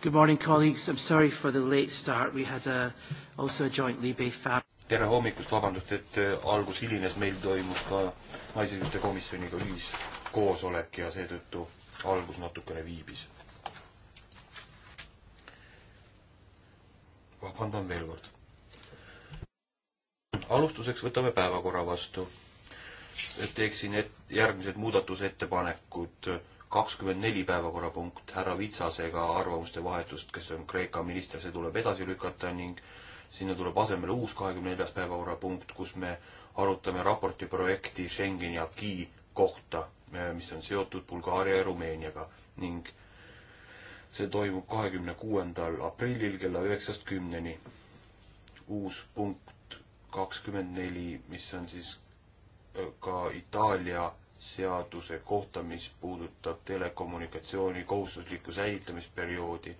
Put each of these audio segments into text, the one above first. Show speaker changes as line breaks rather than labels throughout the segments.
Good morning, colleagues. I am sorry for the late start. We had a, uh, also a joint
Libe fab- tere hommikust, vabandust, et äh, algus hilines, meil toimus ka naisõiguste komisjoniga ühiskoosolek ja seetõttu algus natukene viibis. vabandan veel kord. alustuseks võtame päevakorra vastu. teeksin et järgmised muudatusettepanekud kakskümmend neli päevakorrapunkt härra Vitsasega arvamuste vahetust, kes on Kreeka minister, see tuleb edasi lükata ning sinna tuleb asemele uus kahekümne neljas päevakorrapunkt, kus me arutame raporti projekti Schengeni aki kohta, äh, mis on seotud Bulgaaria ja Rumeeniaga ning see toimub kahekümne kuuendal aprillil kella üheksast kümneni. uus punkt kakskümmend neli, mis on siis äh, ka Itaalia seaduse kohta, mis puudutab telekommunikatsiooni kohustuslikku säilitamisperioodi.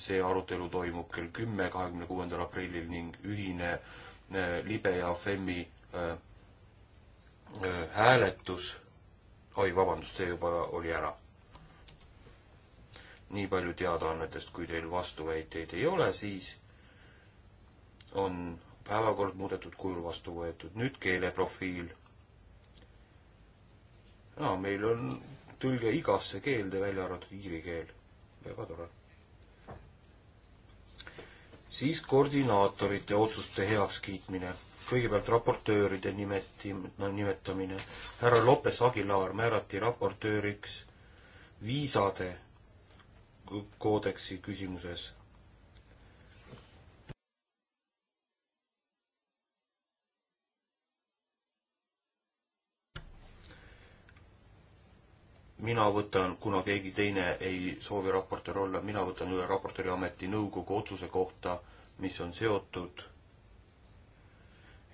see arutelu toimub kell kümme, kahekümne kuuendal aprillil ning ühine äh, libe ja FEM-i äh, äh, hääletus, oi vabandust, see juba oli ära. nii palju teadaannetest, kui teil vastuväiteid ei ole, siis on päevakord muudetud kujul vastu võetud. nüüd keeleprofiil aa, meil on tõlge igasse keelde, välja arvatud iiri keel. väga tore. siis koordinaatorite otsuste heakskiitmine. kõigepealt raportööride nimeti- no,, nimetamine. härra Lopes Aguilar määrati raportööriks viisade koodeksi küsimuses mina võtan, kuna keegi teine ei soovi raportöör olla, mina võtan üle raportööri ameti nõukogu otsuse kohta, mis on seotud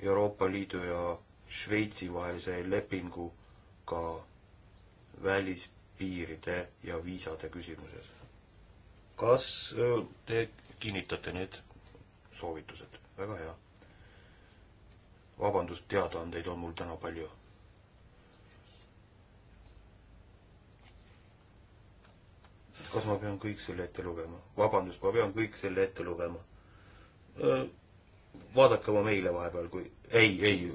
Euroopa Liidu ja Šveitsi vahelise lepinguga välispiiride ja viisade küsimuses. kas te kinnitate need soovitused? väga hea. vabandust, teadaandeid on mul täna palju kas ma pean kõik selle ette lugema? vabandust, ma pean kõik selle ette lugema. vaadake oma meile vahepeal, kui ei, ei,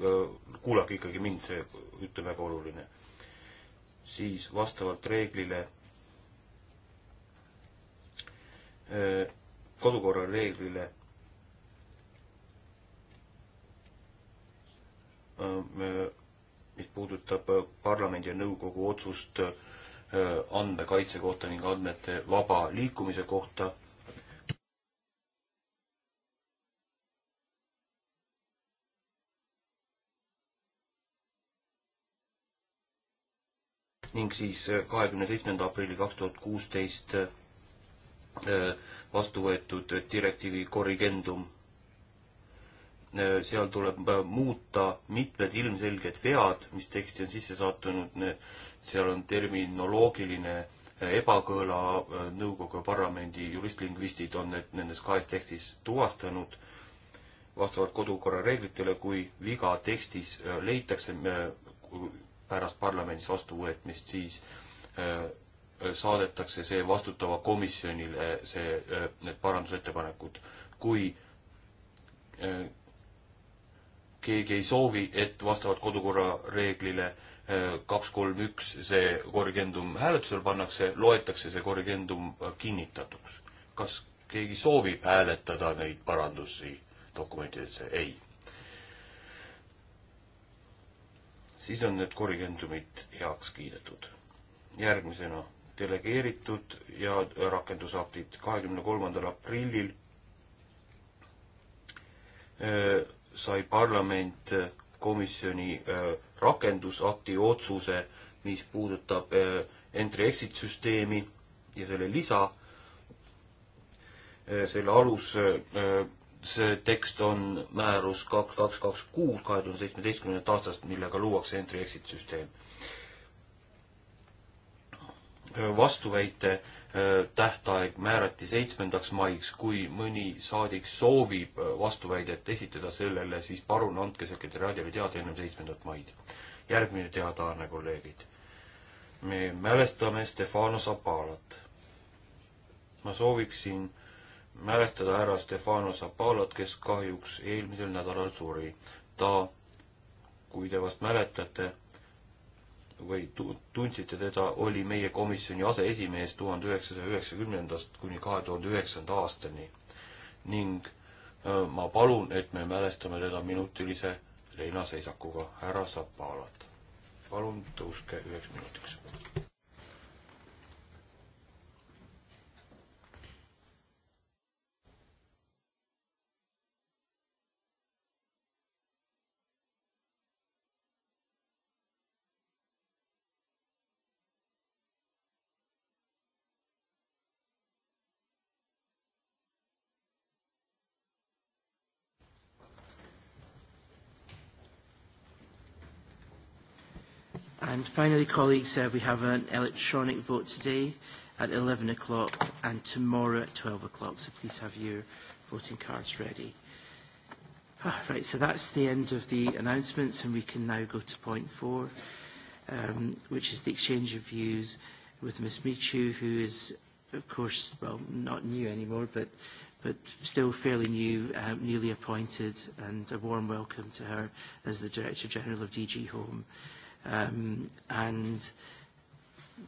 kuulake ikkagi mind, see jutt on väga oluline. siis vastavalt reeglile, kodukorra reeglile mis puudutab parlamendi ja nõukogu otsust Äh, andmekaitse kohta ning andmete vaba liikumise kohta ning siis äh, kahekümne seitsmenda aprilli kaks tuhat kuusteist äh, vastu võetud direktiivi korrigendum. seal tuleb muuta mitmed ilmselged vead, mis teksti on sisse sattunud, seal on terminoloogiline eh, ebakõla, eh, nõukogu ja parlamendi juristlingvistid on need nendes kahes tekstis tuvastanud vastavalt kodukorra reeglitele, kui viga tekstis eh, leitakse pärast parlamendis vastuvõetmist, siis saadetakse see vastutava komisjonile, see, need parandusettepanekud. kui keegi ei soovi, et vastavalt kodukorra reeglile äh, kaks, kolm, üks, see korrigendum hääletusele pannakse, loetakse see korrigendum kinnitatuks. kas keegi soovib hääletada neid parandusi dokumentidesse? ei. siis on need korrigendumid heaks kiidetud. järgmisena delegeeritud ja rakendusaktid kahekümne kolmandal aprillil äh, sai parlament äh, komisjoni öö, äh, rakendusakti otsuse, mis puudutab äh, entry-exit süsteemi ja selle lisa, äh, selle alus, äh, see tekst on määrus kaks, kaks, kaks, kuus kahe tuhande seitsmeteistkümnendast aastast, millega luuakse entry-exit süsteem. vastuväite Äh, tähtaeg määrati seitsmendaks maiks, kui mõni saadik soovib äh, vastuväidet esitada sellele, siis palun andke sekretäriaadile teada enne seitsmendat maid. järgmine teadaanne, kolleegid. me mälestame Stefano Zapalat. ma sooviksin mälestada härra Stefano Zapalat, kes kahjuks eelmisel nädalal suri. ta, kui te vast mäletate, või tundsite teda, oli meie komisjoni aseesimees tuhande üheksasaja üheksakümnendast kuni kahe tuhande üheksanda aastani ning ma palun, et me mälestame teda minutilise leinaseisakuga, härra Zapalat. palun tõuske üheks minutiks.
Finally, colleagues, uh, we have an electronic vote today at 11 o'clock and tomorrow at 12 o'clock, so please have your voting cards ready. Ah, right, so that's the end of the announcements, and we can now go to point four, um, which is the exchange of views with Ms. Michu, who is, of course, well, not new anymore, but but still fairly new, um, newly appointed, and a warm welcome to her as the Director General of DG Home. Uh, Um, and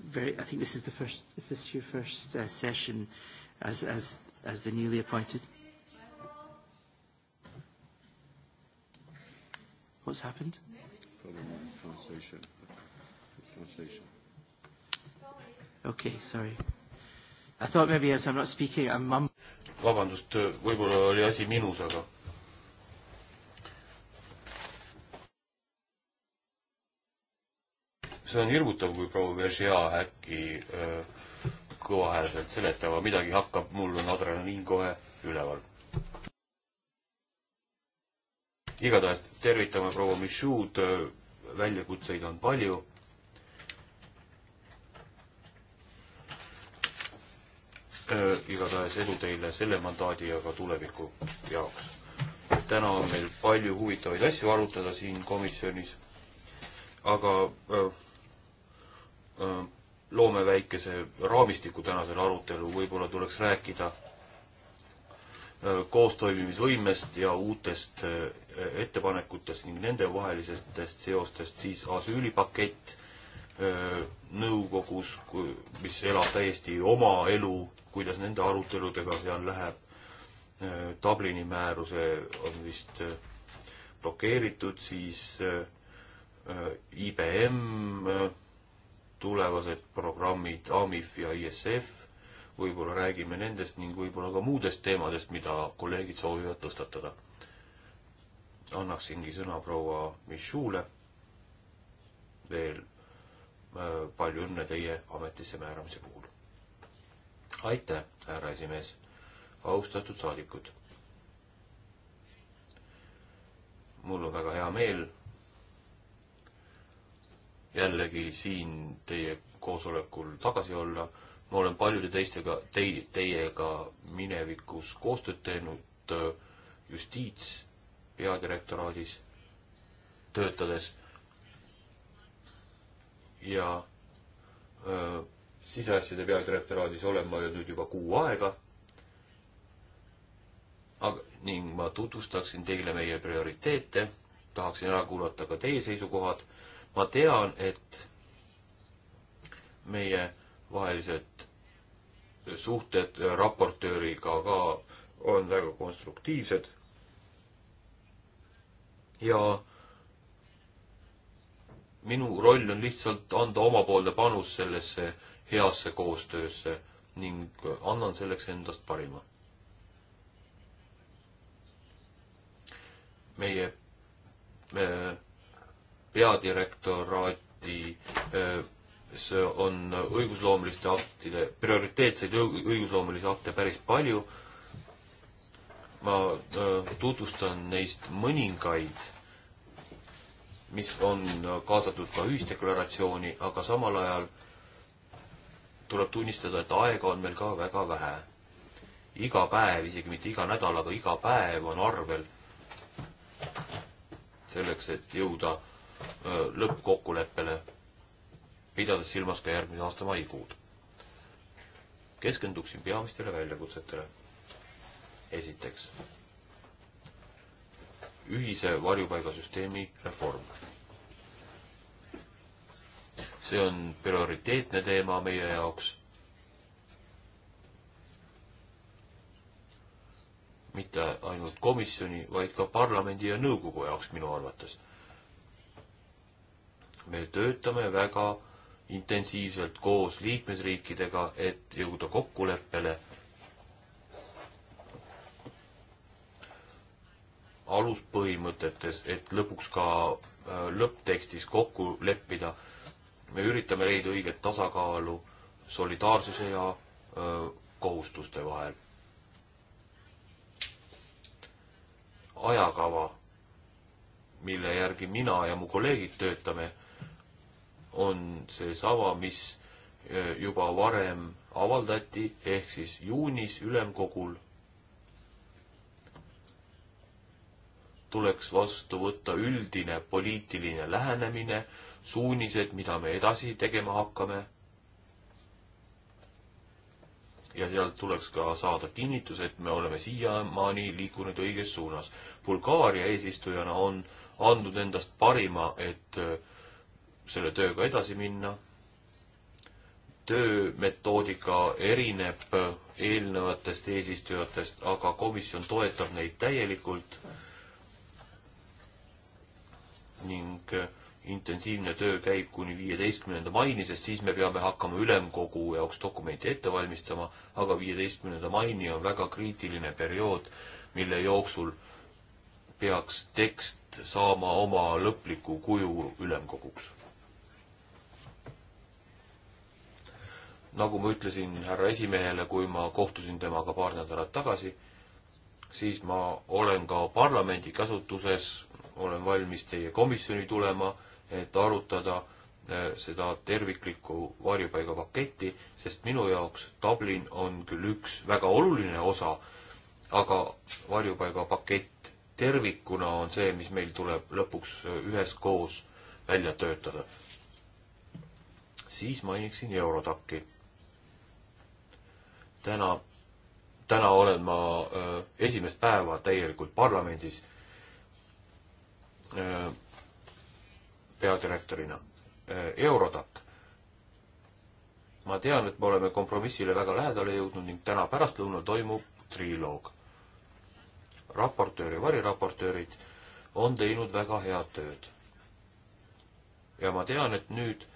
very, I think this is the first, is this your first uh, session as, as, as the newly appointed? What's happened?
Problem with translation. Translation.
Okay, sorry. I thought maybe as I'm not speaking, I'm mum-
vabandust, võib-olla oli asi minus, aga see on hirmutav, kui proua Veržia äkki kõvahäälselt seletama midagi hakkab, mul on adrenaliin kohe üleval. igatahes tervitame proua Michaud, väljakutseid on palju. igatahes edu teile selle mandaadi ja ka tuleviku jaoks. täna on meil palju huvitavaid asju arutada siin komisjonis, aga öö, loome väikese raamistiku tänasele arutelu, võib-olla tuleks rääkida koostoimimisvõimest ja uutest ettepanekutest ning nendevahelisest seostest, siis asüülipakett nõukogus, mis elab täiesti oma elu, kuidas nende aruteludega seal läheb. Dublini määruse on vist blokeeritud, siis IBM tulevased programmid AMIF ja ISF, võib-olla räägime nendest ning võib-olla ka muudest teemadest, mida kolleegid soovivad tõstatada. annaksingi sõna proua Michule. veel äh, palju õnne teie ametisse määramise puhul. aitäh, härra esimees. austatud saadikud. mul on väga hea meel jällegi siin teie koosolekul tagasi olla. ma olen paljude teistega, tei-, teiega minevikus koostööd teinud äh, justiits peadirektoraadis töötades ja öö, äh, siseasjade peadirektoraadis olen ma nüüd juba kuu aega. aga, ning ma tutvustaksin teile meie prioriteete, tahaksin ära kuulata ka teie seisukohad ma tean, et meie vahelised suhted raportööriga ka on väga konstruktiivsed. ja minu roll on lihtsalt anda omapoolne panus sellesse heasse koostöösse ning annan selleks endast parima. meie me peadirektoraati äh, see on õigusloomeliste aktide, prioriteetseid õigusloomelisi akte päris palju. ma äh, tutvustan neist mõningaid, mis on kaasatud ka ühisdeklaratsiooni, aga samal ajal tuleb tunnistada, et aega on meil ka väga vähe. iga päev, isegi mitte iga nädal, aga iga päev on arvel selleks, et jõuda lõppkokkuleppele, pidades silmas ka järgmise aasta maikuud. keskenduksin peamistele väljakutsetele. esiteks, ühise varjupaigasüsteemi reform. see on prioriteetne teema meie jaoks mitte ainult komisjoni, vaid ka parlamendi ja nõukogu jaoks minu arvates me töötame väga intensiivselt koos liikmesriikidega, et jõuda kokkuleppele aluspõhimõtetes, et lõpuks ka äh, lõpptekstis kokku leppida. me üritame leida õiget tasakaalu solidaarsuse ja öö, äh, kohustuste vahel. ajakava, mille järgi mina ja mu kolleegid töötame on seesama, mis eh, juba varem avaldati, ehk siis juunis ülemkogul tuleks vastu võtta üldine poliitiline lähenemine, suunised, mida me edasi tegema hakkame. ja sealt tuleks ka saada kinnitus, et me oleme siiamaani liikunud õiges suunas. Bulgaaria eesistujana on andnud endast parima, et äh, selle tööga edasi minna. töömetoodika erineb eelnevatest eesistujatest, aga komisjon toetab neid täielikult ning intensiivne töö käib kuni viieteistkümnenda maini, sest siis me peame hakkama ülemkogu jaoks dokumenti ette valmistama, aga viieteistkümnenda maini on väga kriitiline periood, mille jooksul peaks tekst saama oma lõpliku kuju ülemkoguks. nagu ma ütlesin härra esimehele, kui ma kohtusin temaga paar nädalat tagasi, siis ma olen ka parlamendi käsutuses, olen valmis teie komisjoni tulema, et arutada eh, seda terviklikku varjupaigapaketti, sest minu jaoks Dublin on küll üks väga oluline osa, aga varjupaigapakett tervikuna on see, mis meil tuleb lõpuks eh, üheskoos välja töötada. siis mainiksin Eurodaki täna, täna olen ma äh, esimest päeva täielikult parlamendis äh, peadirektorina. Äh, Eurodac. ma tean, et me oleme kompromissile väga lähedale jõudnud ning täna pärastlõunal toimub triloog. raportöör ja variraportöörid on teinud väga head tööd. ja ma tean, et nüüd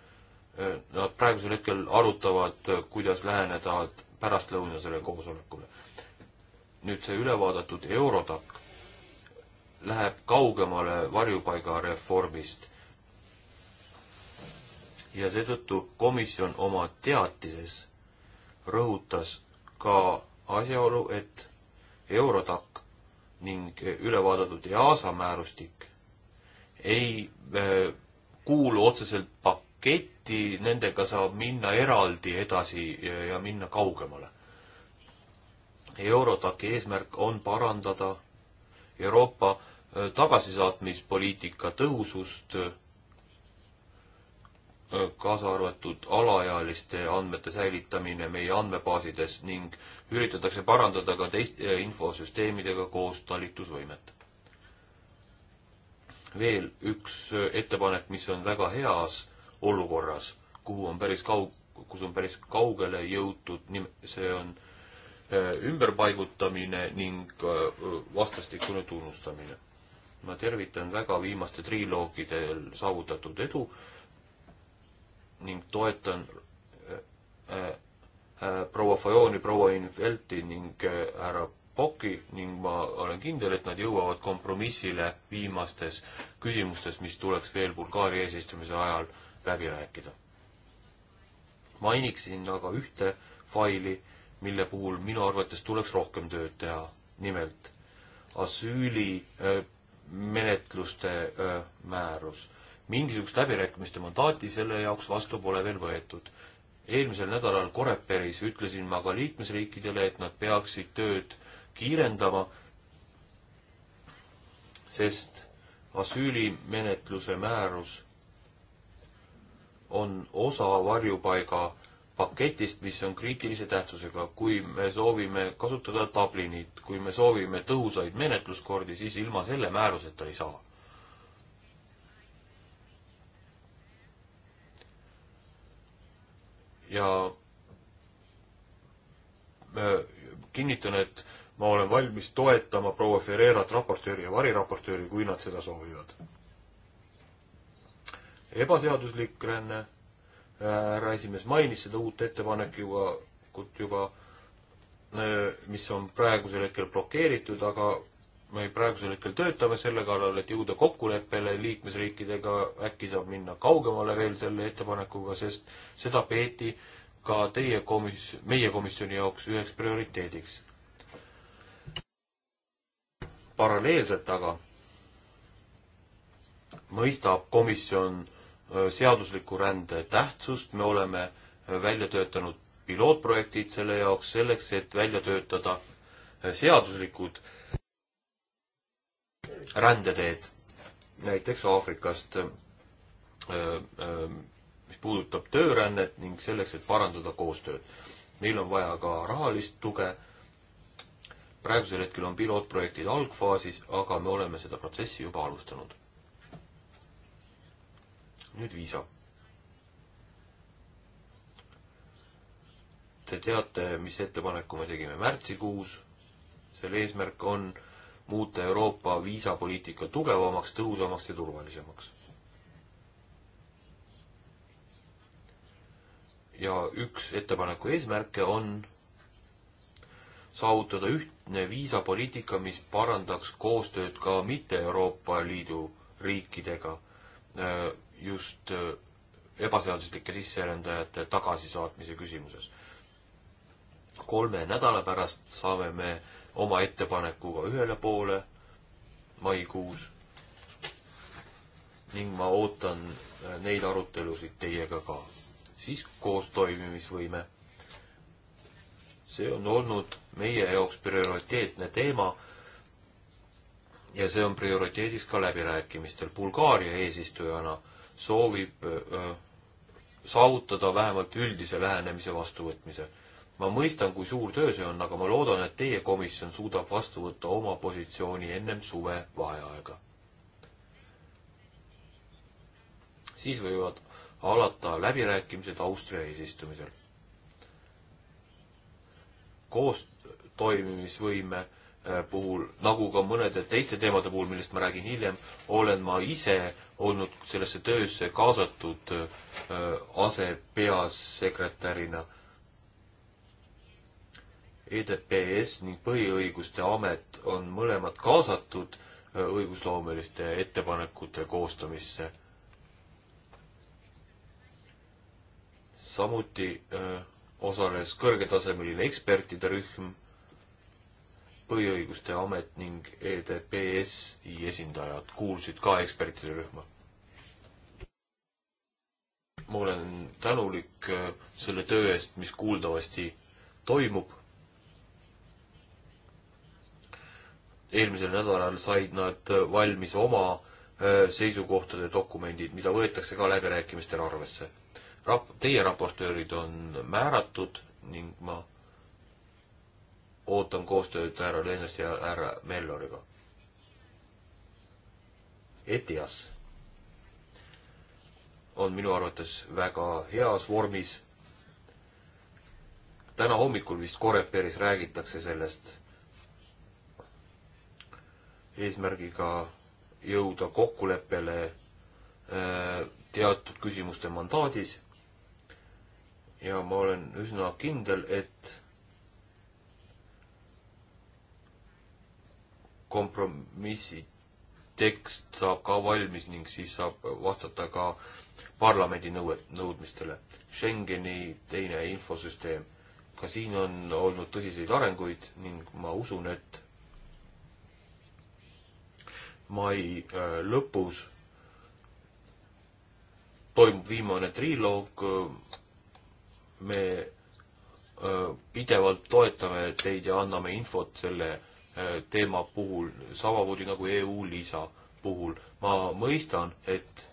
nad praegusel hetkel arutavad, kuidas läheneda pärastlõunasele koosolekule. nüüd see ülevaadatud Eurodac läheb kaugemale varjupaigareformist ja seetõttu komisjon oma teatises rõhutas ka asjaolu, et Eurodac ning ülevaadatud EASA määrustik ei äh, kuulu otseselt pakku ketti, nendega saab minna eraldi edasi ja minna kaugemale. Eurotaki eesmärk on parandada Euroopa äh, tagasisaatmispoliitika tõhusust, äh, kaasa arvatud alaealiste andmete säilitamine meie andmebaasides ning üritatakse parandada ka teiste äh, infosüsteemidega koos talitusvõimet. veel üks ettepanek, mis on väga heas olukorras, kuhu on päris kaug-, kus on päris kaugele jõutud, see on äh, ümberpaigutamine ning äh, vastastikune tunnustamine. ma tervitan väga viimaste triloogidel saavutatud edu ning toetan äh, proua Fajoni, proua Infelti ning härra Poki ning ma olen kindel, et nad jõuavad kompromissile viimastes küsimustes, mis tuleks veel Bulgaaria eesistumise ajal äh, läbi rääkida. mainiksin aga ühte faili, mille puhul minu arvates tuleks rohkem tööd teha, nimelt asüüli äh, menetluste äh, määrus. mingisugust läbirääkimiste mandaati selle jaoks vastu pole veel võetud. eelmisel nädalal Coreperis ütlesin ma ka liikmesriikidele, et nad peaksid tööd kiirendama, sest asüülimenetluse määrus on osa varjupaiga paketist, mis on kriitilise tähtsusega. kui me soovime kasutada Dublinit, kui me soovime tõhusaid menetluskordi, siis ilma selle määruseta ei saa. ja äh, kinnitan, et ma olen valmis toetama proua Ferreirat raportööri ja variraportööri, kui nad seda soovivad ebaseaduslik ränne, härra esimees mainis seda uut ettepanekut juba, mis on praegusel hetkel blokeeritud, aga me praegusel hetkel töötame selle kallal, et jõuda kokkuleppele liikmesriikidega, äkki saab minna kaugemale veel selle ettepanekuga, sest seda peeti ka teie komis-, meie komisjoni jaoks üheks prioriteediks. paralleelselt aga mõistab komisjon Äh, seadusliku rände tähtsust, me oleme äh, välja töötanud pilootprojektid selle jaoks, selleks, et välja töötada äh, seaduslikud rändeteed, näiteks Aafrikast, mis puudutab töörännet ning selleks, et parandada koostööd. meil on vaja ka rahalist tuge, praegusel hetkel on pilootprojektid algfaasis, aga me oleme seda protsessi juba alustanud nüüd viisa. Te teate, mis ettepaneku me tegime märtsikuus. selle eesmärk on muuta Euroopa viisapoliitika tugevamaks, tõhusamaks ja turvalisemaks. ja üks ettepaneku eesmärke on saavutada ühtne viisapoliitika, mis parandaks koostööd ka mitte Euroopa Liidu riikidega äh, just äh, ebaseaduslike sisserändajate tagasisaatmise küsimuses. kolme nädala pärast saame me oma ettepanekuga ühele poole maikuus ning ma ootan äh, neid arutelusid teiega ka. siis koos toimimisvõime. see on olnud meie jaoks prioriteetne teema ja see on prioriteediks ka läbirääkimistel. Bulgaaria eesistujana soovib saavutada vähemalt üldise lähenemise vastuvõtmise. ma mõistan, kui suur töö see on, aga ma loodan, et teie komisjon suudab vastu võtta oma positsiooni ennem suvevaheaega. siis võivad alata läbirääkimised Austria eesistumisel. koostoimimisvõime puhul, nagu ka mõnede teiste teemade puhul, millest ma räägin hiljem, olen ma ise olnud sellesse töösse kaasatud äh, asepeasekretärina EDPS ning Põhiõiguste Amet on mõlemad kaasatud äh, õigusloomeliste ettepanekute koostamisse. samuti äh, osales kõrgetasemeline ekspertide rühm põhiõiguste amet ning EDPSi esindajad kuulusid ka ekspertide rühma. ma olen tänulik äh, selle töö eest, mis kuuldavasti toimub. eelmisel nädalal said nad äh, valmis oma äh, seisukohtade dokumendid, mida võetakse ka läbirääkimistel arvesse. Rap-, teie raportöörid on määratud ning ma ootan koostööd härra Lennart ja härra Melloriga. Etias on minu arvates väga heas vormis. täna hommikul vist Koreperis räägitakse sellest eesmärgiga jõuda kokkuleppele äh, teatud küsimuste mandaadis. ja ma olen üsna kindel, et kompromissi tekst saab ka valmis ning siis saab vastata ka parlamendi nõue, nõudmistele. Schengeni teine infosüsteem. ka siin on olnud tõsiseid arenguid ning ma usun, et mai äh, lõpus toimub viimane triloog. me äh, pidevalt toetame teid ja anname infot selle Äh, teema puhul, samamoodi nagu EU lisa puhul. ma mõistan, et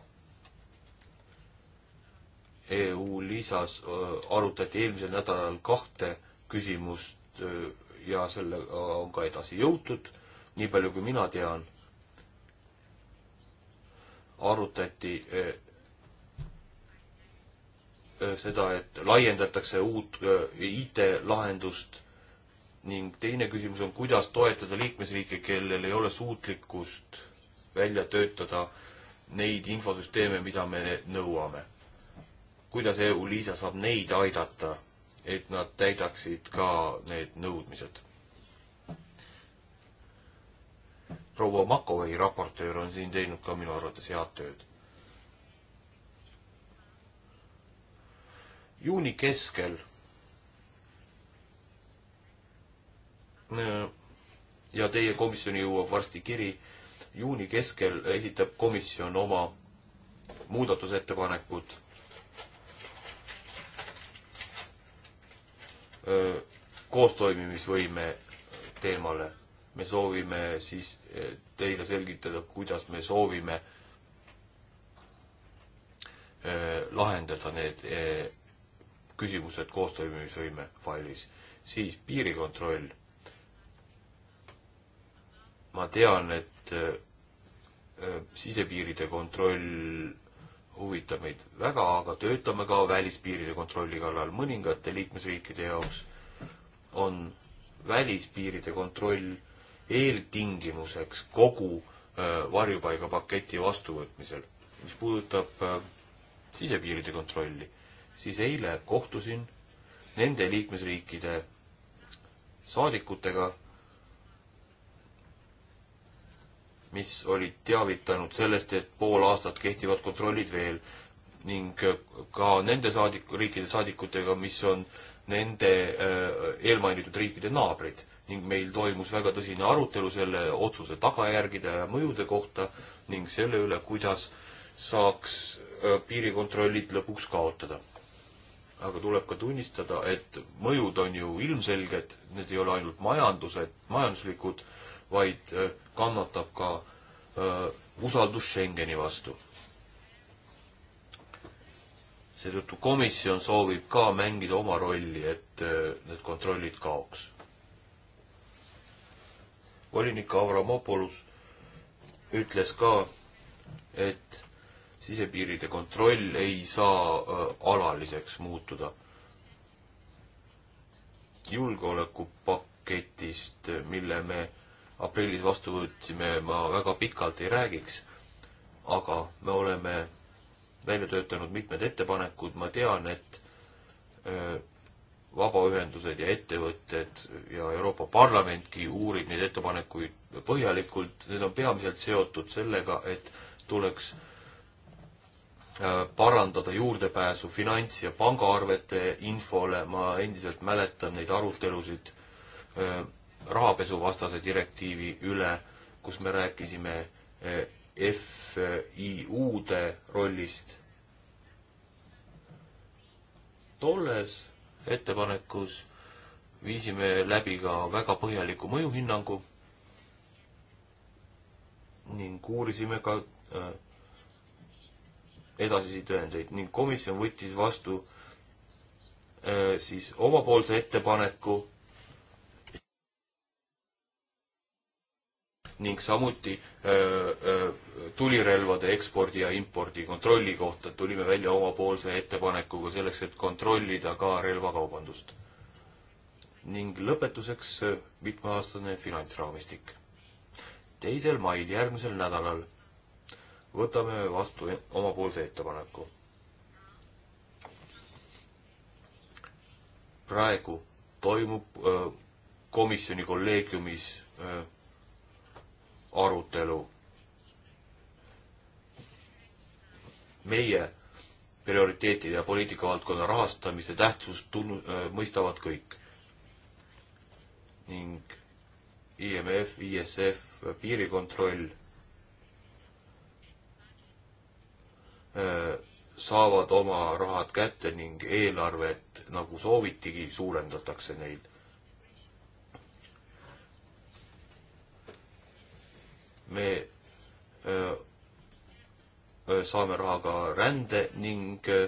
EU lisas äh, arutati eelmisel nädalal kahte küsimust äh, ja sellega on ka edasi jõutud, nii palju kui mina tean. arutati seda, et laiendatakse uut IT-lahendust ning teine küsimus on, kuidas toetada liikmesriike, kellel ei ole suutlikkust välja töötada neid infosüsteeme, mida me nõuame. kuidas EU-Liisa saab neid aidata, et nad täidaksid ka need nõudmised? proua Makovei raportöör on siin teinud ka minu arvates head tööd. juuni keskel Äh, ja teie komisjoni jõuab varsti kiri. juuni keskel esitab komisjon oma muudatusettepanekud. Äh, koostoimimisvõime teemale. me soovime siis äh, teile selgitada, kuidas me soovime lahendada need küsimused koostoimimisvõime failis. siis piirikontroll ma tean, et äh, äh, sisepiiride kontroll huvitab meid väga, aga töötame ka välispiiride kontrolli kallal. mõningate liikmesriikide jaoks on välispiiride kontroll eeltingimuseks kogu äh, varjupaigapaketi vastuvõtmisel. mis puudutab sisepiiride kontrolli, siis eile kohtusin nende liikmesriikide saadikutega, mis olid teavitanud sellest, et pool aastat kehtivad kontrollid veel ning ka nende saadiku, riikide saadikutega, mis on nende äh, eelmainitud riikide naabrid ning meil toimus väga tõsine arutelu selle otsuse tagajärgide ja mõjude kohta ning selle üle, kuidas saaks äh, piirikontrollid lõpuks kaotada. aga tuleb ka tunnistada, et mõjud on ju ilmselged, need ei ole ainult majandused, majanduslikud, vaid äh, kannatab ka öö, usaldus Schengeni vastu. seetõttu komisjon soovib ka mängida oma rolli, et öö, need kontrollid kaoks. volinik Avramopoulos ütles ka, et sisepiiride kontroll ei saa öö, alaliseks muutuda. julgeolekupaketist, mille me öö, aprillis vastu võtsime, ma väga pikalt ei räägiks, aga me oleme välja töötanud mitmed ettepanekud, ma tean, et äh, vabaühendused ja ettevõtted ja Euroopa Parlamentki uurib neid ettepanekuid põhjalikult, need on peamiselt seotud sellega, et tuleks äh, parandada juurdepääsu finants- ja pangaarvete infole, ma endiselt mäletan neid arutelusid äh, rahapesuvastase direktiivi üle, kus me rääkisime eh, FIU-de rollist. tolles ettepanekus viisime läbi ka väga põhjaliku mõjuhinnangu ning uurisime ka eh, edasisi tõendeid ning komisjon võttis vastu eh, siis omapoolse ettepaneku ning samuti öö, äh, öö, äh, tulirelvade ekspordi ja impordi kontrolli kohta tulime välja omapoolse ettepanekuga selleks, et kontrollida ka relvakaubandust. ning lõpetuseks äh, mitmeaastane finantsraamistik. teisel mail järgmisel nädalal võtame vastu omapoolse ettepaneku. praegu toimub öö, komisjoni kolleegiumis öö, arutelu. meie prioriteetide ja poliitikavaldkonna rahastamise tähtsust tunnu-, äh, mõistavad kõik. ning IMF, ISF, piirikontroll äh, saavad oma rahad kätte ning eelarvet, nagu soovitigi, suurendatakse neil me öö, saame raha ka rände ning öö,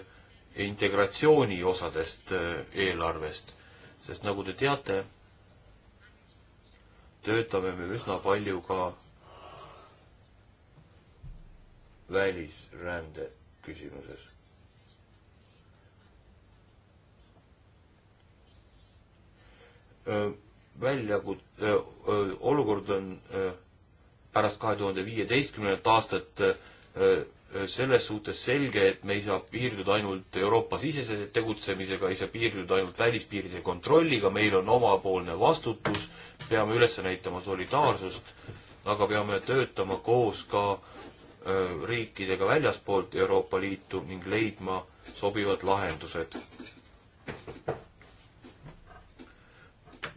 integratsiooni osadest öö, eelarvest, sest nagu te teate, töötame me üsna palju ka välisrände küsimuses. väljakut-, olukord on öö, pärast kahe tuhande viieteistkümnendat aastat äh, äh, selles suhtes selge, et me ei saa piirduda ainult Euroopa-sisese tegutsemisega, ei saa piirduda ainult välispiiride kontrolliga, meil on omapoolne vastutus, peame üles näitama solidaarsust, aga peame töötama koos ka äh, riikidega väljaspoolt Euroopa Liitu ning leidma sobivad lahendused.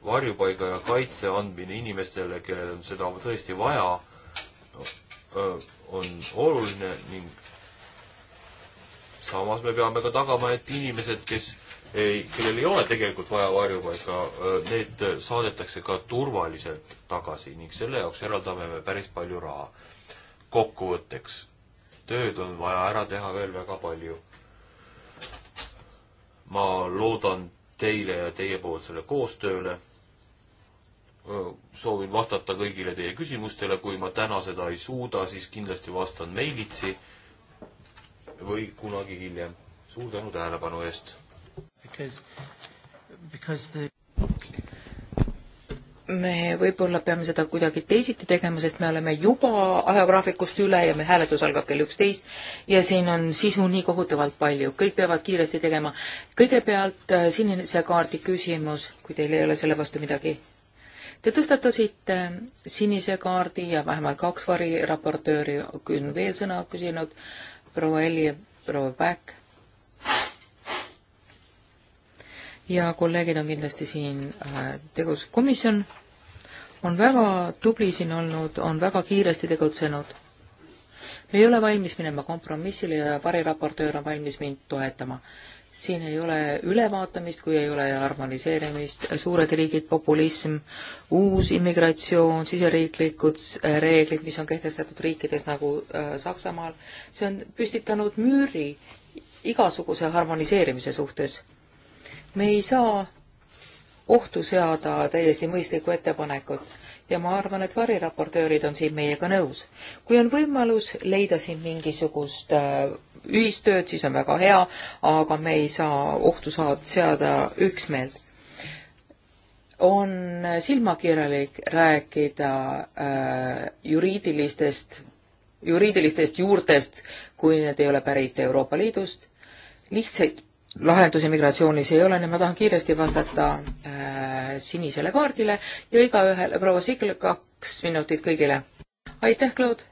varjupaiga ja kaitse andmine inimestele, kellel on seda tõesti vaja on oluline ning samas me peame ka tagama, et inimesed, kes ei, kellel ei ole tegelikult vaja varjupaika, need saadetakse ka turvaliselt tagasi ning selle jaoks eraldame me päris palju raha. kokkuvõtteks, tööd on vaja ära teha veel väga palju. ma loodan teile ja teie poolt selle koostööle soovin vastata kõigile teie küsimustele, kui ma täna seda ei suuda, siis kindlasti vastan meilitsi või kunagi hiljem. suur tänu tähelepanu eest!
The...
me võib-olla peame seda kuidagi teisiti tegema, sest me oleme juba ajagraafikust üle ja meil hääletus algab kell üksteist ja siin on sisu nii kohutavalt palju, kõik peavad kiiresti tegema. kõigepealt äh, sinise kaardi küsimus, kui teil ei ole selle vastu midagi Te tõstatasite sinise kaardi ja vähemalt kaks variraportööri on veel sõna küsinud, proua Elli ja proua Päkk. ja kolleegid on kindlasti siin äh, tegus. komisjon on väga tubli siin olnud, on väga kiiresti tegutsenud. me ei ole valmis minema kompromissile ja variraportöör on valmis mind toetama siin ei ole ülevaatamist, kui ei ole harmoniseerimist, suured riigid, populism, uus immigratsioon, siseriiklikud äh, reeglid, mis on kehtestatud riikides nagu äh, Saksamaal, see on püstitanud müüri igasuguse harmoniseerimise suhtes. me ei saa ohtu seada täiesti mõistlikku ettepanekut ja ma arvan, et variraportöörid on siin meiega nõus. kui on võimalus leida siin mingisugust äh, ühistööd, siis on väga hea, aga me ei saa ohtu saada, seada üksmeelt. on silmakirjalik rääkida äh, juriidilistest, juriidilistest juurtest, kui need ei ole pärit Euroopa Liidust, lihtsaid lahendusi migratsioonis ei ole, nii ma tahan kiiresti vastata äh, sinisele kaardile ja igaühele, proua Sikl, kaks minutit kõigile. aitäh, Claude!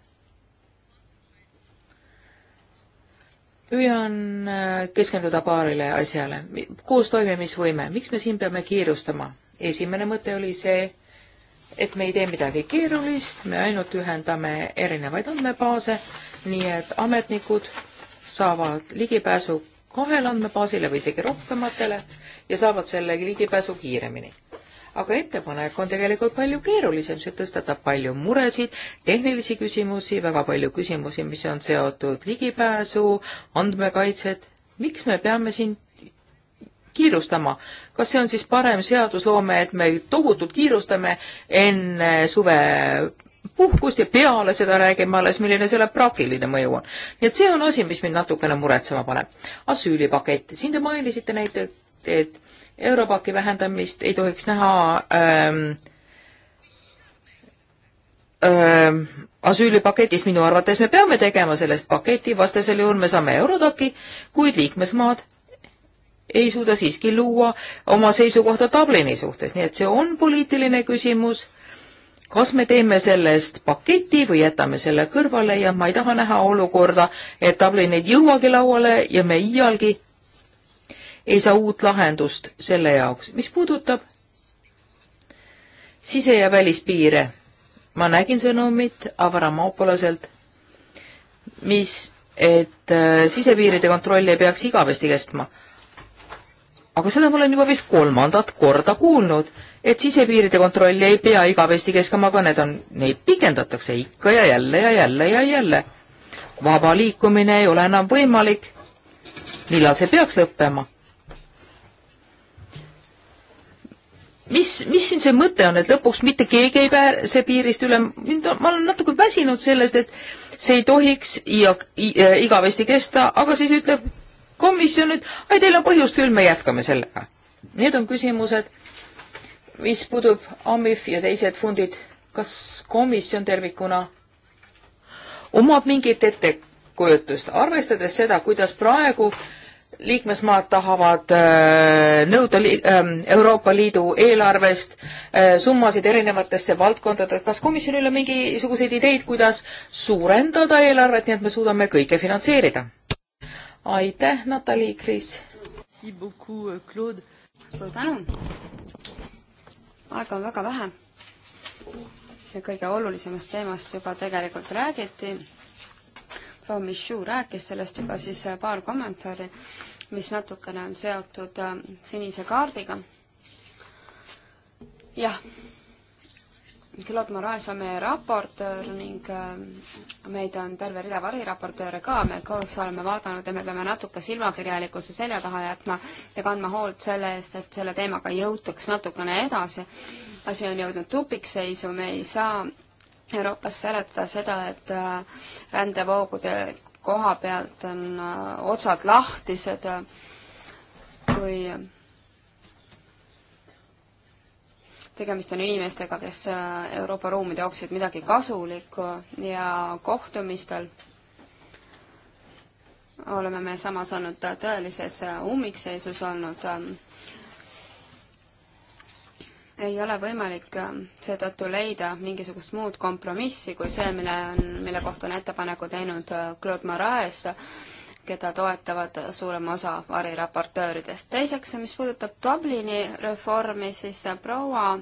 püüan äh, keskenduda paarile asjale. koos toimimisvõime, miks me siin peame kiirustama? esimene mõte oli see, et me ei tee midagi keerulist, me ainult ühendame erinevaid andmebaase, nii et ametnikud saavad ligipääsu kahele andmebaasile või isegi rohkematele ja saavad selle ligipääsu kiiremini aga ettepanek on tegelikult palju keerulisem, see tõstatab palju muresid, tehnilisi küsimusi, väga palju küsimusi, mis on seotud ligipääsu, andmekaitset, miks me peame siin kiirustama, kas see on siis parem seadusloome, et me tohutult kiirustame enne suve puhkust ja peale seda räägime alles, milline selle praktiline mõju on. nii et see on asi, mis mind natukene muretsema paneb. asüülipakett, siin te mainisite näiteks, et Europaki vähendamist ei tohiks näha ähm, ähm, asüülipaketis, minu arvates me peame tegema sellest paketi, vastasel juhul me saame Eurodoki, kuid liikmesmaad ei suuda siiski luua oma seisukohta Dublini suhtes, nii et see on poliitiline küsimus, kas me teeme sellest paketi või jätame selle kõrvale ja ma ei taha näha olukorda, et Dublin ei jõuagi lauale ja me iialgi ei saa uut lahendust selle jaoks. mis puudutab sise- ja välispiire, ma nägin sõnumit Avramopoloselt, mis, et äh, sisepiiride kontroll ei peaks igavesti kestma. aga seda ma olen juba vist kolmandat korda kuulnud, et sisepiiride kontrolli ei pea igavesti kestma, aga need on, neid pikendatakse ikka ja jälle ja jälle ja jälle. vaba liikumine ei ole enam võimalik. millal see peaks lõppema? mis, mis siin see mõte on, et lõpuks mitte keegi ei pääse piirist üle, ma olen natuke väsinud sellest, et see ei tohiks äh, igavesti kesta, aga siis ütleb komisjon, et ai, teil on põhjust küll, me jätkame sellega. Need on küsimused, mis puudub AMIF ja teised fondid, kas komisjon tervikuna omab mingit ettekujutust, arvestades seda, kuidas praegu äh, liikmesmaad tahavad äh, nõuda ähm, Euroopa Liidu eelarvest äh, summasid erinevatesse valdkondadesse. kas komisjonil on mingisuguseid ideid, kuidas suurendada eelarvet, nii et me suudame kõike finantseerida? aitäh, Natali, Kris.
Euh, suur tänu. aega on väga vähe. ja kõige olulisemast teemast juba tegelikult räägiti proua Michu rääkis sellest juba, siis äh, paar kommentaari mis natukene on seotud äh, sinise kaardiga. jah, Claude Moraes on meie raportöör ning äh, meid on terve rida variraportööre ka, me koos oleme vaadanud ja me peame natuke silmakirjalikkuse selja taha jätma ja kandma hoolt selle eest, et selle teemaga jõutaks natukene edasi. asi on jõudnud tupikseisu, me ei saa Euroopas seletada seda, et äh, rändevoogude koha pealt on äh, otsad lahtised, äh, kui tegemist on inimestega, kes äh, Euroopa ruumi tooksid midagi kasulikku ja kohtumistel oleme me samas olnud tõelises ummikseisus olnud ähm, ei ole võimalik äh, seetõttu leida mingisugust muud kompromissi kui see, mille on, mille kohta on ettepaneku teinud äh, Claude Moraes, keda toetavad suurem osa variraportööridest. teiseks, mis puudutab Dublini reformi, siis äh, proua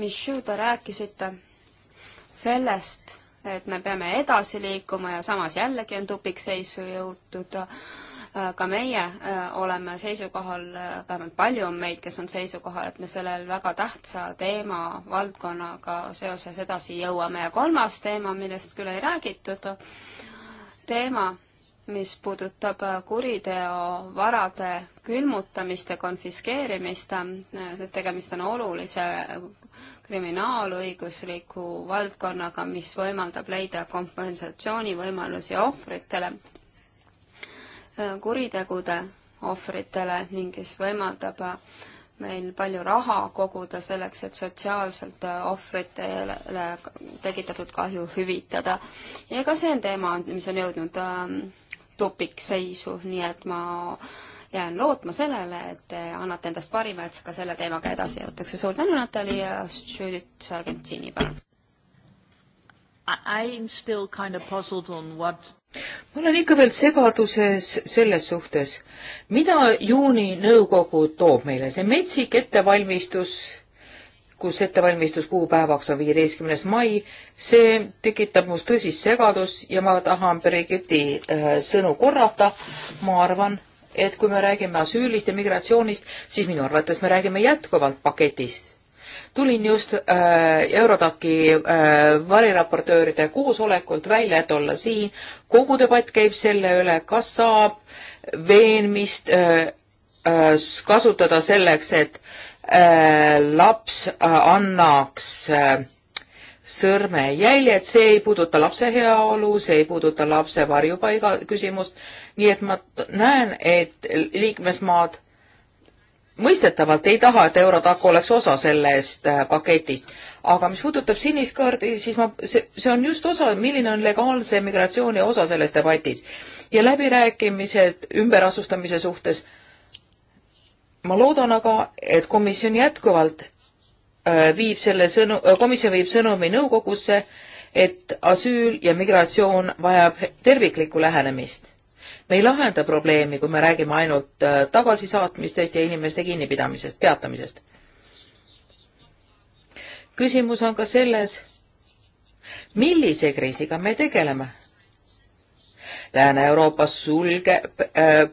Michu, te rääkisite sellest, et me peame edasi liikuma ja samas jällegi on tupikseisu jõutud Äh, ka meie äh, oleme seisukohal, äh, vähemalt palju on meid, kes on seisukohal, et me sellel väga tähtsa teema valdkonnaga seoses edasi jõuame ja kolmas teema, millest küll ei räägitud, teema, mis puudutab kuriteovarade külmutamist ja konfiskeerimist, et tegemist on olulise kriminaalõigusliku valdkonnaga, mis võimaldab leida kompensatsioonivõimalusi ohvritele kuritegude ohvritele ning kes võimaldab meil palju raha koguda selleks, et sotsiaalselt ohvritele tekitatud kahju hüvitada. ja ka see on teema, mis on jõudnud ähm, tupikseisu, nii et ma jään lootma sellele, et te annate endast parima, et ka selle teemaga edasi jõutakse. suur tänu, Natalja, Judith Sargentini, palun! I'm still kind of puzzled on
what ma olen ikka veel segaduses selles suhtes, mida juuni nõukogu toob meile, see metsik ettevalmistus, kus ettevalmistuskuupäevaks on viieteistkümnes mai, see tekitab must tõsist segadust ja ma tahan Birgitti äh, sõnu korrata, ma arvan, et kui me räägime asüülist ja migratsioonist, siis minu arvates me räägime jätkuvalt paketist tulin just äh, Eurodaki äh, variraportööride koosolekult välja, et olla siin. kogu debatt käib selle üle, kas saab veenmist äh, äh, kasutada selleks, et äh, laps äh, annaks äh, sõrmejäljed, see ei puuduta lapse heaolu, see ei puuduta lapse varjupaiga küsimust, nii et ma näen, et liikmesmaad mõistetavalt ei taha, et Eurotaco oleks osa sellest äh, paketist. aga mis puudutab sinist kaardi, siis ma, see, see on just osa, milline on legaalse migratsiooni osa selles debatis. ja läbirääkimised ümberasustamise suhtes, ma loodan aga, et komisjon jätkuvalt äh, viib selle sõnu-, äh, komisjon viib sõnumi nõukogusse, et asüül ja migratsioon vajab terviklikku lähenemist me ei lahenda probleemi, kui me räägime ainult äh, tagasisaatmistest ja inimeste kinnipidamisest, peatamisest. küsimus on ka selles, millise kriisiga me tegeleme. Lääne-Euroopas sulgeb äh,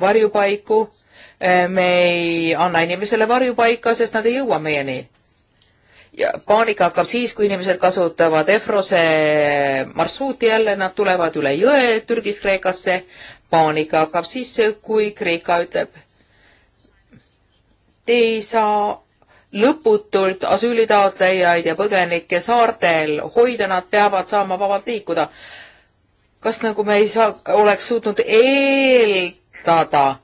varjupaiku äh,, me ei anna inimesele varjupaika, sest nad ei jõua meieni ja paanika hakkab siis, kui inimesed kasutavad Efrose marsruuti jälle, nad tulevad üle jõe Türgist Kreekasse. paanika hakkab siis, kui Kreeka ütleb, te ei saa lõputult asüülitaotlejaid ja põgenikke saartel hoida, nad peavad saama vabalt liikuda. kas nagu me ei saa, oleks suutnud eeldada,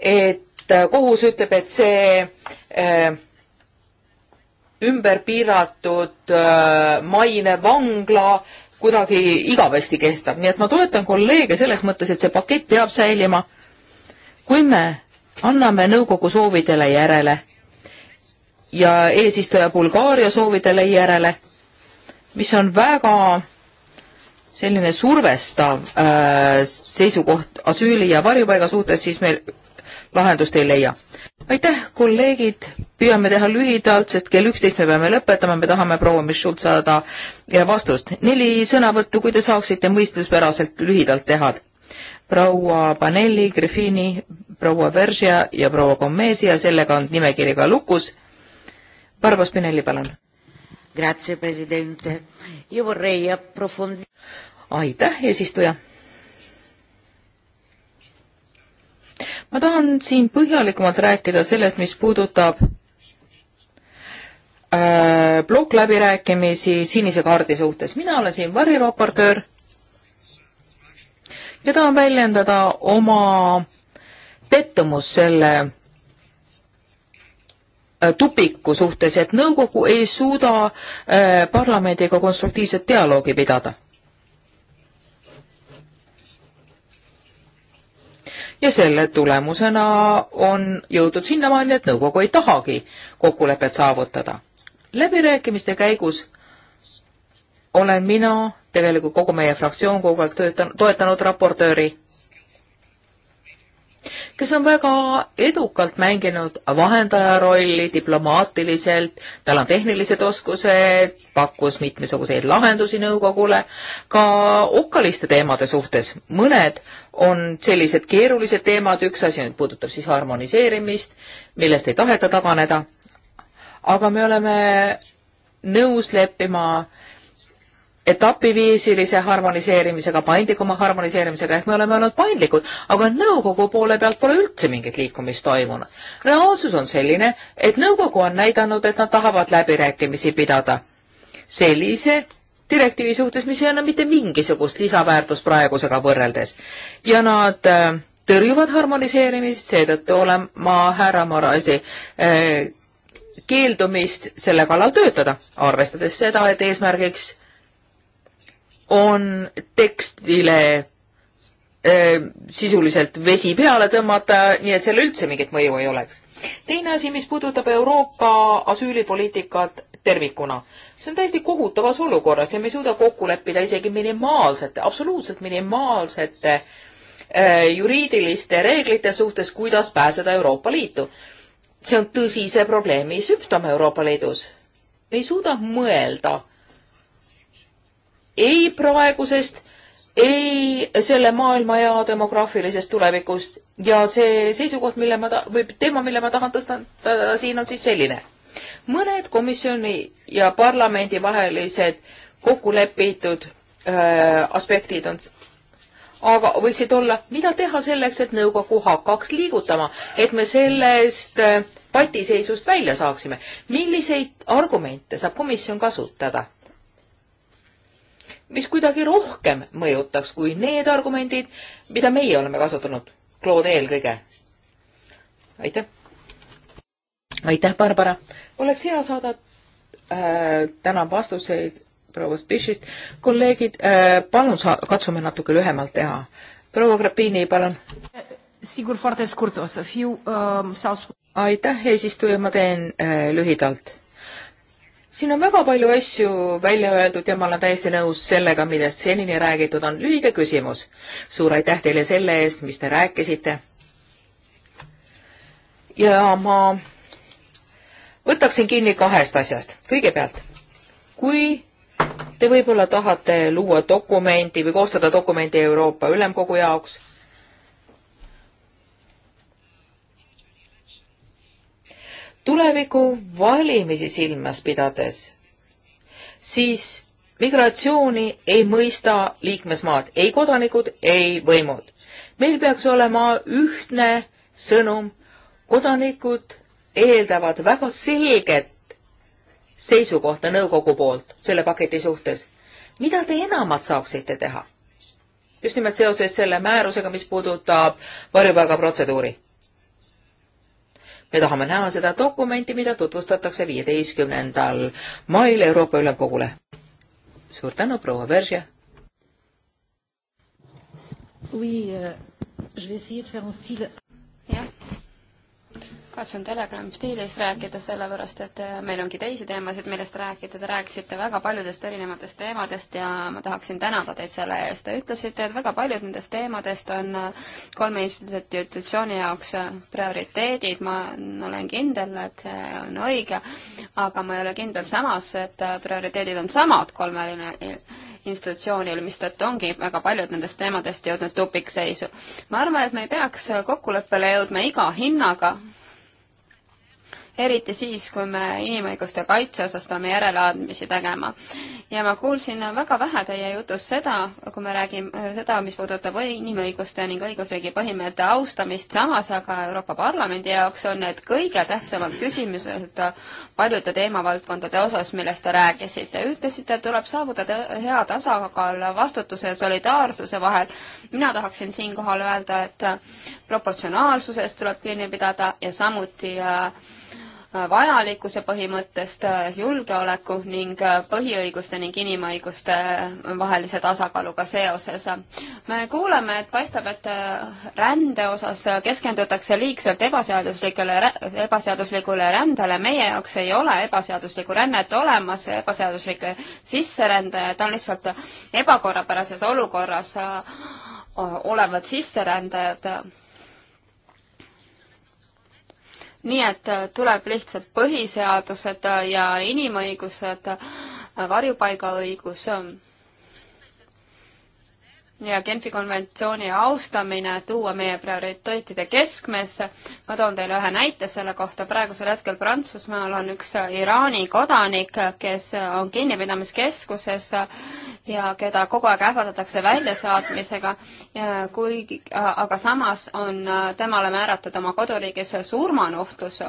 et kohus ütleb, et see äh, ümber piiratud äh, maine vangla kuidagi igavesti kestab, nii et ma toetan kolleege selles mõttes, et see pakett peab säilima. kui me anname nõukogu soovidele järele ja eesistuja Bulgaaria soovidele järele, mis on väga selline survestav äh, seisukoht asüüli ja varjupaiga suhtes, siis me lahendust ei leia aitäh, kolleegid, püüame teha lühidalt, sest kell üksteist me peame lõpetama, me tahame proua Michult saada vastust. neli sõnavõttu, kui te saaksite mõistuspäraselt lühidalt teha. proua Panelli, Griffini, proua Veržia ja proua Gomezi ja sellega on nimekiri ka lukus. Barba Spinelli, palun. aitäh, eesistuja ma tahan siin põhjalikumalt rääkida sellest, mis puudutab äh, blokkläbirääkimisi sinise kaardi suhtes. mina olen siin variraportöör ja tahan väljendada oma pettumust selle äh, tupiku suhtes, et nõukogu ei suuda äh, parlamendiga konstruktiivset dialoogi pidada. ja selle tulemusena on jõudnud sinnamaani, et nõukogu ei tahagi kokkulepet saavutada. läbirääkimiste käigus olen mina, tegelikult kogu meie fraktsioon kogu aeg töötanud, toetanud raportööri kes on väga edukalt mänginud vahendaja rolli diplomaatiliselt, tal on tehnilised oskused, pakkus mitmesuguseid lahendusi nõukogule, ka okkaliste teemade suhtes. mõned on sellised keerulised teemad, üks asi puudutab siis harmoniseerimist, millest ei taheta taganeda, aga me oleme nõus leppima äh, etapiviisilise harmoniseerimisega, paindlikuma harmoniseerimisega, ehk me oleme olnud paindlikud, aga nõukogu poole pealt pole üldse mingit liikumist toimunud. reaalsus on selline, et nõukogu on näidanud, et nad tahavad läbirääkimisi pidada sellise direktiivi suhtes, mis ei anna mitte mingisugust lisaväärtust praegusega võrreldes. ja nad äh, tõrjuvad harmoniseerimist, seetõttu olen ma härra Morasi äh, keeldumist selle kallal töötada, arvestades seda, et eesmärgiks on tekstile äh, sisuliselt vesi peale tõmmata, nii et seal üldse mingit mõju ei oleks. teine asi, mis puudutab Euroopa asüülipoliitikat tervikuna. see on täiesti kohutavas olukorras ja me ei suuda kokku leppida isegi minimaalsete, absoluutselt minimaalsete äh, juriidiliste reeglite suhtes, kuidas pääseda Euroopa Liitu. see on tõsise probleemi sümptom Euroopa Liidus. me ei suuda mõelda ei praegusest, ei selle maailmajao demograafilisest tulevikust ja see seisukoht, mille ma ta-, või teema, mille ma tahan tõstatada siin, on siis selline. mõned komisjoni ja parlamendi vahelised kokku lepitud öö, äh, aspektid on aga võiksid olla, mida teha selleks, et nõukogu hakkaks liigutama, et me sellest äh, patiseisust välja saaksime. milliseid argumente saab komisjon kasutada? mis kuidagi rohkem mõjutaks kui need argumendid, mida meie oleme kasutanud. Claude eelkõige. aitäh. aitäh, Barbara. oleks hea saada äh, täna vastuseid proua Spishist. kolleegid äh,, palun sa-, katsume natuke lühemalt teha. proua Grapini, palun. Um, aitäh, eesistuja, ma teen äh, lühidalt siin on väga palju asju välja öeldud ja ma olen täiesti nõus sellega, millest senini räägitud on. lühike küsimus. suur aitäh teile selle eest, mis te rääkisite. ja ma võtaksin kinni kahest asjast. kõigepealt, kui te võib-olla tahate luua dokumendi või koostada dokumendi Euroopa Ülemkogu jaoks tuleviku valimisi silmas pidades, siis migratsiooni ei mõista liikmesmaad, ei kodanikud, ei võimud. meil peaks olema ühtne sõnum, kodanikud eeldavad väga selget seisukohta nõukogu poolt selle paketi suhtes. mida te enamat saaksite teha? just nimelt seoses selle määrusega, mis puudutab varjupaigaprotseduuri me tahame näha seda dokumenti, mida tutvustatakse viieteistkümnendal mail Euroopa Ülemkogule. suur tänu, proua Veržja.
Euh, jah,
katsun Telegram stiilis rääkida, sellepärast et äh, meil ongi teisi teemasid, millest rääkida, te rääkisite väga paljudest erinevatest teemadest ja ma tahaksin tänada teid selle eest. Te ütlesite, et väga paljud nendest teemadest on äh, kolme institutsiooni jaoks äh, prioriteedid, ma olen kindel, et see on õige, aga ma ei ole kindel samas, et prioriteedid on samad kolmel institutsioonil, mistõttu ongi väga paljud nendest teemadest jõudnud tupikseisu. ma arvan, et me ei peaks kokkuleppele jõudma iga hinnaga, eriti siis, kui me inimõiguste kaitse osas peame järeleandmisi tegema. ja ma kuulsin väga vähe teie jutust seda, kui me räägime seda, mis puudutab inimõiguste ning õigusriigi põhimõtte austamist, samas aga Euroopa Parlamendi jaoks on need kõige tähtsamad küsimused paljude teemavaldkondade osas, millest te rääkisite. ütlesite, et tuleb saavutada hea tasakaal vastutuse ja solidaarsuse vahel. mina tahaksin siinkohal öelda, et proportsionaalsusest tuleb kinni pidada ja samuti äh, vajalikkuse põhimõttest, julgeoleku ning põhiõiguste ning inimõiguste vahelise tasakaaluga seoses. me kuuleme, et paistab, et rände osas keskendutakse liigselt ebaseaduslikele, ebaseaduslikule rändele. meie jaoks ei ole ebaseaduslikku rännet olemas, ebaseaduslikke sisserändajaid on lihtsalt ebakorrapärases olukorras olevad sisserändajad nii et äh, tuleb lihtsalt põhiseadused äh, ja inimõigused, äh, varjupaigaõigus ähm, ja Genfi konventsiooni austamine tuua meie prioriteetide keskmesse. ma toon teile ühe näite selle kohta, praegusel hetkel Prantsusmaal on üks Iraani kodanik, kes on kinnipidamiskeskuses ja keda kogu aeg ähvardatakse väljasaatmisega, kuigi, aga samas on temale määratud oma koduriigis surmanuhtlus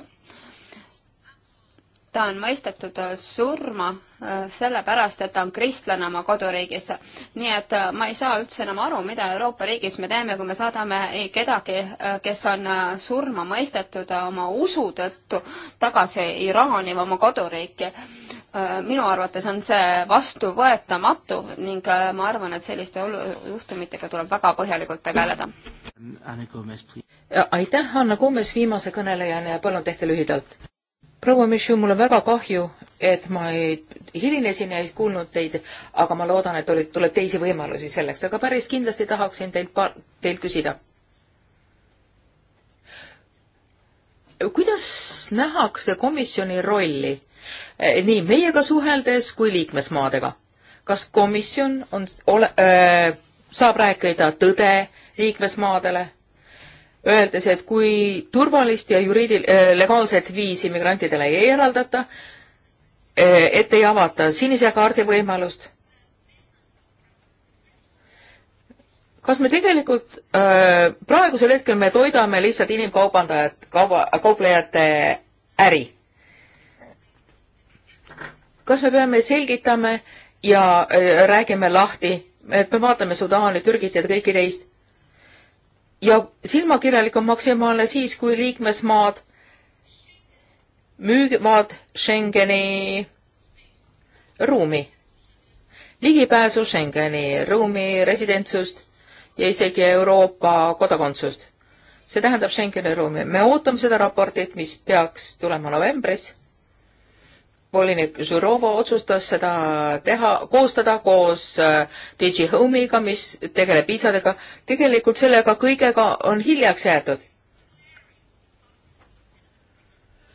ta on mõistetud äh, surma äh, sellepärast, et ta on kristlane oma koduriigis. nii et äh, ma ei saa üldse enam aru, mida Euroopa riigis me teeme, kui me saadame kedagi, kes on surma mõistetud oma usu tõttu tagasi Iraani või oma koduriiki. minu arvates on see vastuvõetamatu ning ma arvan, et selliste juhtumitega
tuleb väga põhjalikult tegeleda. aitäh, Anna Kumes, viimase kõnelejana ja palun tehke lühidalt proua Michu, mul on väga kahju, et ma ei, hilinesin ja ei kuulnud teid, aga ma loodan, et oli, tuleb teisi võimalusi selleks, aga päris kindlasti tahaksin teilt paar, teilt küsida. kuidas nähakse komisjoni rolli eh, nii meiega suheldes kui liikmesmaadega? kas komisjon on, ole, äh, saab rääkida tõde liikmesmaadele öeldes, et kui turvalist ja juriidil-, äh, legaalset viisi migrantidele ei eraldata, äh, et ei avata sinise kaardi võimalust. kas me tegelikult äh, praegusel hetkel me toidame lihtsalt inimkaubandajad, kauba, kauplejate äri? kas me peame selgitama ja äh, räägime lahti, et me vaatame Sudaani, Türgit ja kõiki teist ja silmakirjalik on maksimaalne siis, kui liikmesmaad müüvad Schengeni ruumi, ligipääsu Schengeni ruumi, residentsust ja isegi Euroopa kodakondsust. see tähendab Schengeni ruumi. me ootame seda raportit, mis peaks tulema novembris volinik Žurovo otsustas seda teha, koostada koos äh, DJ Home'iga, mis tegeleb isadega. tegelikult sellega kõigega on hiljaks jäetud.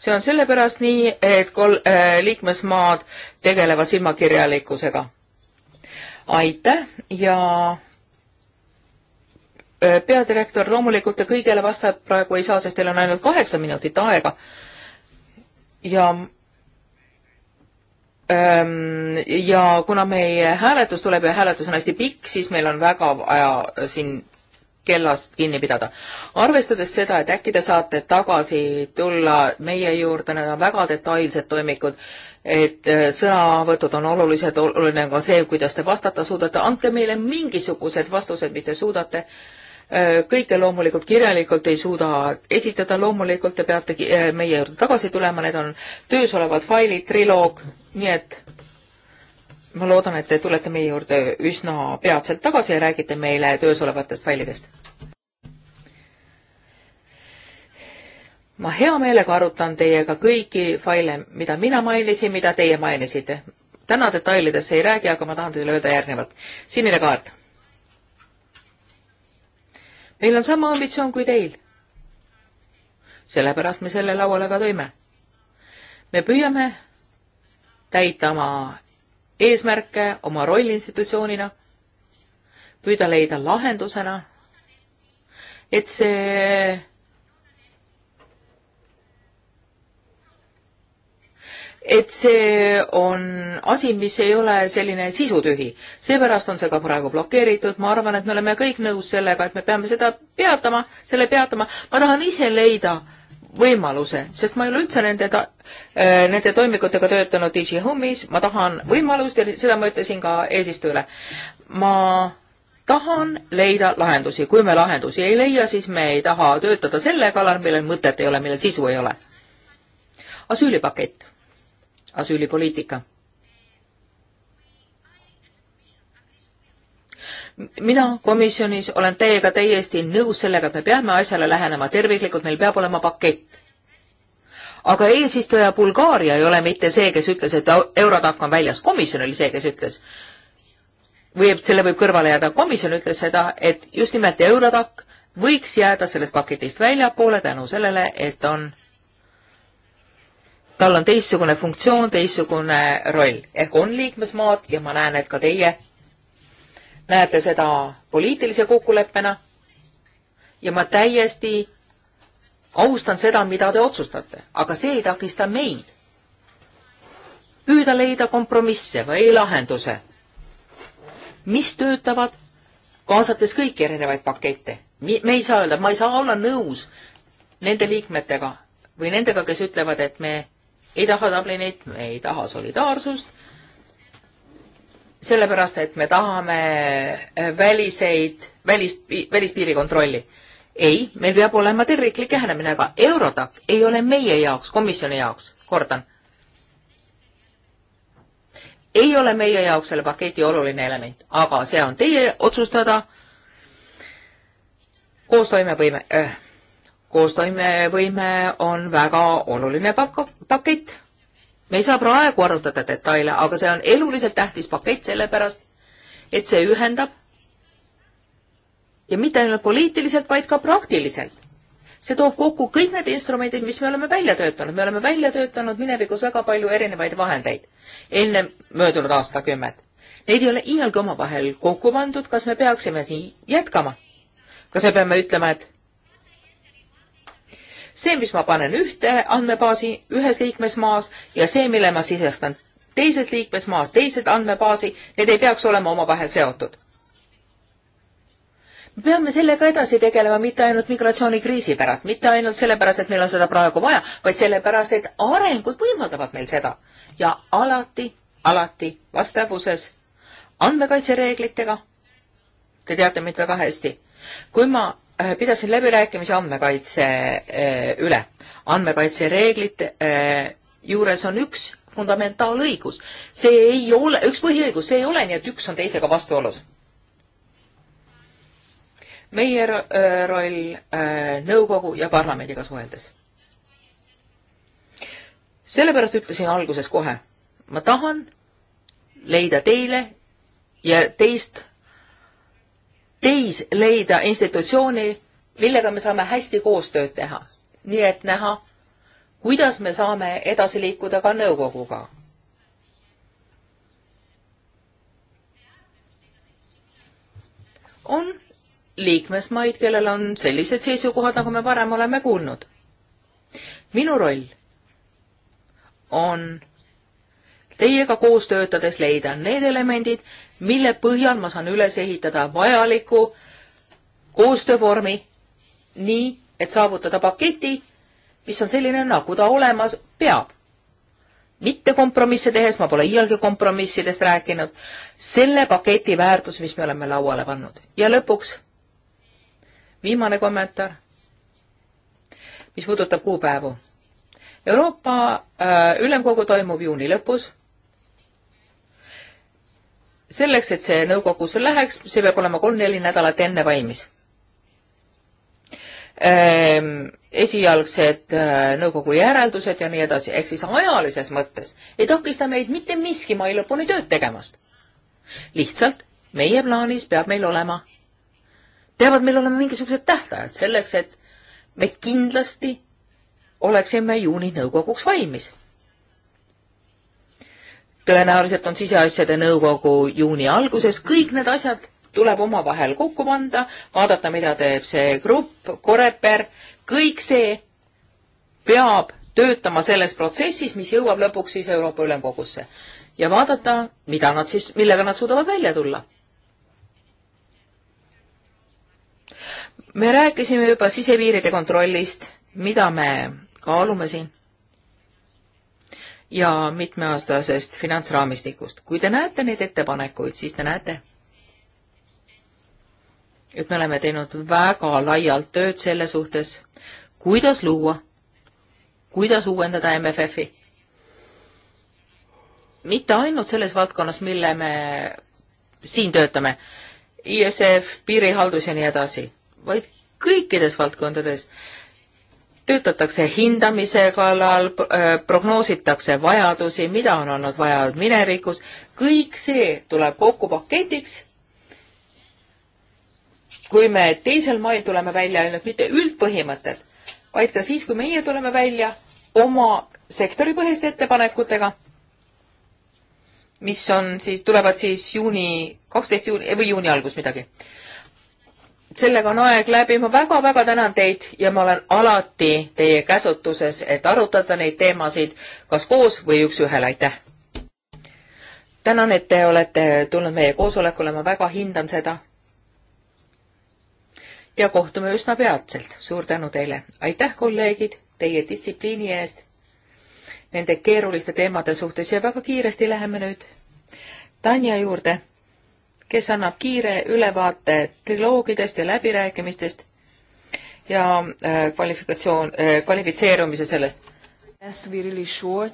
see on sellepärast nii, et kol-, äh, liikmesmaad tegelevad silmakirjalikkusega. aitäh ja äh, peadirektor, loomulikult te kõigele vastajat praegu ei saa, sest teil on ainult kaheksa minutit aega. ja Ehm, ja kuna meie hääletus tuleb ja hääletus on hästi pikk, siis meil on väga vaja äh, siin kellast kinni pidada. arvestades seda, et äkki te saate tagasi tulla meie juurde, need on väga detailsed toimikud, et äh, sõnavõtud on olulised, oluline on ka see, kuidas te vastata suudate, andke meile mingisugused vastused, mis te suudate. Äh, kõike loomulikult kirjalikult ei suuda esitada, loomulikult te peate meie juurde tagasi tulema, need on töös olevad failid, triloog nii et ma loodan, et te tulete meie juurde üsna peatselt tagasi ja räägite meile töös olevatest failidest. ma hea meelega arutan teiega kõiki faile, mida mina mainisin, mida teie mainisite. täna detailidesse ei räägi, aga ma tahan teile öelda järgnevalt. sinine kaart. meil on sama ambitsioon kui teil. sellepärast me selle lauale ka tõime. me püüame täita oma eesmärke, oma rolli institutsioonina, püüda leida lahendusena, et see et see on asi, mis ei ole selline sisutühi. seepärast on see ka praegu blokeeritud, ma arvan, et me oleme kõik nõus sellega, et me peame seda peatama, selle peatama. ma tahan ise leida äh, võimaluse, sest ma ei ole üldse nende ta-, äh, nende toimikutega töötanud DJ Home'is, ma tahan võimalust ja seda ma ütlesin ka eesistujale. ma tahan leida lahendusi, kui me lahendusi ei leia, siis me ei taha töötada selle kallal, millel mõtet ei ole, millel sisu ei ole. asüülipakett, asüülipoliitika mina komisjonis olen teiega täiesti nõus sellega, et me peame asjale lähenema terviklikult, meil peab olema pakett. aga eesistuja Bulgaaria ei ole mitte see, kes ütles, et Eurodac on väljas, komisjon oli see, kes ütles, või et selle võib kõrvale jääda, komisjon ütles seda, et just nimelt Eurodac võiks jääda sellest paketist väljapoole tänu sellele, et on tal on teistsugune funktsioon, teistsugune roll ehk on liikmesmaad ja ma näen, et ka teie näete seda poliitilise kokkuleppena ja ma täiesti austan seda, mida te otsustate, aga see ei takista meid püüda leida kompromisse või lahenduse, mis töötavad, kaasates kõiki erinevaid pakette. me ei saa öelda, ma ei saa olla nõus nende liikmetega või nendega, kes ütlevad, et me ei taha Dublinit, me ei taha solidaarsust, sellepärast, et me tahame eh, väliseid, välist, välispiiri kontrolli. ei, meil peab olema terviklik lähenemine, aga Eurodac ei ole meie jaoks, komisjoni jaoks, kordan. ei ole meie jaoks selle paketi oluline element, aga see on teie otsustada. koostoimevõime äh,, eh, koostoimevõime on väga oluline pak-, pakett me ei saa praegu arutada detaile, aga see on eluliselt tähtis pakett, sellepärast et see ühendab ja mitte ainult poliitiliselt, vaid ka praktiliselt. see toob kokku kõik need instrumendid, mis me oleme välja töötanud, me oleme välja töötanud minevikus väga palju erinevaid vahendeid enne möödunud aastakümmet. Neid ei ole iialgi omavahel kokku pandud, kas me peaksime nii jätkama? kas me peame ütlema, et see, mis ma panen ühte andmebaasi ühes liikmesmaas ja see, mille ma sisestan teises liikmesmaas, teised andmebaasi, need ei peaks olema omavahel seotud. me peame sellega edasi tegelema mitte ainult migratsioonikriisi pärast, mitte ainult sellepärast, et meil on seda praegu vaja, vaid sellepärast, et arengud võimaldavad meil seda ja alati, alati vastavuses andmekaitsereeglitega. Te teate mind väga hästi. kui ma Äh, pidasin läbirääkimisi andmekaitse äh, üle. andmekaitsereeglid äh, juures on üks fundamentaalõigus. see ei ole, üks põhiõigus, see ei ole nii, et üks on teisega vastuolus. meie roll nõukogu ja parlamendiga suheldes. sellepärast ütlesin alguses kohe, ma tahan leida teile ja teist teis leida institutsiooni, millega me saame hästi koostööd teha, nii et näha, kuidas me saame edasi liikuda ka nõukoguga. on liikmesmaid, kellel on sellised seisukohad, nagu me varem oleme kuulnud. minu roll on teiega koos töötades leida need elemendid, mille põhjal ma saan üles ehitada vajaliku koostöövormi nii, et saavutada paketi, mis on selline, nagu ta olemas peab. mitte kompromisse tehes, ma pole iialgi kompromissidest rääkinud, selle paketi väärtus, mis me oleme lauale pannud. ja lõpuks viimane kommentaar, mis puudutab kuupäevu Euroopa äh, Ülemkogu toimub juuni lõpus selleks, et see nõukogusse läheks, see peab olema kolm-neli nädalat enne valmis. Ehm, esialgsed äh, nõukogu järeldused ja nii edasi, ehk siis ajalises mõttes ei takista meid mitte miski mai lõpuni tööd tegemast. lihtsalt meie plaanis peab meil olema, peavad meil olema mingisugused tähtajad selleks, et me kindlasti oleksime juuni nõukoguks valmis tõenäoliselt on siseasjade nõukogu juuni alguses, kõik need asjad tuleb omavahel kokku panda, vaadata, mida teeb see grupp, Koreper, kõik see peab töötama selles protsessis, mis jõuab lõpuks siis Euroopa Ülemkogusse ja vaadata, mida nad siis, millega nad suudavad välja tulla. me rääkisime juba sisepiiride kontrollist, mida me kaalume siin ja mitmeaastasest finantsraamistikust. kui te näete neid ettepanekuid, siis te näete, et me oleme teinud väga laialt tööd selle suhtes, kuidas luua, kuidas uuendada MFF-i. mitte ainult selles valdkonnas, mille me siin töötame, ISF, piirihaldus ja nii edasi, vaid kõikides valdkondades töötatakse hindamise kallal, äh, prognoositakse vajadusi, mida on olnud vaja minevikus, kõik see tuleb kokku paketiks. kui me teisel mail tuleme välja ainult mitte üldpõhimõtted, vaid ka siis, kui meie tuleme välja oma sektoripõhiste ettepanekutega, mis on siis, tulevad siis juuni, kaksteist juuni või juuni algus midagi sellega on aeg läbi, ma väga-väga tänan teid ja ma olen alati teie käsutuses, et arutada neid teemasid kas koos või üks-ühele, aitäh! tänan, et te olete tulnud meie koosolekule, ma väga hindan seda. ja kohtume üsna peatselt, suur tänu teile, aitäh, kolleegid, teie distsipliini eest nende keeruliste teemade suhtes ja väga kiiresti läheme nüüd Tanja juurde kes annab kiire ülevaate triloogidest ja läbirääkimistest ja äh, kvalifikatsioon, äh, kvalifitseerumise sellest.
Uh,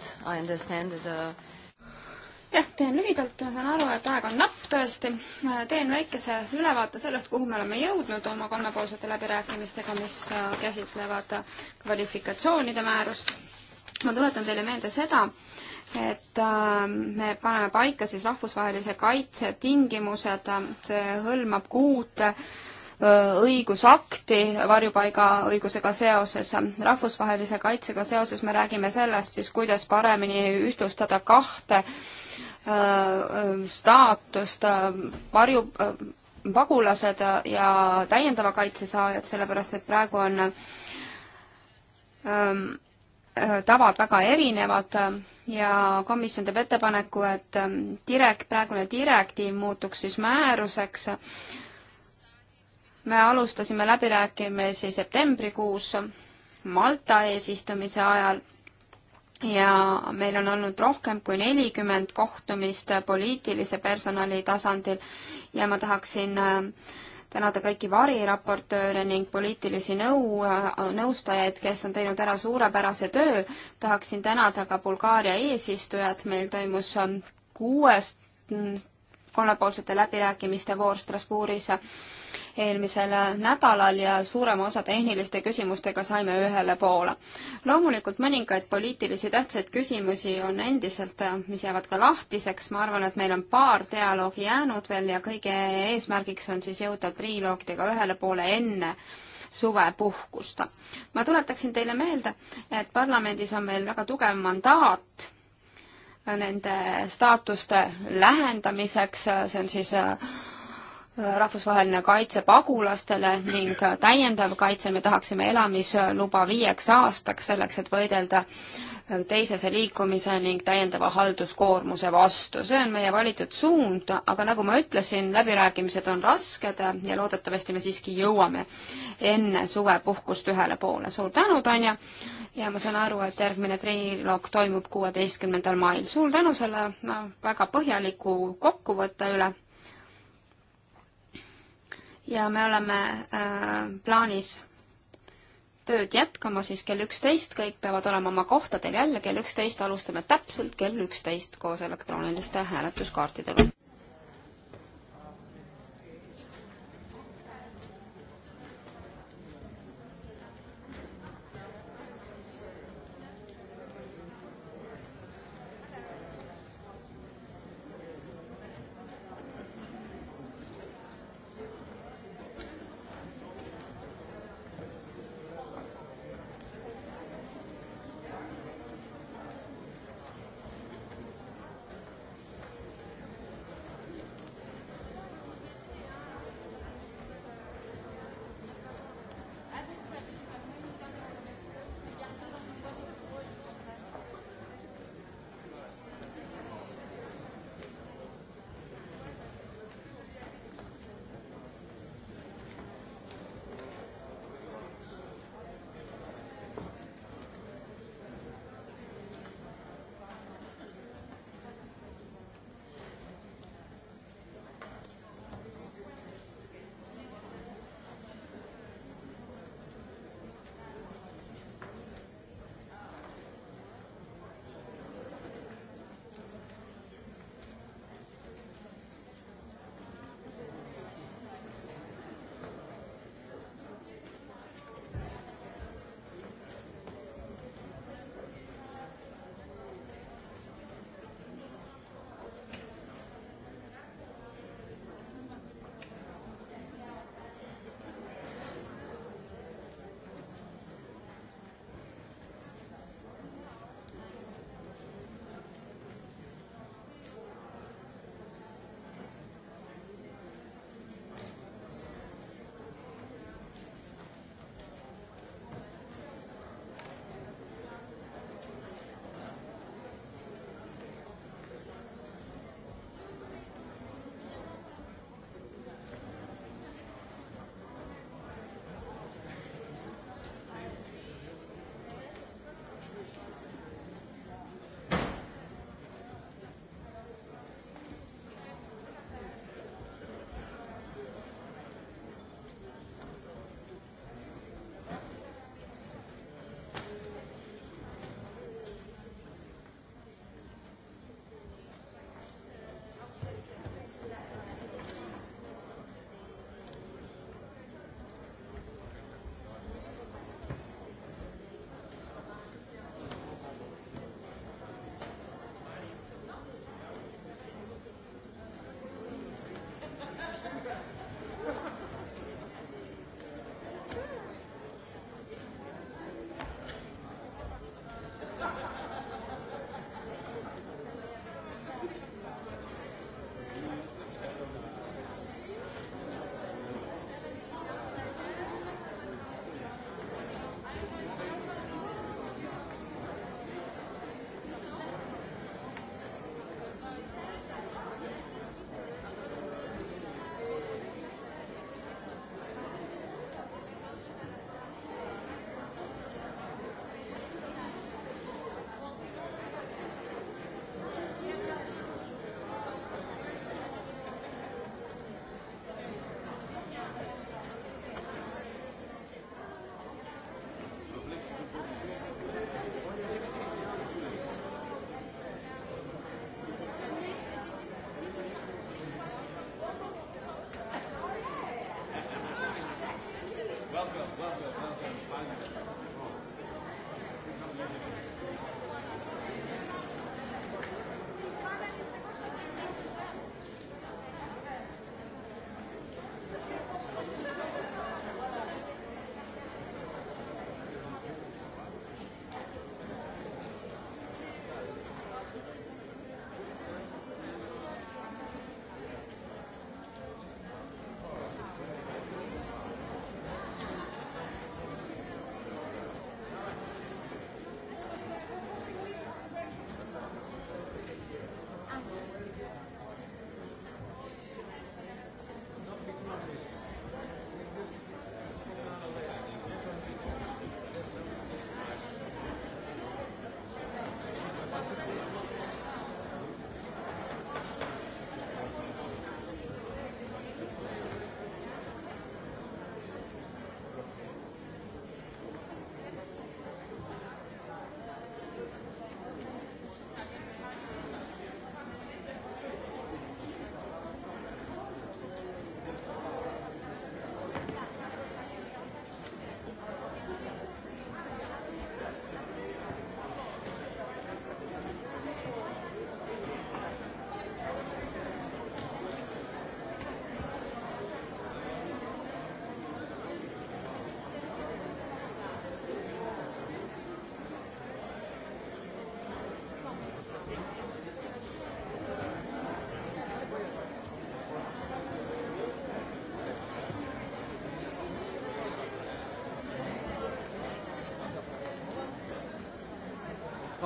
jah, teen lühidalt, saan aru, et aeg on napp tõesti. teen väikese ülevaate sellest, kuhu me oleme jõudnud oma kolmepoolsete läbirääkimistega, mis uh, käsitlevad kvalifikatsioonide määrust. ma tuletan teile meelde seda, et äh, me paneme paika siis rahvusvahelise kaitse tingimused, see hõlmab kuut äh, õigusakti varjupaigaõigusega seoses, rahvusvahelise kaitsega seoses me räägime sellest siis, kuidas paremini ühtlustada kahte äh, staatust, varju, pagulased ja täiendava kaitse saajad, sellepärast et praegu on ähm, Äh, tavad väga erinevad äh, ja komisjon teeb ettepaneku, et ähm, direkt, praegune direktiiv muutuks siis määruseks. me alustasime läbirääkimisi septembrikuus Malta eesistumise ajal ja meil on olnud rohkem kui nelikümmend kohtumist poliitilise personali tasandil ja ma tahaksin äh, tänada kõiki variraportööre ning poliitilisi nõu, nõustajaid, kes on teinud ära suurepärase töö. tahaksin tänada ka Bulgaaria eesistujat, meil toimus ähm, kuuest kolmepoolsete läbirääkimiste voor Strasbourgis eelmisel nädalal ja suurema osa tehniliste küsimustega saime ühele poole. loomulikult mõningaid poliitilisi tähtsaid küsimusi on endiselt, mis jäävad ka lahtiseks, ma arvan, et meil on paar dialoogi jäänud veel ja kõige eesmärgiks on siis jõuda triloogidega ühele poole enne suvepuhkust. ma tuletaksin teile meelde, et parlamendis on meil väga tugev mandaat nende staatuste lähendamiseks, see on siis äh, rahvusvaheline kaitse pagulastele ning täiendav kaitse, me tahaksime elamisluba viieks aastaks, selleks et võidelda teisese liikumise ning täiendava halduskoormuse vastu. see on meie valitud suund, aga nagu ma ütlesin, läbirääkimised on rasked ja loodetavasti me siiski jõuame enne suvepuhkust ühele poole. suur tänu, Tanja! ja ma saan aru, et järgmine triloog toimub kuueteistkümnendal mail. suur tänu selle no, väga põhjaliku kokkuvõtte üle ja me oleme äh, plaanis tööd jätkama siis kell üksteist, kõik peavad olema oma kohtadel jälle kell üksteist, alustame täpselt kell üksteist koos elektrooniliste hääletuskaartidega.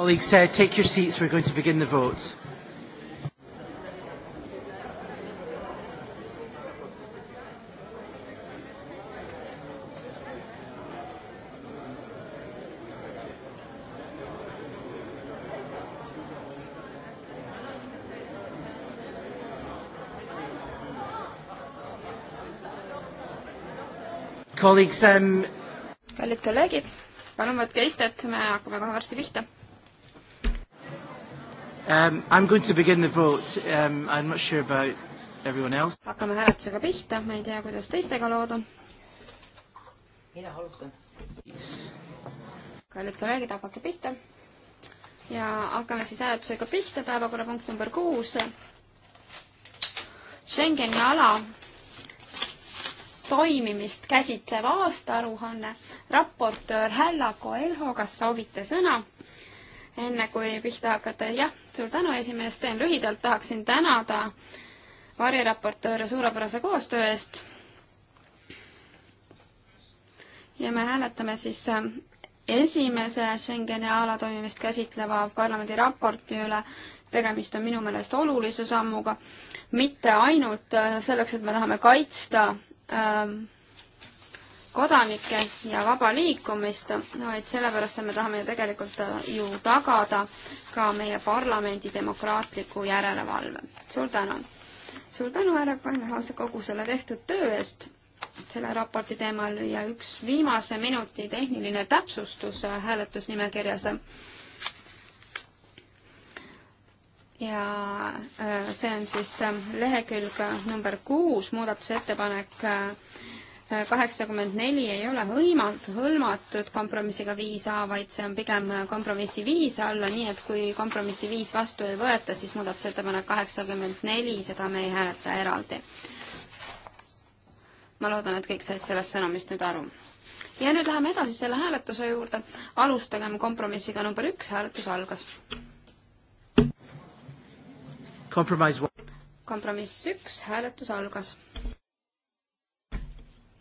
Colleagues, uh, take your seats. We're going to begin the vote. Colleagues, um...
kallid kolleegid, palun võtke istet, me hakkame kohe varsti pihta
Um, I'm going to begin the vote. Um, I'm not sure about everyone else.
hakkame hääletusega pihta, ma ei tea, kuidas teistega lood on. mina alustan. kallid kolleegid, hakake pihta. ja hakkame siis hääletusega pihta, päevakorrapunkt number kuus. Schengeni ala toimimist käsitlev aastaaruanne, raportöör Hälla Koelho, kas soovite sõna? enne kui pihta hakata, jah, suur tänu, esimees, teen lühidalt, tahaksin tänada variraportööre suurepärase koostöö eest. ja me hääletame siis äh, esimese Schengeni ala toimimist käsitleva parlamendi raporti üle. tegemist on minu meelest olulise sammuga, mitte ainult äh, selleks, et me tahame kaitsta ähm, kodanikke ja vaba liikumist, vaid sellepärast, et me tahame ju tegelikult äh, ju tagada ka meie parlamendi demokraatliku järelevalve. suur tänu! suur tänu, härra Kainehause, kogu selle tehtud töö eest selle raporti teemal ja üks viimase minuti tehniline täpsustus äh, hääletusnimekirjas ja äh, see on siis lehekülg number kuus, muudatusettepanek kaheksakümmend neli ei ole hõimalt hõlmatud kompromissiga viis A, vaid see on pigem kompromissi viis alla, nii et kui kompromissi viis vastu ei võeta, siis muudatusettepanek kaheksakümmend neli, seda me ei hääleta eraldi. ma loodan, et kõik said sellest sõnumist nüüd aru. ja nüüd läheme edasi selle hääletuse juurde. alustagem kompromissiga number üks, hääletus algas. kompromiss üks, hääletus algas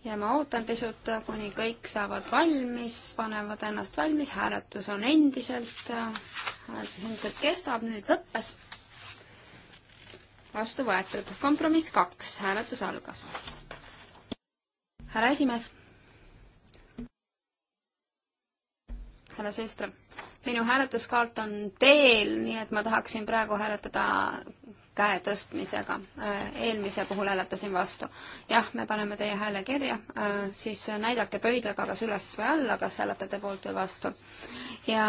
ja ma ootan pisut, kuni kõik saavad valmis, panevad ennast valmis, hääletus on endiselt, hääletus endiselt kestab, nüüd lõppes. vastu võetud, kompromiss kaks, hääletus algas. härra esimees härra Sestra. minu hääletuskaart on teel, nii et ma tahaksin praegu hääletada käe tõstmisega. Äh, eelmise puhul hääletasin vastu. jah, me paneme teie hääle kirja, äh, siis näidake pöidlaga kas üles või alla, kas hääletate poolt või vastu. ja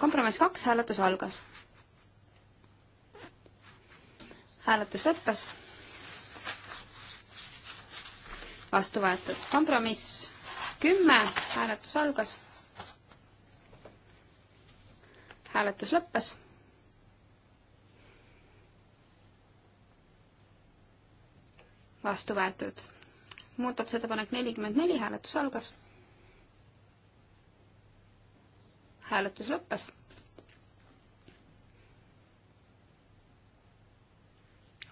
kompromiss kaks, hääletus algas. hääletus lõppes. vastu võetud kompromiss kümme, hääletus algas hääletus lõppes. vastu võetud. muudatusettepanek nelikümmend neli, hääletus algas. hääletus lõppes.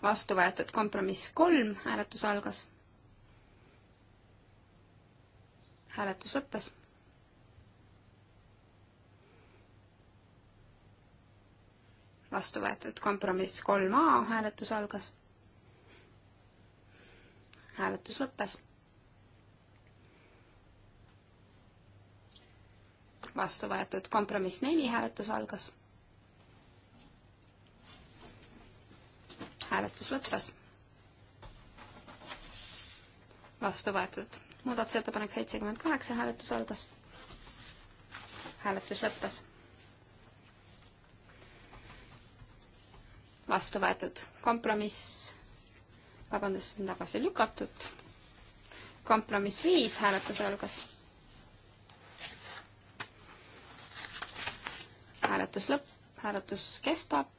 vastu võetud kompromiss kolm, hääletus algas. hääletus lõppes vastu võetud kompromiss kolm A hääletus algas hääletus lõppes. vastu võetud kompromiss neli, hääletus algas. hääletus lõppes. vastu võetud muudatusettepanek seitsekümmend kaheksa, hääletus algas. hääletus lõppes. vastu võetud kompromiss vabandust, see on tagasi lükatud. kompromiss viis, hääletus algas. hääletus lõpp, hääletus kestab,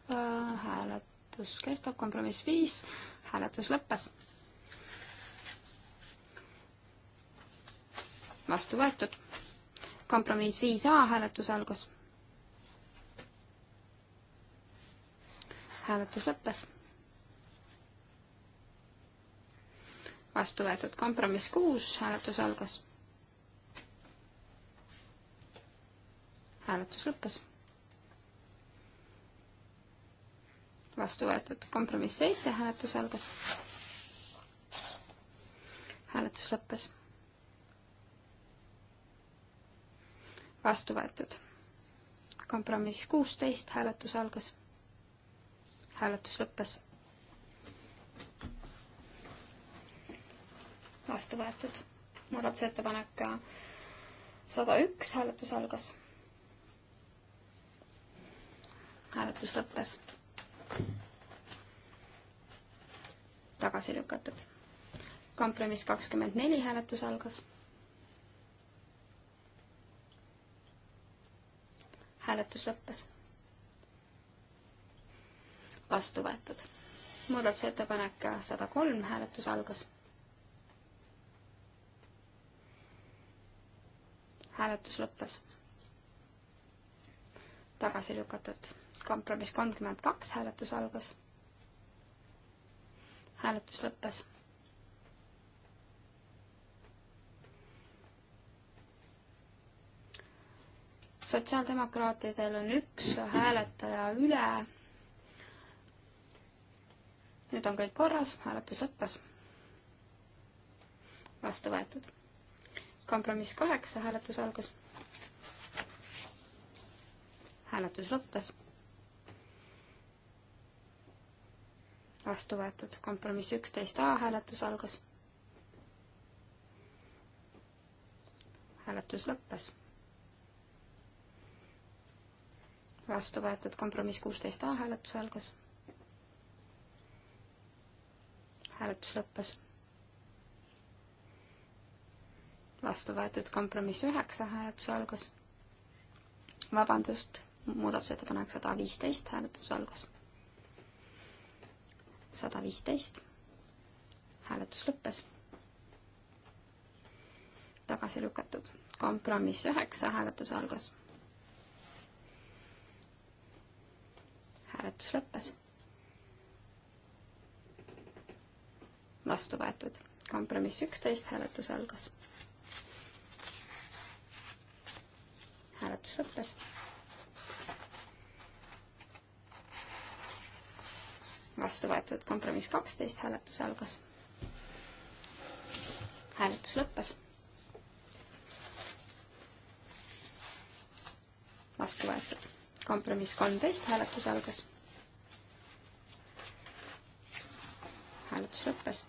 hääletus kestab, kompromiss viis, hääletus lõppes. vastu võetud. kompromiss viis A hääletus algas. hääletus lõppes vastu võetud kompromiss kuus, hääletus algas. hääletus lõppes. vastu võetud kompromiss seitse, hääletus algas. hääletus lõppes. vastu võetud kompromiss kuusteist, hääletus algas. hääletus lõppes vastu võetud. muudatusettepanek sada üks, hääletus algas. hääletus lõppes. tagasi lükatud. kompromiss kakskümmend neli, hääletus algas. hääletus lõppes. vastu võetud. muudatusettepanek sada kolm, hääletus algas hääletus lõppes. tagasi lükatud. kompromiss kolmkümmend kaks, hääletus algas. hääletus lõppes. sotsiaaldemokraatidel on üks hääletaja üle. nüüd on kõik korras, hääletus lõppes. vastu võetud kompromiss kaheksa, hääletus algas. hääletus lõppes. vastu võetud kompromiss üksteist A, hääletus algas. hääletus lõppes. vastu võetud kompromiss kuusteist A, hääletus algas. hääletus lõppes vastu võetud kompromiss üheksa, hääletuse algus. vabandust, muudatusettepanek sada viisteist, hääletuse algus. sada viisteist, hääletus lõppes. tagasi lükatud, kompromiss üheksa, hääletuse algus. hääletus lõppes. vastu võetud, kompromiss üksteist, hääletus algus hääletus lõppes. vastu võetud kompromiss kaksteist, hääletus algas. hääletus lõppes. vastu võetud kompromiss kolmteist, hääletus algas. hääletus lõppes.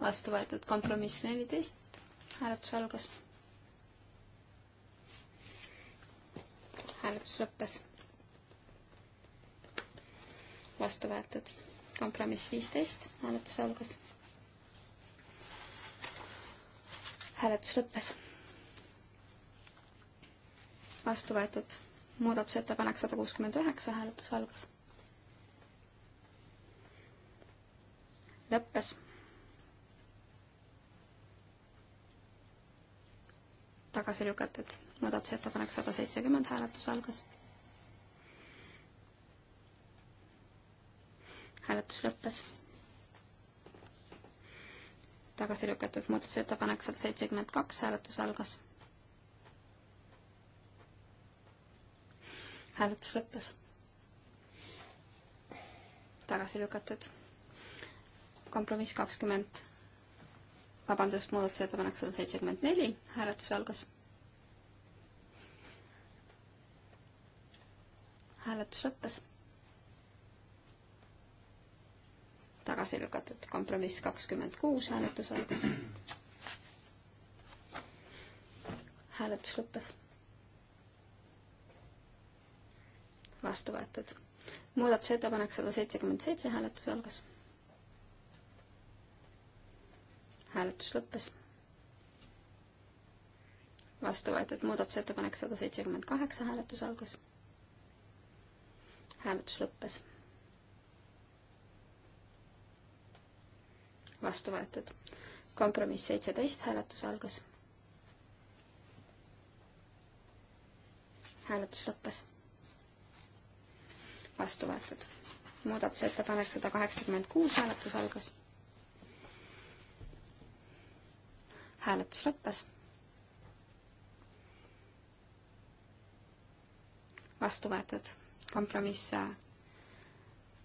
vastu võetud kompromiss neliteist, hääletus algas hääletus lõppes. vastu võetud. kompromiss viisteist, hääletus algas. hääletus lõppes. vastu võetud. muudatusettepanek sada kuuskümmend üheksa, hääletus algas. lõppes tagasi lükatud muudatusettepanek sada seitsekümmend, hääletus algas. hääletus lõppes. tagasi lükatud muudatusettepanek sada seitsekümmend kaks, hääletus algas. hääletus lõppes. tagasi lükatud. kompromiss kakskümmend, vabandust, muudatusettepanek sada seitsekümmend neli, hääletus algas hääletus lõppes. tagasi lükatud kompromiss kakskümmend kuus, hääletus algas. hääletus lõppes. vastu võetud. muudatusettepanek sada seitsekümmend seitse, hääletus algas. hääletus lõppes vastu võetud muudatusettepanek sada seitsekümmend kaheksa hääletus algas hääletus lõppes. vastu võetud. kompromiss seitseteist, hääletus algas. hääletus lõppes. vastu võetud. muudatusettepanek sada kaheksakümmend kuus, hääletus algas. hääletus lõppes. vastu võetud kompromiss äh,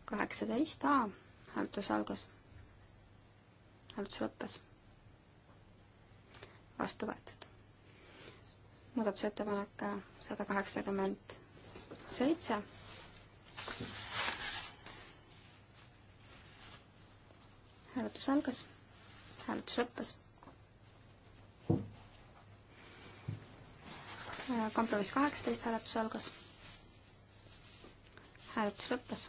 kaheksateist A, hääletus algas, hääletus lõppes, vastu võetud. muudatusettepanek äh, sada kaheksakümmend seitse. hääletus algas, hääletus lõppes. Äh, kompromiss kaheksateist hääletus algas hääletus lõppes.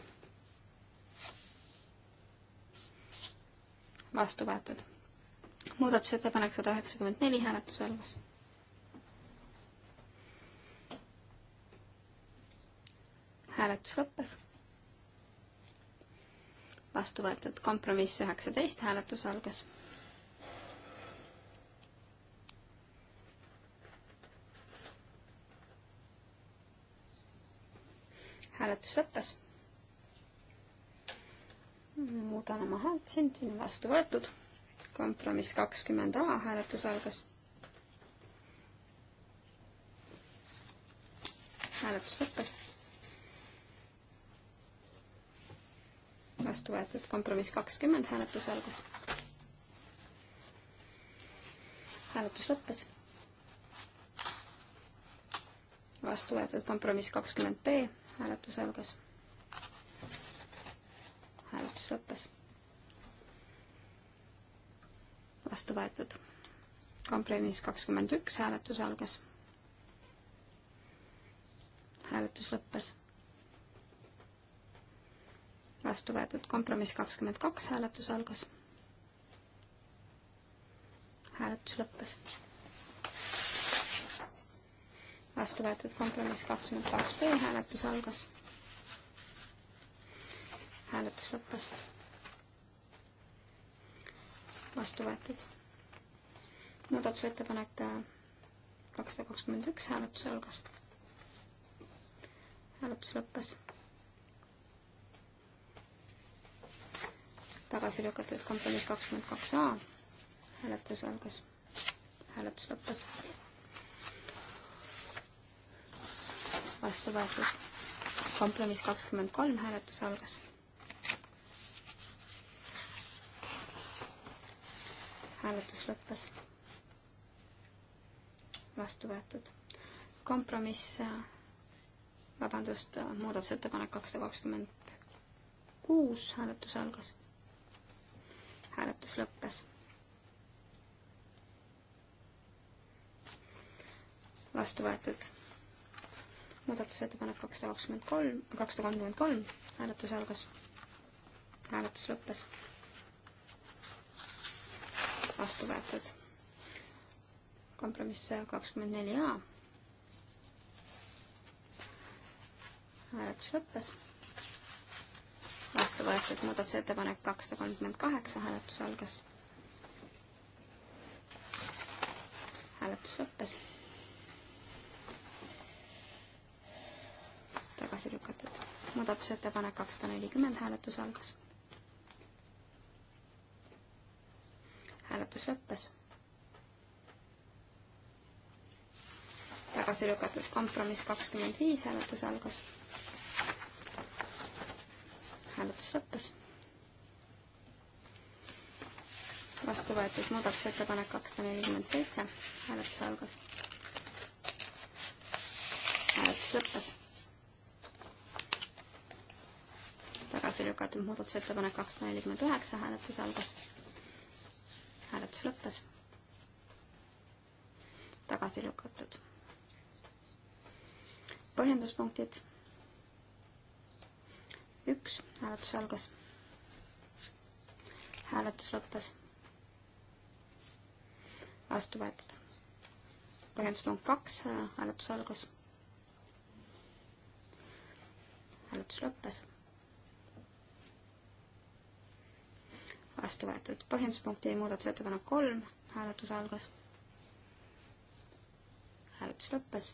vastu võetud. muudatusettepanek sada üheksakümmend neli hääletuse algas. hääletus lõppes. vastu võetud kompromiss üheksateist hääletus algas hääletus lõppes. muudan oma häält siin, siin on vastu võetud. kompromiss kakskümmend A, hääletus algas. hääletus lõppes. vastu võetud kompromiss kakskümmend, hääletus algas. hääletus lõppes. vastu võetud kompromiss kakskümmend B hääletus algas. hääletus lõppes. vastu võetud. kompromiss kakskümmend üks, hääletus algas. hääletus lõppes. vastu võetud kompromiss kakskümmend kaks, hääletus algas. hääletus lõppes vastu võetud kompromiss kakskümmend kaks B, hääletus algas. hääletus lõppes. vastu võetud. muudatusettepanek äh, kakssada kakskümmend üks, hääletus algas. hääletus lõppes. tagasi lükatud kompromiss kakskümmend kaks A, hääletus algas. hääletus lõppes vastu võetud. kompromiss kakskümmend kolm, hääletus algas. hääletus lõppes. vastu võetud. kompromiss, vabandust, muudatusettepanek kakssada kakskümmend kuus, hääletus algas. hääletus lõppes. vastu võetud muudatusettepanek kakssada kakskümmend kolm, kakssada kolmkümmend kolm, hääletus algas, hääletus lõppes. vastu võetud. kompromiss kakskümmend neli A. hääletus lõppes. vastu võetud muudatusettepanek kakssada kolmkümmend kaheksa, hääletus algas. hääletus lõppes tagasi lükatud. muudatusettepanek kakssada nelikümmend, hääletus algas. hääletus lõppes. tagasi lükatud kompromiss kakskümmend viis, hääletus algas. hääletus lõppes. vastu võetud muudatusettepanek kakssada nelikümmend seitse, hääletus algas. hääletus lõppes tagasi lükatud muudatusettepanek kakssada nelikümmend üheksa, hääletus algas. hääletus lõppes. tagasi lükatud. põhjenduspunktid. üks, hääletus algas. hääletus lõppes. vastu võetud. põhjenduspunkt kaks, hääletus algas. hääletus lõppes vastu võetud. põhjenduspunkti muudatusettepanek kolm, hääletus algas. hääletus lõppes.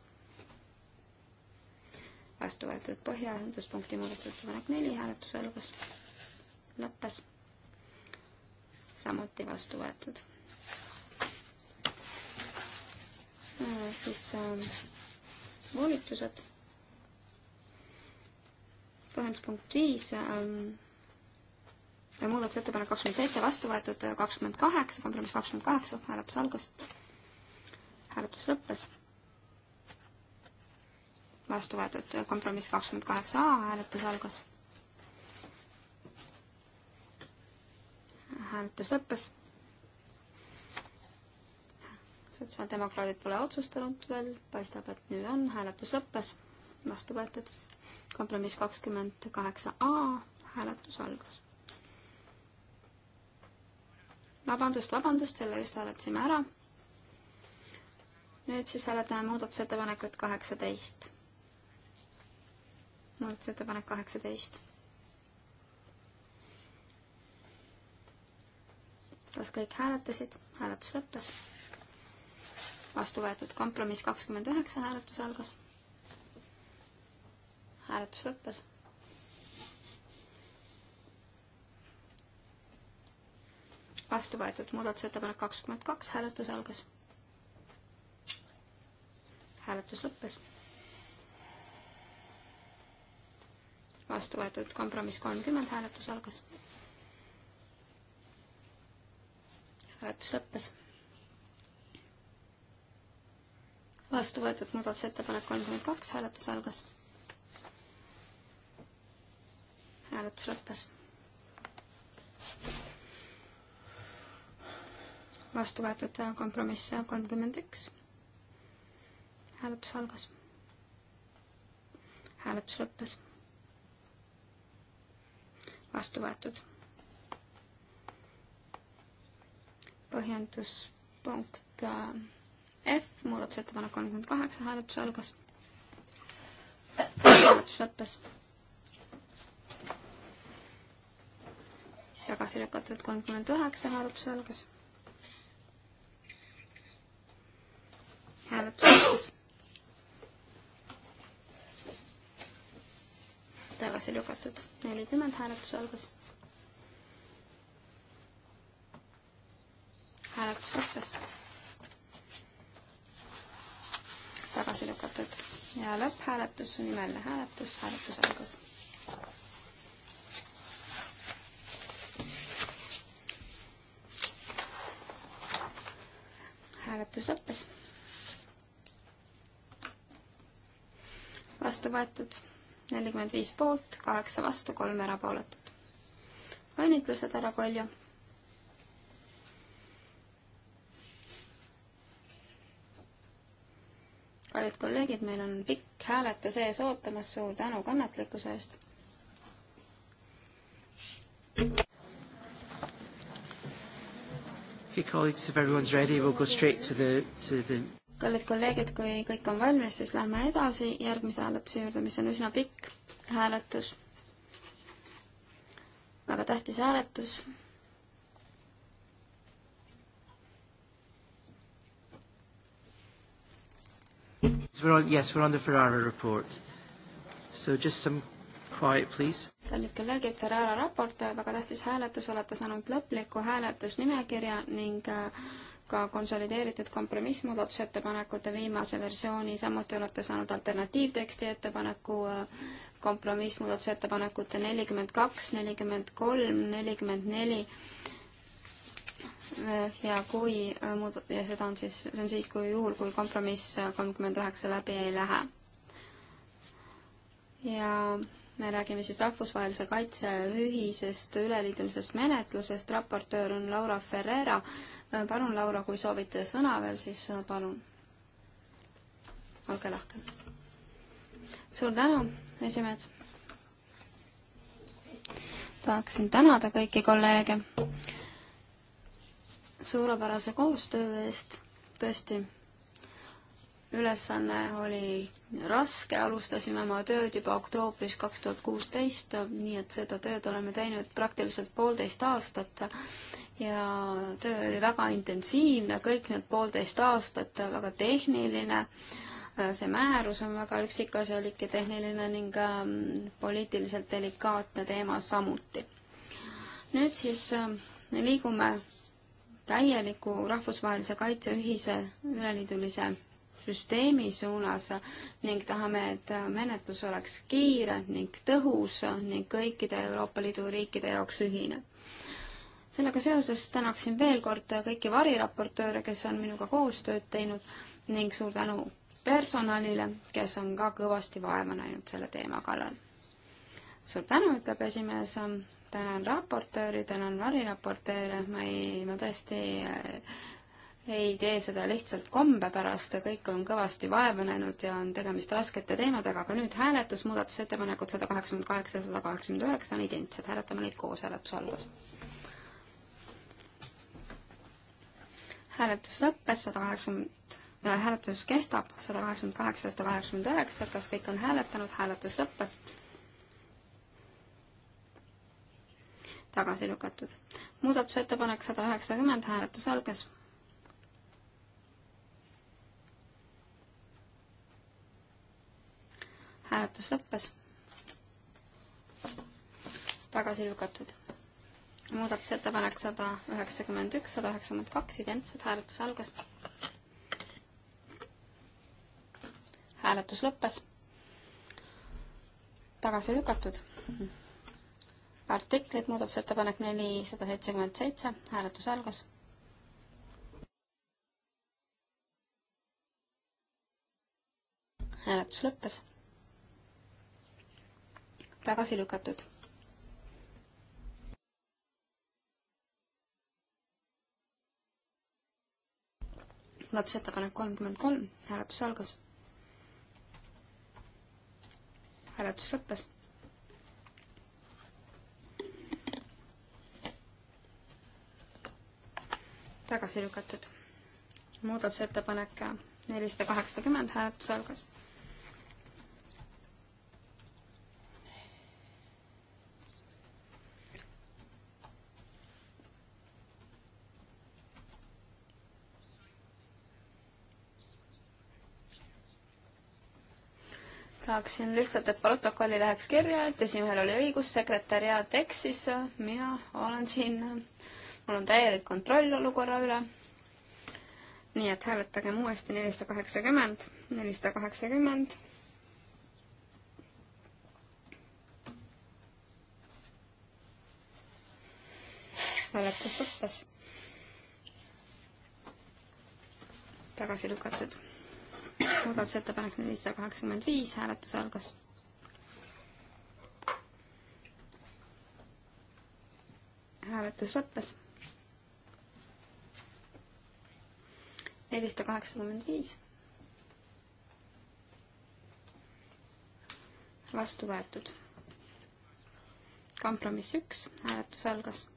vastu võetud põhjenduspunkti muudatusettepanek neli, hääletus algas. lõppes. samuti vastu võetud. Äh, siis äh, volitused põhjenduspunkt viis ähm, muudatusettepanek kakskümmend seitse vastu võetud, kakskümmend kaheksa, kompromiss kakskümmend kaheksa, hääletus algas. hääletus lõppes. vastu võetud kompromiss kakskümmend kaheksa A, hääletus algas. hääletus lõppes. sotsiaaldemokraadid pole otsustanud veel, paistab, et nüüd on, hääletus lõppes, vastu võetud. kompromiss kakskümmend kaheksa A, hääletus algas vabandust, vabandust, selle just hääletasime ära. nüüd siis hääletame muudatusettepanekut kaheksateist. muudatusettepanek kaheksateist. kas kõik hääletasid? hääletus lõppes. vastu võetud kompromiss kakskümmend üheksa hääletus algas. hääletus lõppes vastu võetud muudatusettepanek kakskümmend kaks, hääletus algas. hääletus lõppes. vastu võetud kompromiss kolmkümmend, hääletus algas. hääletus lõppes. vastu võetud muudatusettepanek kolmkümmend kaks, hääletus algas. hääletus lõppes vastu võetud äh, kompromiss äh, kolmkümmend üks. hääletus algas. hääletus lõppes. vastu võetud. põhjenduspunkt äh, F, muudatusettepanek kolmkümmend kaheksa, hääletus algas. hääletus lõppes tagasi lükatud kolmkümmend üheksa hääletuse algas. hääletus lõppes. tagasi lükatud nelikümmend, hääletus algas. hääletus lõppes. tagasi lükatud ja lõpphääletus, nimeline hääletus, hääletus algas. hääletus lõppes vastu võetud, nelikümmend viis poolt, kaheksa vastu, kolm erapooletut. õnnitlused, härra Kolju. kallid kolleegid, meil on pikk hääletus ees ootamas, suur tänu kannatlikkuse eest.
Okay, colleagues, if everyone's ready, we'll go straight to the, to the
kallid kolleegid, kui kõik on valmis, siis lähme edasi järgmise hääletuse juurde, mis on üsna pikk hääletus. väga tähtis hääletus.
Yes, we are on the Ferrara report. So just some quiet please.
kallid kolleegid, Ferrara raport, väga tähtis hääletus, olete saanud lõpliku hääletusnimekirja ning äh, ka konsolideeritud kompromissmuudatusettepanekute viimase versiooni, samuti olete saanud alternatiivteksti ettepaneku äh, kompromissmuudatusettepanekute nelikümmend kaks, nelikümmend kolm, nelikümmend neli äh, ja kui äh, muud- ja seda on siis, see on siis, kui juhul, kui kompromiss kolmkümmend üheksa läbi ei lähe. ja me räägime siis rahvusvahelise kaitse ühisest üleliidulisest menetlusest, raportöör on Laura Ferreira Äh, palun, Laura, kui soovite sõna veel, siis äh, palun. olge lahke. suur tänu, esimees. tahaksin tänada kõiki kolleege suurepärase koostöö eest, tõesti ülesanne oli raske, alustasime oma tööd juba oktoobris kaks tuhat kuusteist, nii et seda tööd oleme teinud praktiliselt poolteist aastat ja töö oli väga intensiivne, kõik need poolteist aastat väga tehniline, see määrus on väga üksikasjalik ja tehniline ning ähm, poliitiliselt delikaatne teema samuti. nüüd siis ähm, liigume täieliku rahvusvahelise kaitse ühise üleliidulise süsteemi suunas ning tahame, et menetlus oleks kiire ning tõhus ning kõikide Euroopa Liidu riikide jaoks ühine sellega seoses tänaksin veel kord kõiki variraportööre, kes on minuga koostööd teinud ning suur tänu personalile, kes on ka kõvasti vaeva näinud selle teema kallal. suur tänu, ütleb esimees, tänan raportööri, tänan variraportööre, ma ei, ma tõesti äh, ei tee seda lihtsalt kombe pärast, kõik on kõvasti vaeva näinud ja on tegemist raskete teemadega, aga nüüd hääletus, muudatusettepanekud sada kaheksakümmend kaheksa ja sada kaheksakümmend üheksa on identsed, hääletame neid koos hääletuse alguses hääletus lõppes, sada kaheksakümmend, äh, hääletus kestab, sada kaheksakümmend kaheksa, sada kaheksakümmend üheksa, kas kõik on hääletanud, hääletus lõppes. tagasi lükatud. muudatusettepanek sada üheksakümmend, hääletus algas hääletus lõppes. tagasi lükatud muudatusettepanek sada üheksakümmend üks, sada üheksakümmend kaks, identsed, hääletus algas. hääletus lõppes. tagasi lükatud. artiklid, muudatusettepanek neli, sada seitsekümmend seitse, hääletus algas hääletus lõppes. tagasi lükatud. muudatusettepanek kolmkümmend kolm, hääletus algas. hääletus lõppes. tagasi lükatud. muudatusettepanek nelisada kaheksakümmend, hääletus algas tahaksin lihtsalt, et protokolli läheks kirja, et esimehel oli õigus, sekretäriaat eksis, mina olen siin, mul on täielik kontroll olukorra üle. nii et hääletagem uuesti nelisada kaheksakümmend, nelisada kaheksakümmend. hääletus lõppes. tagasi lükatud muudatusettepanek nelisada kaheksakümmend viis, hääletus algas. hääletus lõppes. nelisada kaheksakümmend viis. vastu võetud. kompromiss üks, hääletus algas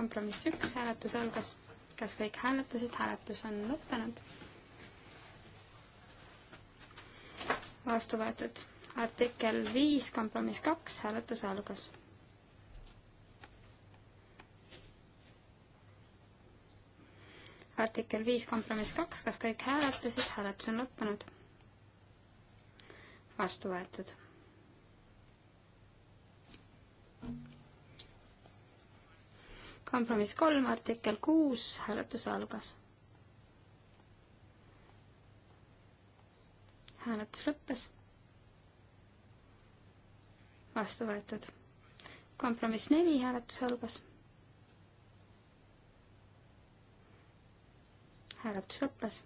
kompromiss üks, hääletus algas. kas kõik hääletasid, hääletus on lõppenud. vastu võetud. artikkel viis, kompromiss kaks, hääletus algas. artikkel viis, kompromiss kaks, kas kõik hääletasid, hääletus on lõppenud. vastu võetud kompromiss kolm, artikkel kuus, hääletus algas. hääletus lõppes. vastu võetud. kompromiss neli, hääletus algas. hääletus lõppes.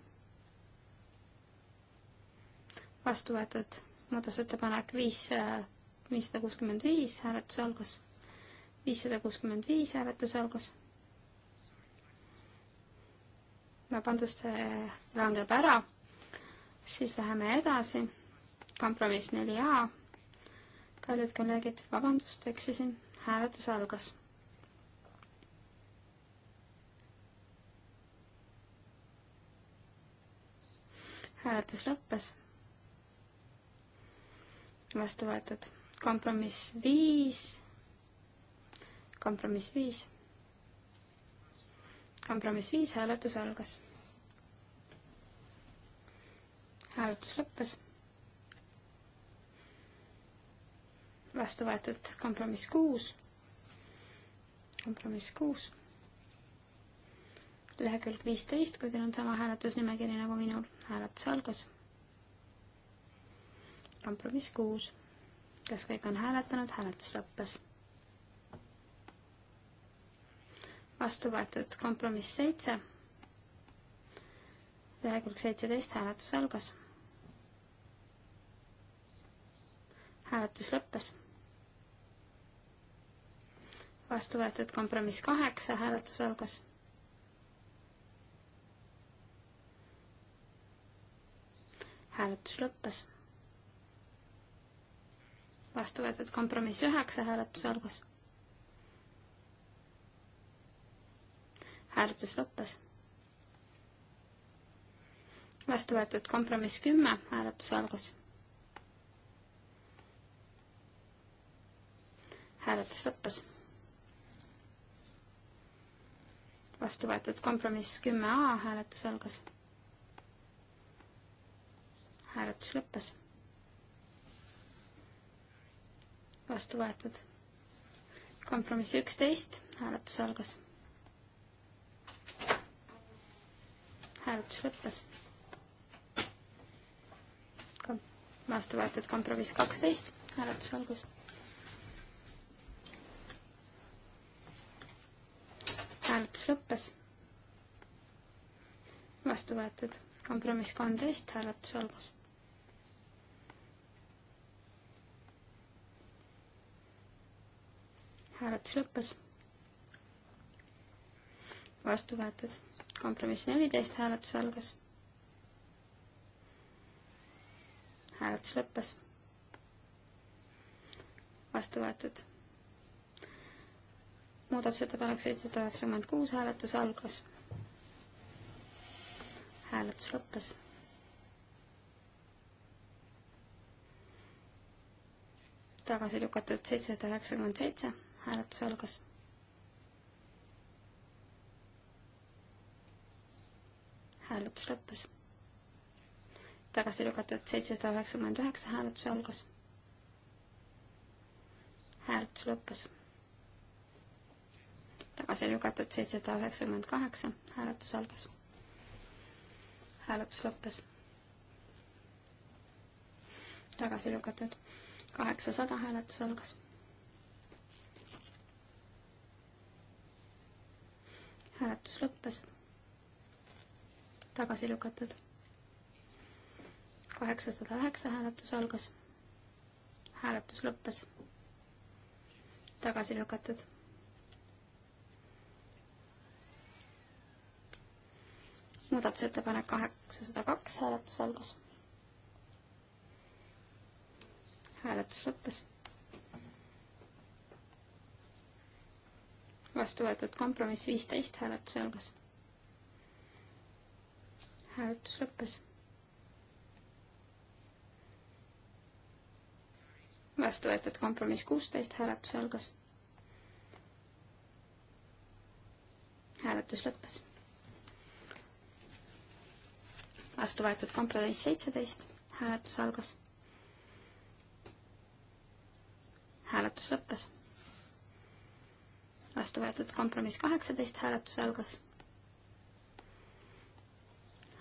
vastu võetud muudatusettepanek viis, äh, viissada kuuskümmend viis, hääletus algas viissada kuuskümmend viis hääletuse algus. vabandust, see langeb ära. siis läheme edasi. kompromiss neli A. kallid kolleegid, vabandust, eksisin, hääletus algas hääletus lõppes. vastu võetud kompromiss viis kompromiss viis. kompromiss viis, hääletus algas. hääletus lõppes. vastu võetud kompromiss kuus. kompromiss kuus. lehekülg viisteist, kui teil on sama hääletusnimekiri nagu minul, hääletus algas. kompromiss kuus kas kõik on hääletanud, hääletus lõppes. vastu võetud kompromiss seitse, lehekülg seitseteist, hääletus algas. hääletus lõppes. vastu võetud kompromiss kaheksa, hääletus algas. hääletus lõppes. vastu võetud kompromiss üheksa, hääletus algas hääletus lõppes. vastu võetud kompromiss kümme, hääletus algas. hääletus lõppes. vastu võetud kompromiss kümme A, hääletus algas. hääletus lõppes. vastu võetud kompromiss üksteist, hääletus algas hääletus lõppes. vastu võetud kompromiss kaksteist, hääletus algus. hääletus lõppes. vastu võetud kompromiss kolmteist, hääletus algus. hääletus lõppes. vastu võetud kompromiss neliteist, hääletus algas. hääletus lõppes. vastu võetud. muudatusettepanek seitsesada üheksakümmend kuus, hääletus algas. hääletus lõppes tagasi lükatud seitsesada üheksakümmend seitse, hääletus algas. hääletus lõppes. tagasi lükatud seitsesada üheksakümmend üheksa, hääletus algas. hääletus lõppes. tagasi lükatud seitsesada üheksakümmend kaheksa, hääletus algas. hääletus lõppes. tagasi lükatud kaheksasada, hääletus algas hääletus lõppes tagasi lükatud. kaheksasada üheksa hääletus algas, hääletus lõppes, tagasi lükatud. muudatusettepanek kaheksasada kaks hääletus algas, hääletus lõppes vastu võetud kompromiss viisteist hääletuse algas hääletus lõppes. vastu võetud kompromiss kuusteist, hääletus algas. hääletus lõppes. vastu võetud kompromiss seitseteist, hääletus algas. hääletus lõppes. vastu võetud kompromiss kaheksateist, hääletus algas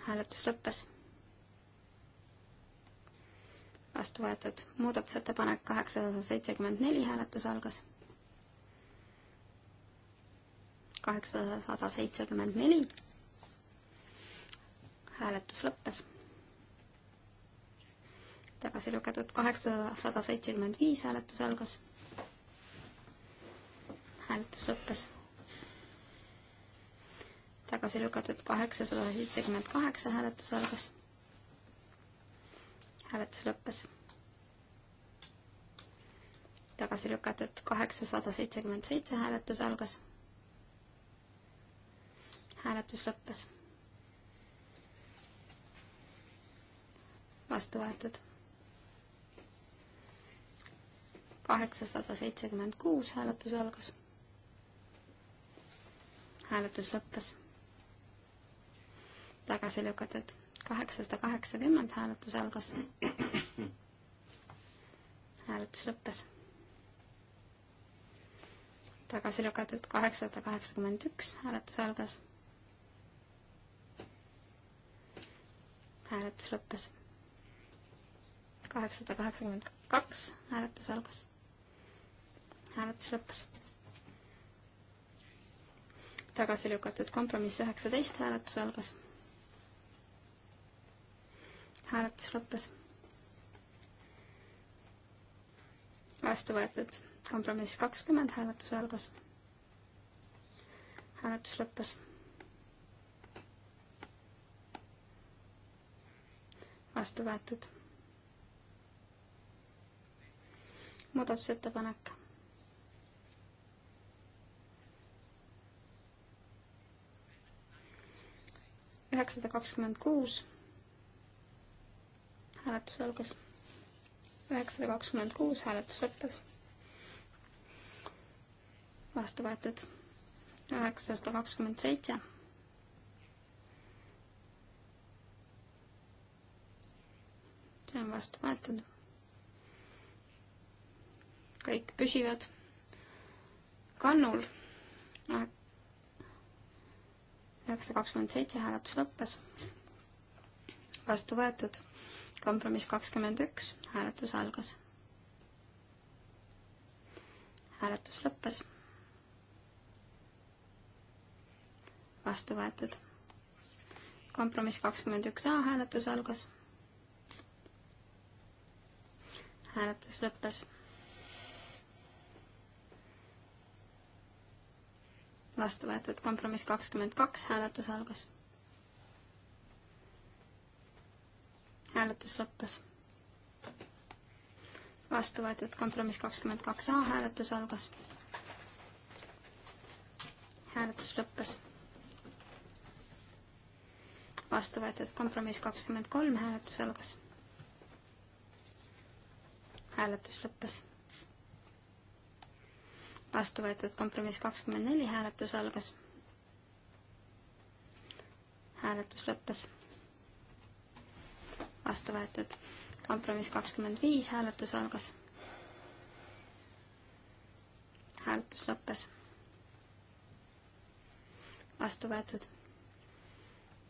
hääletus lõppes. vastu võetud muudatusettepanek kaheksasada seitsekümmend neli, hääletus algas. kaheksasada seitsekümmend neli. hääletus lõppes. tagasi lükatud kaheksasada seitsekümmend viis, hääletus algas. hääletus lõppes tagasi lükatud kaheksasada seitsekümmend kaheksa, hääletus algas. hääletus lõppes. tagasi lükatud kaheksasada seitsekümmend seitse, hääletus algas. hääletus lõppes. vastu võetud. kaheksasada seitsekümmend kuus, hääletus algas hääletus lõppes tagasi lükatud. kaheksasada kaheksakümmend hääletus algas. hääletus lõppes. tagasi lükatud kaheksasada kaheksakümmend üks hääletus algas. hääletus lõppes. kaheksasada kaheksakümmend kaks hääletus algas. hääletus lõppes tagasi lükatud kompromiss üheksateist hääletus algas hääletus lõppes. vastu võetud kompromiss kakskümmend, hääletus algas. hääletus lõppes. vastu võetud. muudatusettepanek üheksasada kakskümmend kuus hääletus algas. üheksasada kakskümmend kuus hääletus lõppes. vastu võetud üheksasada kakskümmend seitse. see on vastu võetud. kõik püsivad kannul. üheksasada kakskümmend seitse hääletus lõppes. vastu võetud kompromiss kakskümmend üks, hääletus algas. hääletus lõppes. vastu võetud. kompromiss kakskümmend üks A hääletus algas. hääletus lõppes. vastu võetud kompromiss kakskümmend kaks hääletus algas hääletus lõppes. vastu võetud kompromiss kakskümmend kaks A hääletus algas. hääletus lõppes. vastu võetud kompromiss kakskümmend kolm hääletus algas. hääletus lõppes. vastu võetud kompromiss kakskümmend neli hääletus algas. hääletus lõppes vastu võetud. kompromiss kakskümmend viis, hääletus algas. hääletus lõppes. vastu võetud.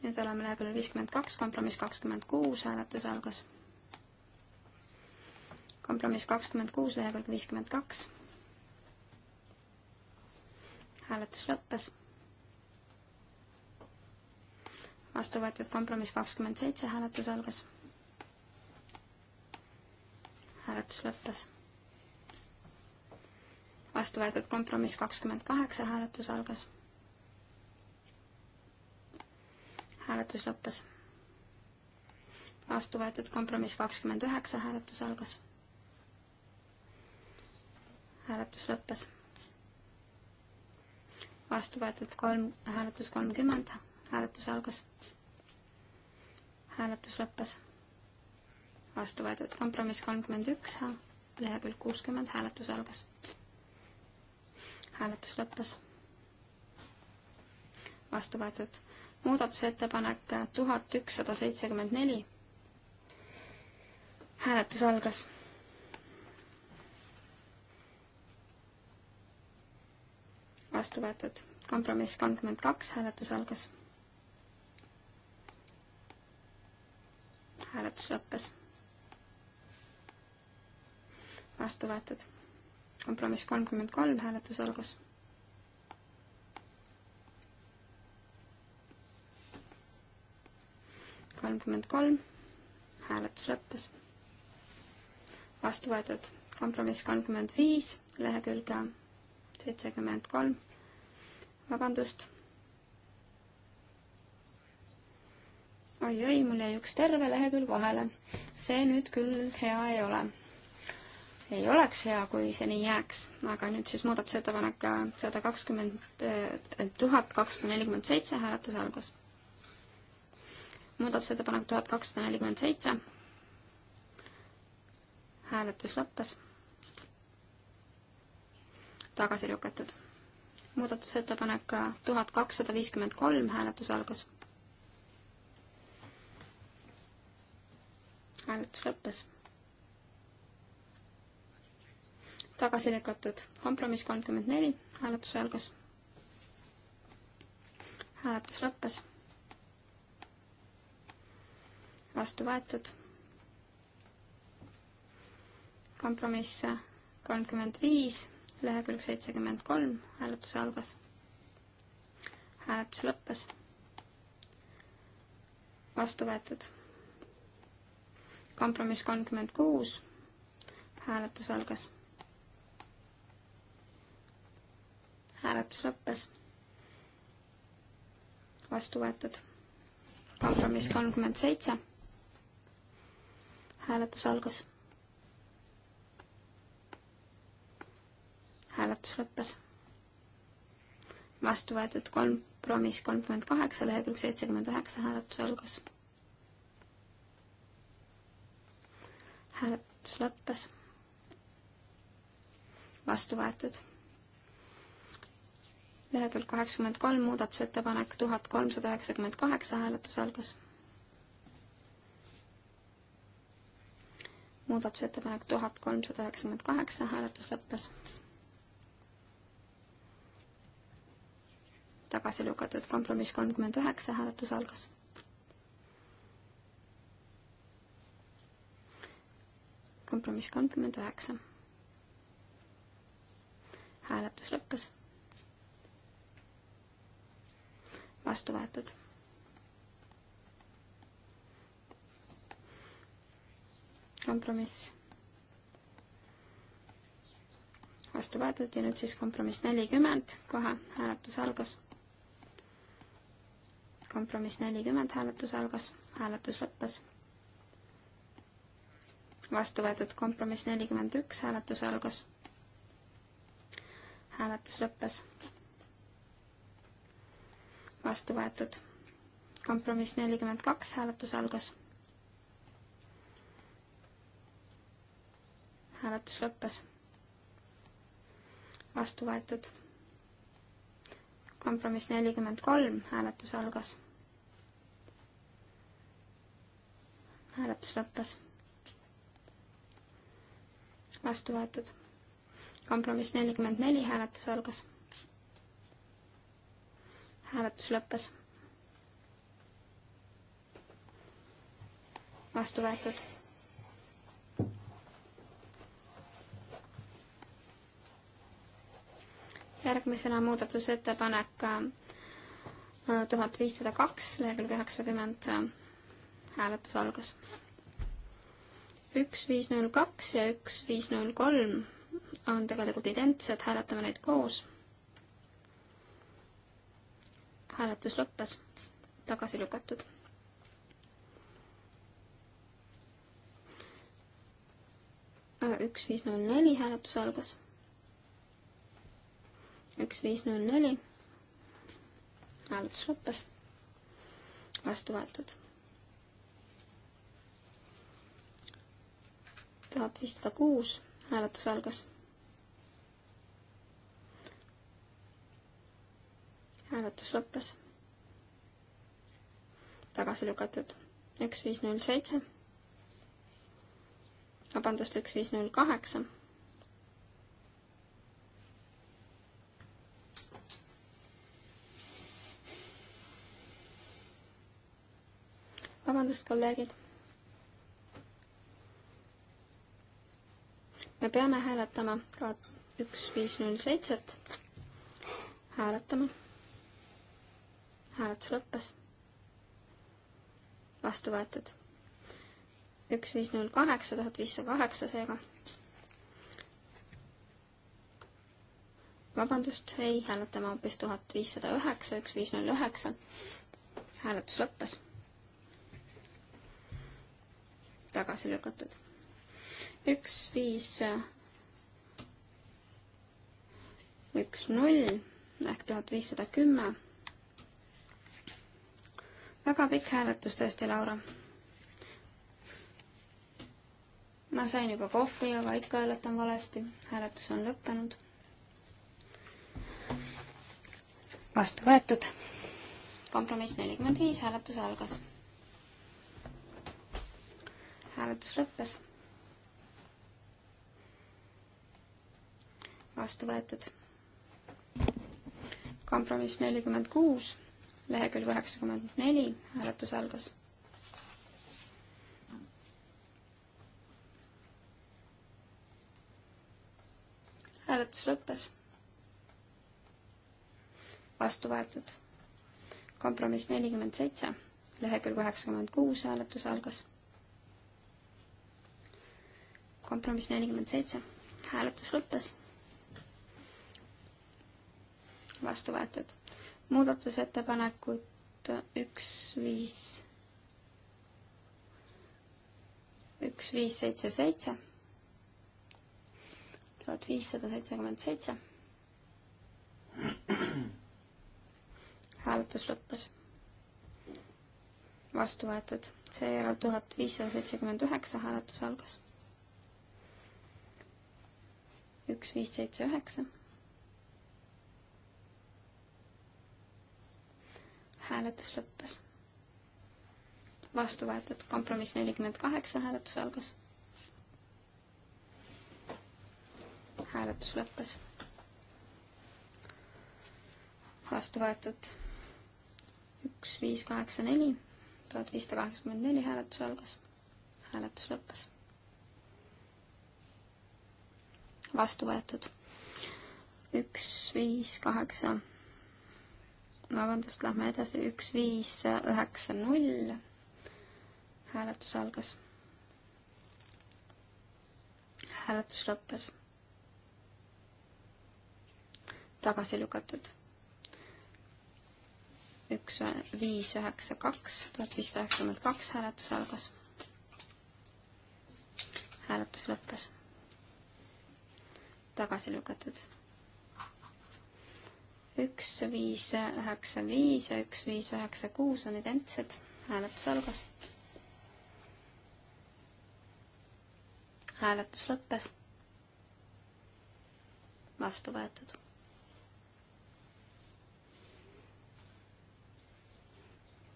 nüüd oleme leheküljel viiskümmend kaks, kompromiss kakskümmend kuus, hääletus algas. kompromiss kakskümmend kuus, lehekülg viiskümmend kaks. hääletus lõppes vastu võetud kompromiss kakskümmend seitse hääletus algas. hääletus lõppes. vastu võetud kompromiss kakskümmend kaheksa, hääletus algas. hääletus lõppes. vastu võetud kompromiss kakskümmend üheksa, hääletus algas. hääletus lõppes. vastu võetud kolm, hääletus kolmkümmend, hääletus algas. hääletus lõppes vastu võetud kompromiss kolmkümmend üks, lehekülg kuuskümmend, hääletus algas. hääletus lõppes. vastu võetud muudatusettepanek tuhat ükssada seitsekümmend neli. hääletus algas. vastu võetud kompromiss kolmkümmend kaks, hääletus algas. hääletus lõppes vastu võetud. kompromiss kolmkümmend kolm, hääletus algas. kolmkümmend kolm, hääletus lõppes. vastu võetud kompromiss kolmkümmend viis, lehekülge seitsekümmend kolm. vabandust oi-oi, mul jäi üks terve lehekülg vahele. see nüüd küll hea ei ole ei oleks hea, kui see nii jääks, aga nüüd siis muudatusettepanek äh, sada kakskümmend äh, tuhat kakssada nelikümmend seitse hääletuse algus. muudatusettepanek tuhat kakssada nelikümmend seitse. hääletus lõppes. tagasi lükatud. muudatusettepanek äh, tuhat kakssada viiskümmend kolm hääletuse algus. hääletus lõppes tagasi lükatud. kompromiss kolmkümmend neli, hääletus algas. hääletus lõppes. vastu võetud. kompromiss kolmkümmend viis, lehekülg seitsekümmend kolm, hääletus algas. hääletus lõppes. vastu võetud. kompromiss kolmkümmend kuus, hääletus algas hääletus lõppes. vastu võetud. kompromiss kolmkümmend seitse. hääletus algas. hääletus lõppes. vastu võetud kolm, promiss kolmkümmend kaheksa, lehekülg seitsekümmend üheksa, hääletus algas. hääletus lõppes. vastu võetud lehekülg kaheksakümmend kolm, muudatusettepanek tuhat kolmsada üheksakümmend kaheksa, hääletus algas. muudatusettepanek tuhat kolmsada üheksakümmend kaheksa, hääletus lõppes. tagasi lükatud kompromiss kolmkümmend üheksa, hääletus algas. kompromiss kolmkümmend üheksa. hääletus lõppes vastu võetud. kompromiss vastu võetud ja nüüd siis kompromiss nelikümmend, kohe hääletus algas. kompromiss nelikümmend, hääletus algas, hääletus lõppes. vastu võetud kompromiss nelikümmend üks, hääletus algas. hääletus lõppes vastu võetud. kompromiss nelikümmend kaks, hääletus algas. hääletus lõppes. vastu võetud. kompromiss nelikümmend kolm, hääletus algas. hääletus lõppes. vastu võetud. kompromiss nelikümmend neli, hääletus algas hääletus lõppes. vastu võetud. järgmisena muudatusettepanek äh, tuhat viissada kaks, lehekülg üheksakümmend, hääletus algas. üks, viis, null, kaks ja üks, viis, null, kolm on tegelikult identsed, hääletame neid koos hääletus lõppes, tagasi lükatud. Äh, üks, viis, null, neli hääletus algas. üks, viis, null, neli. hääletus lõppes, vastu võetud. tuhat viissada kuus hääletus algas hääletus lõppes. tagasi lükatud üks, viis, null, seitse. vabandust, üks, viis, null, kaheksa. vabandust, kolleegid. me peame hääletama ka üks, viis, null, seitset. hääletame hääletus lõppes. vastu võetud. üks, viis, null, kaheksa, tuhat viissada kaheksa seega. vabandust, ei, hääletame hoopis tuhat viissada üheksa, üks, viis, null, üheksa. hääletus lõppes. tagasi lükatud. üks, viis, üks, null ehk tuhat viissada kümme väga pikk hääletus tõesti, Laura. ma sain juba kohvi, aga ikka hääletan valesti. hääletus on lõppenud. vastu võetud. kompromiss nelikümmend viis, hääletus algas. hääletus lõppes. vastu võetud. kompromiss nelikümmend kuus lehekülg üheksakümmend neli, hääletus algas. hääletus lõppes. vastu võetud. kompromiss nelikümmend seitse, lehekülg üheksakümmend kuus, hääletus algas. kompromiss nelikümmend seitse, hääletus lõppes. vastu võetud muudatusettepanekut üks, viis, üks, viis, seitse, seitse, tuhat viissada seitsekümmend seitse. hääletus lõppes. vastu võetud, seejärel tuhat viissada seitsekümmend üheksa hääletus algas. üks, viis, seitse, üheksa hääletus lõppes. vastu võetud kompromiss nelikümmend kaheksa, hääletus algas. hääletus lõppes. vastu võetud üks, viis, kaheksa, neli, tuhat viissada kaheksakümmend neli, hääletus algas. hääletus lõppes. vastu võetud üks, viis, kaheksa vabandust, lähme edasi, üks, viis, üheksa, null. hääletus algas. hääletus lõppes. tagasi lükatud. üks, viis, üheksa, kaks, tuhat viissada üheksakümmend kaks, hääletus algas. hääletus lõppes. tagasi lükatud üks, viis, üheksa, viis ja üks, viis, üheksa, kuus on identsed. hääletus algas. hääletus lõppes. vastu võetud.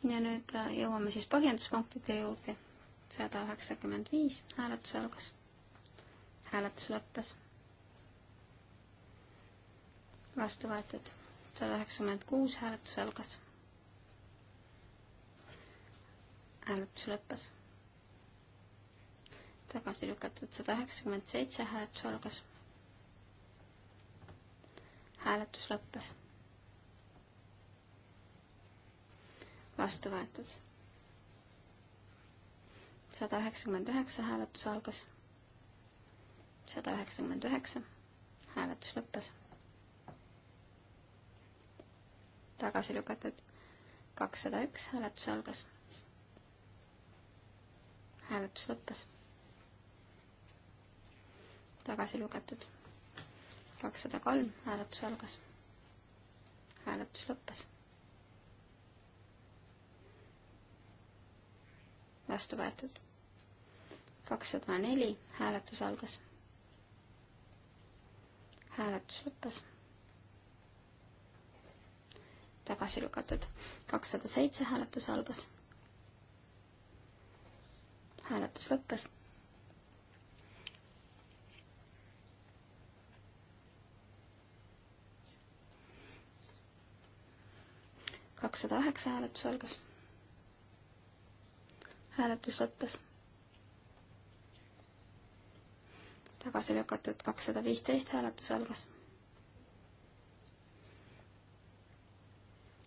ja nüüd äh, jõuame siis põhjenduspunktide juurde. sada üheksakümmend viis, hääletus algas. hääletus lõppes. vastu võetud sada üheksakümmend kuus hääletus algas. hääletus lõppes. tagasi lükatud sada üheksakümmend seitse hääletus algas. hääletus lõppes. vastu võetud. sada üheksakümmend üheksa hääletus algas. sada üheksakümmend üheksa hääletus lõppes tagasi lükatud. kakssada üks, hääletus algas. hääletus lõppes. tagasi lükatud. kakssada kolm, hääletus algas. hääletus lõppes. vastu võetud. kakssada neli, hääletus algas. hääletus lõppes tagasi lükatud. kakssada seitse hääletus algas. hääletus lõppes. kakssada üheksa hääletus algas. hääletus lõppes. tagasi lükatud kakssada viisteist hääletus algas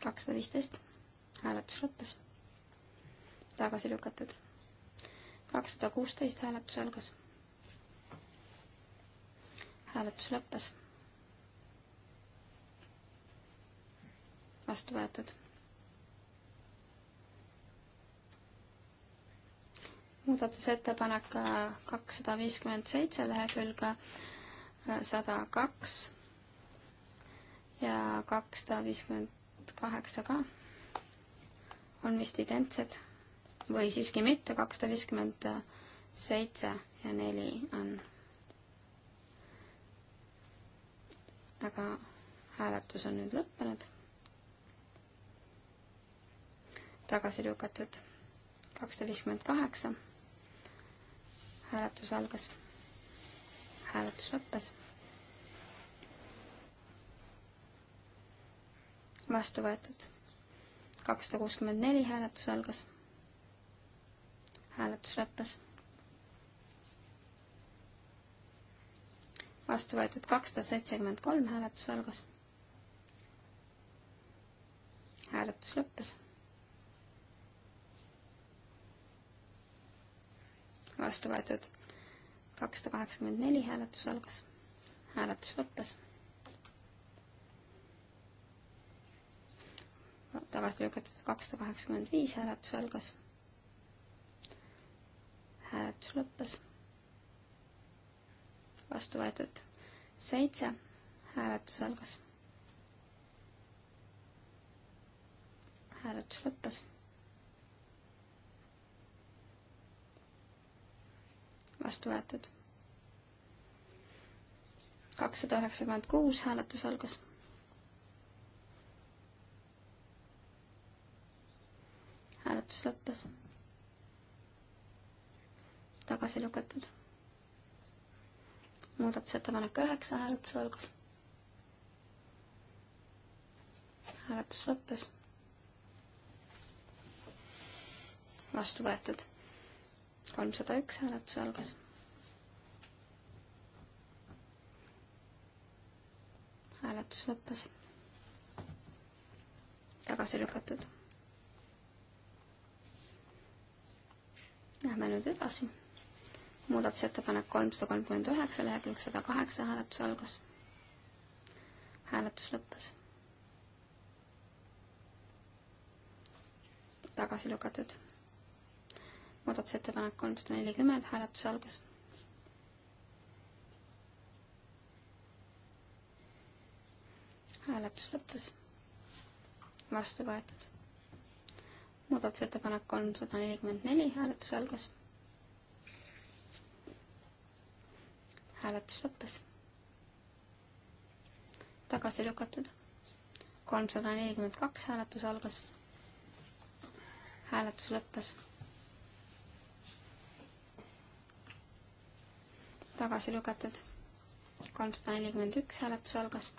kakssada viisteist, hääletus lõppes, tagasi lükatud. kakssada kuusteist hääletus algas. hääletus lõppes. vastu võetud. muudatusettepanek äh, kakssada viiskümmend seitse lehekülge äh, sada kaks ja kakssada viiskümmend tuhat kaheksa ka on vist identsed või siiski mitte, kakssada viiskümmend seitse ja neli on. aga hääletus on nüüd lõppenud. tagasi lükatud kakssada viiskümmend kaheksa. hääletus algas. hääletus lõppes vastu võetud. kakssada kuuskümmend neli hääletus algas. hääletus lõppes. vastu võetud kakssada seitsekümmend kolm hääletus algas. hääletus lõppes. vastu võetud kakssada kaheksakümmend neli hääletus algas. hääletus lõppes tagasi lükatud kakssada kaheksakümmend viis, hääletus algas. hääletus lõppes. vastu võetud seitse, hääletus algas. hääletus lõppes. vastu võetud kakssada üheksakümmend kuus, hääletus algas hääletus lõppes. tagasi lükatud. muudatusettepanek üheksa, hääletus algas. hääletus lõppes. vastu võetud. kolmsada üks, hääletus algas. hääletus lõppes. tagasi lükatud Lähme nüüd edasi. muudatusettepanek kolmsada kolmkümmend üheksa, lehekülg sada kaheksa, hääletus algas. hääletus lõppes. tagasi lükatud. muudatusettepanek kolmsada nelikümmend, hääletus algas hääletus lõppes. vastu võetud muudatusettepanek kolmsada nelikümmend neli, hääletus algas. hääletus lõppes. tagasi lükatud. kolmsada nelikümmend kaks, hääletus algas. hääletus lõppes. tagasi lükatud. kolmsada nelikümmend üks, hääletus algas.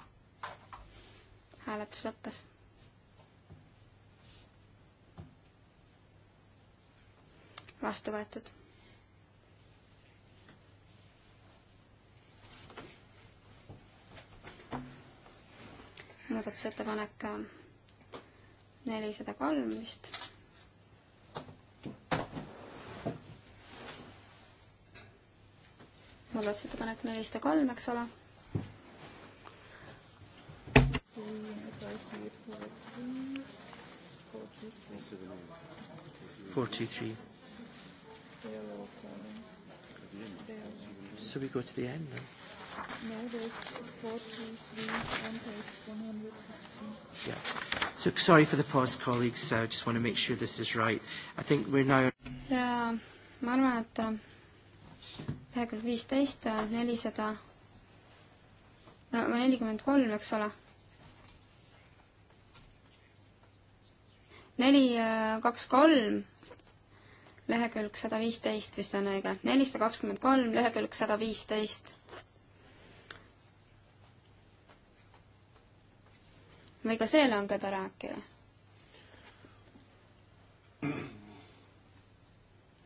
hääletus lõppes vastu võetud. muudatusettepanek äh, nelisada kolm vist muudatusettepanek nelisada kolm, eks ole.
Forty-three.
They are all falling. They are all... So we go
to the end now?
No, there's 423 on page 115.
Yeah. So sorry for the pause, colleagues. I uh, just want to make sure this is right. I think we're now...
Ja ma arvan, et äh, lehekülg viisteist, äh, nelisada, äh, nelikümmend kolm, eks ole neli, kaks, kolm lehekülg sada viisteist vist on õige, nelisada kakskümmend kolm, lehekülg sada viisteist. või ka see langeb ära äkki või?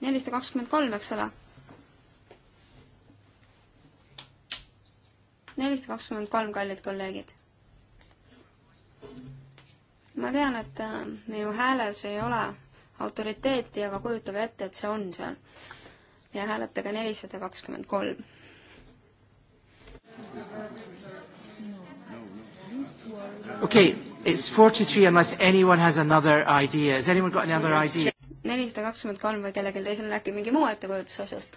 nelisada kakskümmend kolm, eks ole. nelisada kakskümmend kolm, kallid kolleegid. ma tean, et äh, minu hääles ei ole autoriteeti, aga kujutage ette, et see on seal. ja hääletage nelisada kakskümmend kolm.
okei, it's forty three unless anyone has another idea, has anyone got another idea?
nelisada kakskümmend kolm või kellelgi teisel on äkki mingi muu ettekujutus asjast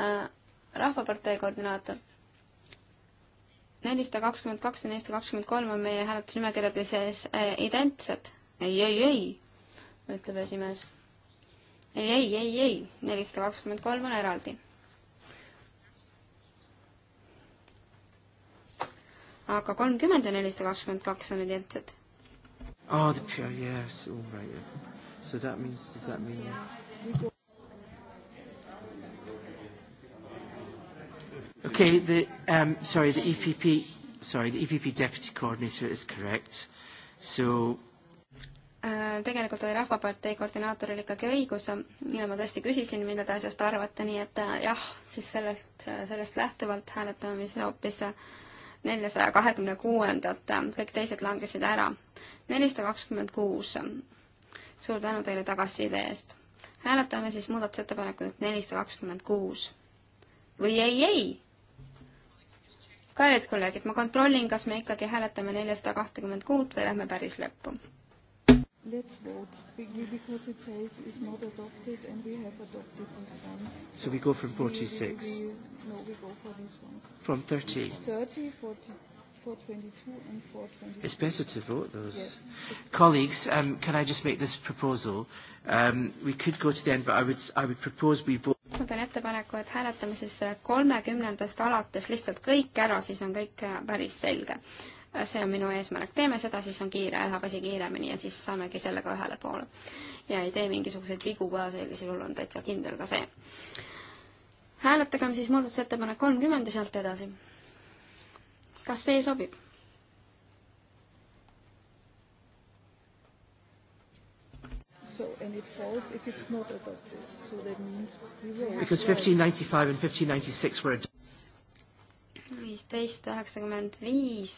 äh,? rahvapartei koordinaator nelisada kakskümmend kaks ja nelisada kakskümmend kolm on meie hääletusnimekirjades äh, identsed. ei, ei, ei ütleb esimees. ei, ei, ei, ei, nelisada kakskümmend kolm on eraldi. aga kolmkümmend ja nelisada kakskümmend kaks on identsed.
Oh, the pure, yes, all right. So that means, does that mean... Yeah. Okay, the, um, sorry, the EPP, sorry, the EPP deputy coordinator is correct. So
Äh, tegelikult oli Rahvapartei koordinaatoril ikkagi õigus ja ma tõesti küsisin, mida te asjast arvate, nii et äh, jah, siis sellest, äh, sellest lähtuvalt hääletame siis hoopis neljasaja kahekümne kuuendat, kõik teised langesid ära. nelisada kakskümmend kuus. suur tänu teile tagasiside eest. hääletame siis muudatusettepanekut nelisada kakskümmend kuus. või ei, ei! kallid kolleegid, ma kontrollin, kas me ikkagi hääletame neljasada kahtekümmet kuut või lähme päris lõppu
Let's vote because it says it's not adopted and we have adopted this one. So we
go from 46? We,
we, we, no, we go for this one.
From 30?
30, 40, 422 and 423. It's better
to vote those. Yes. Colleagues, um, can I just make this proposal? Um, we could go to the end, but I would, I would propose we vote ma
teen ettepaneku, et hääletame siis kolmekümnendast alates lihtsalt kõik ära, siis on kõik äh, päris selge see on minu eesmärk, teeme seda, siis on kiire, läheb asi kiiremini ja siis saamegi sellega ühele poole. ja ei tee mingisuguseid vigu ka, sellisel juhul on täitsa kindel ka see. hääletagem siis muudatusettepanek kolmkümmend ja sealt edasi. kas see sobib?
So, and it falls if it's not adopted. So that means we will.
Because
1595 and 1596 were adopted
viisteist üheksakümmend viis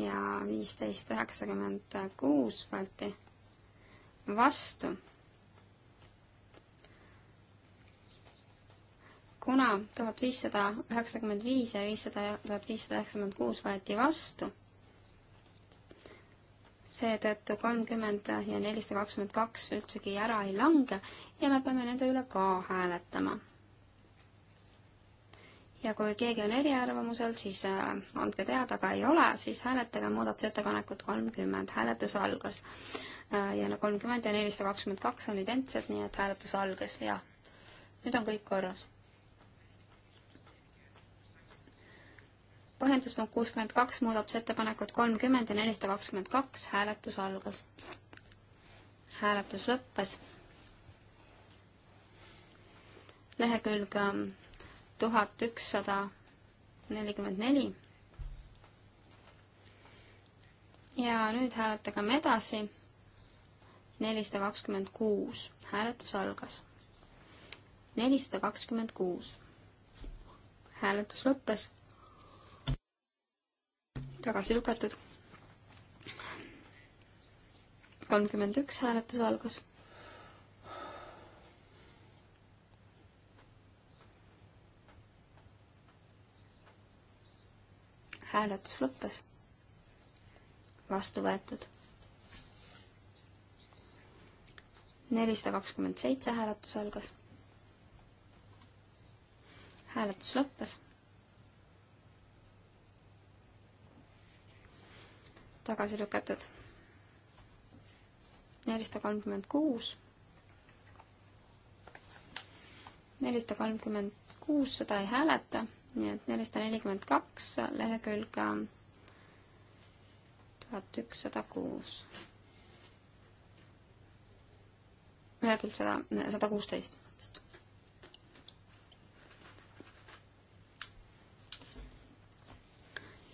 ja viisteist üheksakümmend kuus võeti vastu. kuna tuhat viissada üheksakümmend viis ja viissada, tuhat viissada üheksakümmend kuus võeti vastu, seetõttu kolmkümmend ja nelisada kakskümmend kaks üldsegi ära ei lange ja me peame nende üle ka hääletama ja kui keegi on eriarvamusel, siis äh, andke teada, aga ei ole, siis hääletage muudatusettepanekut kolmkümmend, hääletus algas. Äh, ja no kolmkümmend ja nelisada kakskümmend kaks on identsed, nii et hääletus algas ja nüüd on kõik korras. põhjenduspunkt kuuskümmend kaks, muudatusettepanekut kolmkümmend ja nelisada kakskümmend kaks, hääletus algas. hääletus lõppes. lehekülg ähm, tuhat ükssada nelikümmend neli. ja nüüd hääletagem edasi. nelisada kakskümmend kuus, hääletus algas. nelisada kakskümmend kuus. hääletus lõppes. tagasi lükatud. kolmkümmend üks hääletus algas hääletus lõppes. vastu võetud. nelisada kakskümmend seitse hääletus algas. hääletus lõppes. tagasi lükatud. nelisada kolmkümmend kuus. nelisada kolmkümmend kuus, seda ei hääleta nii et nelisada nelikümmend kaks lehekülge tuhat ükssada kuus. lehekülg sada, sada kuusteist.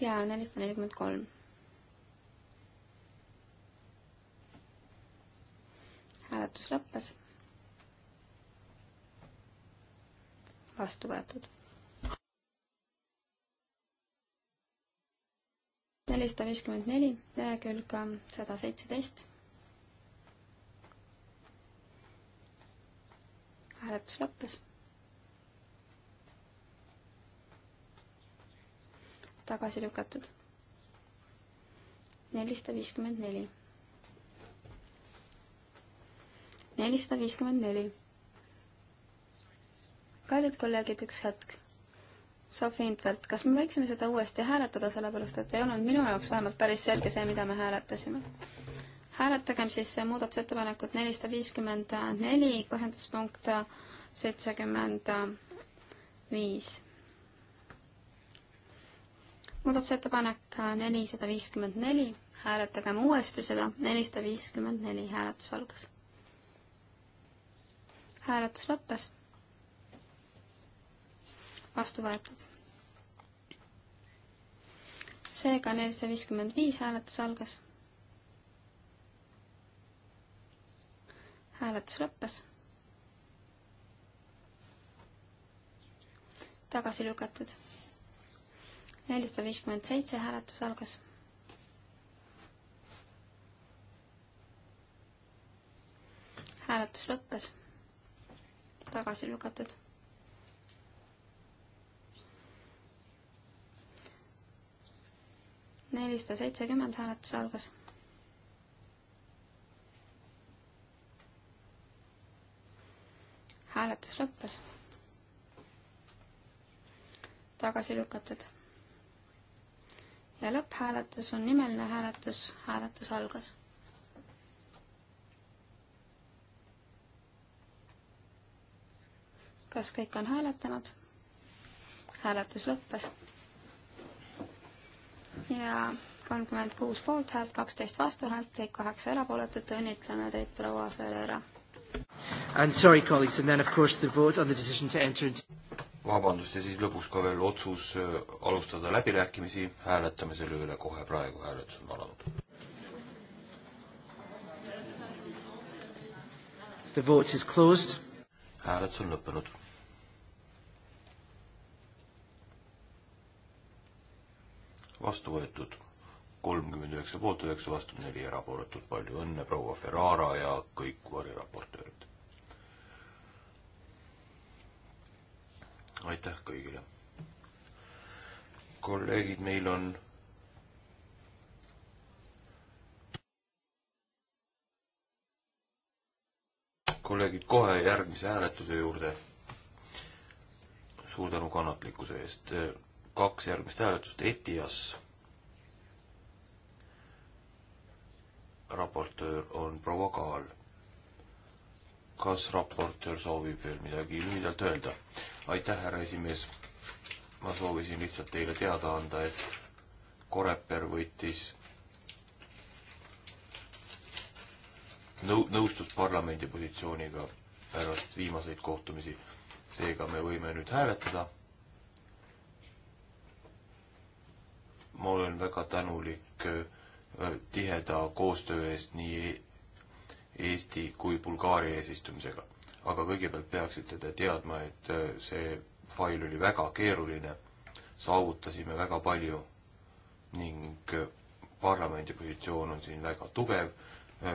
ja nelisada nelikümmend kolm. hääletus lõppes. vastu võetud nelisada viiskümmend neli, lehekülg sada seitseteist. hääletus lõppes. tagasi lükatud. nelisada viiskümmend neli. nelisada viiskümmend neli. kallid kolleegid, üks hetk Sofi Intvelt, kas me võiksime seda uuesti hääletada, sellepärast et ei olnud minu jaoks vähemalt päris selge see, mida me hääletasime. hääletagem siis muudatusettepanekut nelisada viiskümmend neli, põhjenduspunkt seitsekümmend viis. muudatusettepanek nelisada viiskümmend neli, hääletagem uuesti seda, nelisada viiskümmend neli hääletus algas. hääletus lõppes vastu võetud. seega nelisada viiskümmend viis hääletus algas. hääletus lõppes. tagasi lükatud. nelisada viiskümmend seitse hääletus algas. hääletus lõppes. tagasi lükatud nelisada seitsekümmend hääletus algas. hääletus lõppes. tagasi lükatud. ja lõpphääletus on nimeline hääletus, hääletus algas. kas kõik on hääletanud? hääletus lõppes ja kolmkümmend kuus poolthäält, kaksteist vastuhäält, teid kaheksa erapooletut, õnnitleme teid, proua Ferreira.
And sorry, colleagues, and then of course the vote on the decision to enter into
vabandust, ja siis lõpuks ka veel otsus äh, alustada läbirääkimisi, hääletame selle üle kohe praegu, hääletus on alanud.
The vote is closed.
hääletus on lõppenud vastu võetud kolmkümmend üheksa poolt, üheksa vastu, neli erapooletut, palju õnne, proua Ferrara ja kõik variraportöörid. aitäh kõigile. kolleegid, meil on kolleegid, kohe järgmise hääletuse juurde. suur tänu kannatlikkuse eest kaks järgmist hääletust, ETIAS. raportöör on proua Kaal. kas raportöör soovib veel midagi lühidalt öelda? aitäh, härra esimees. ma soovisin lihtsalt teile teada anda, et Koreper võttis nõu-, nõustus parlamendi positsiooniga pärast viimaseid kohtumisi. seega me võime nüüd hääletada ma olen väga tänulik äh, tiheda koostöö eest nii Eesti kui Bulgaaria eesistumisega. aga kõigepealt peaksite te teadma, et äh, see fail oli väga keeruline, saavutasime väga palju ning äh, parlamendi positsioon on siin väga tugev,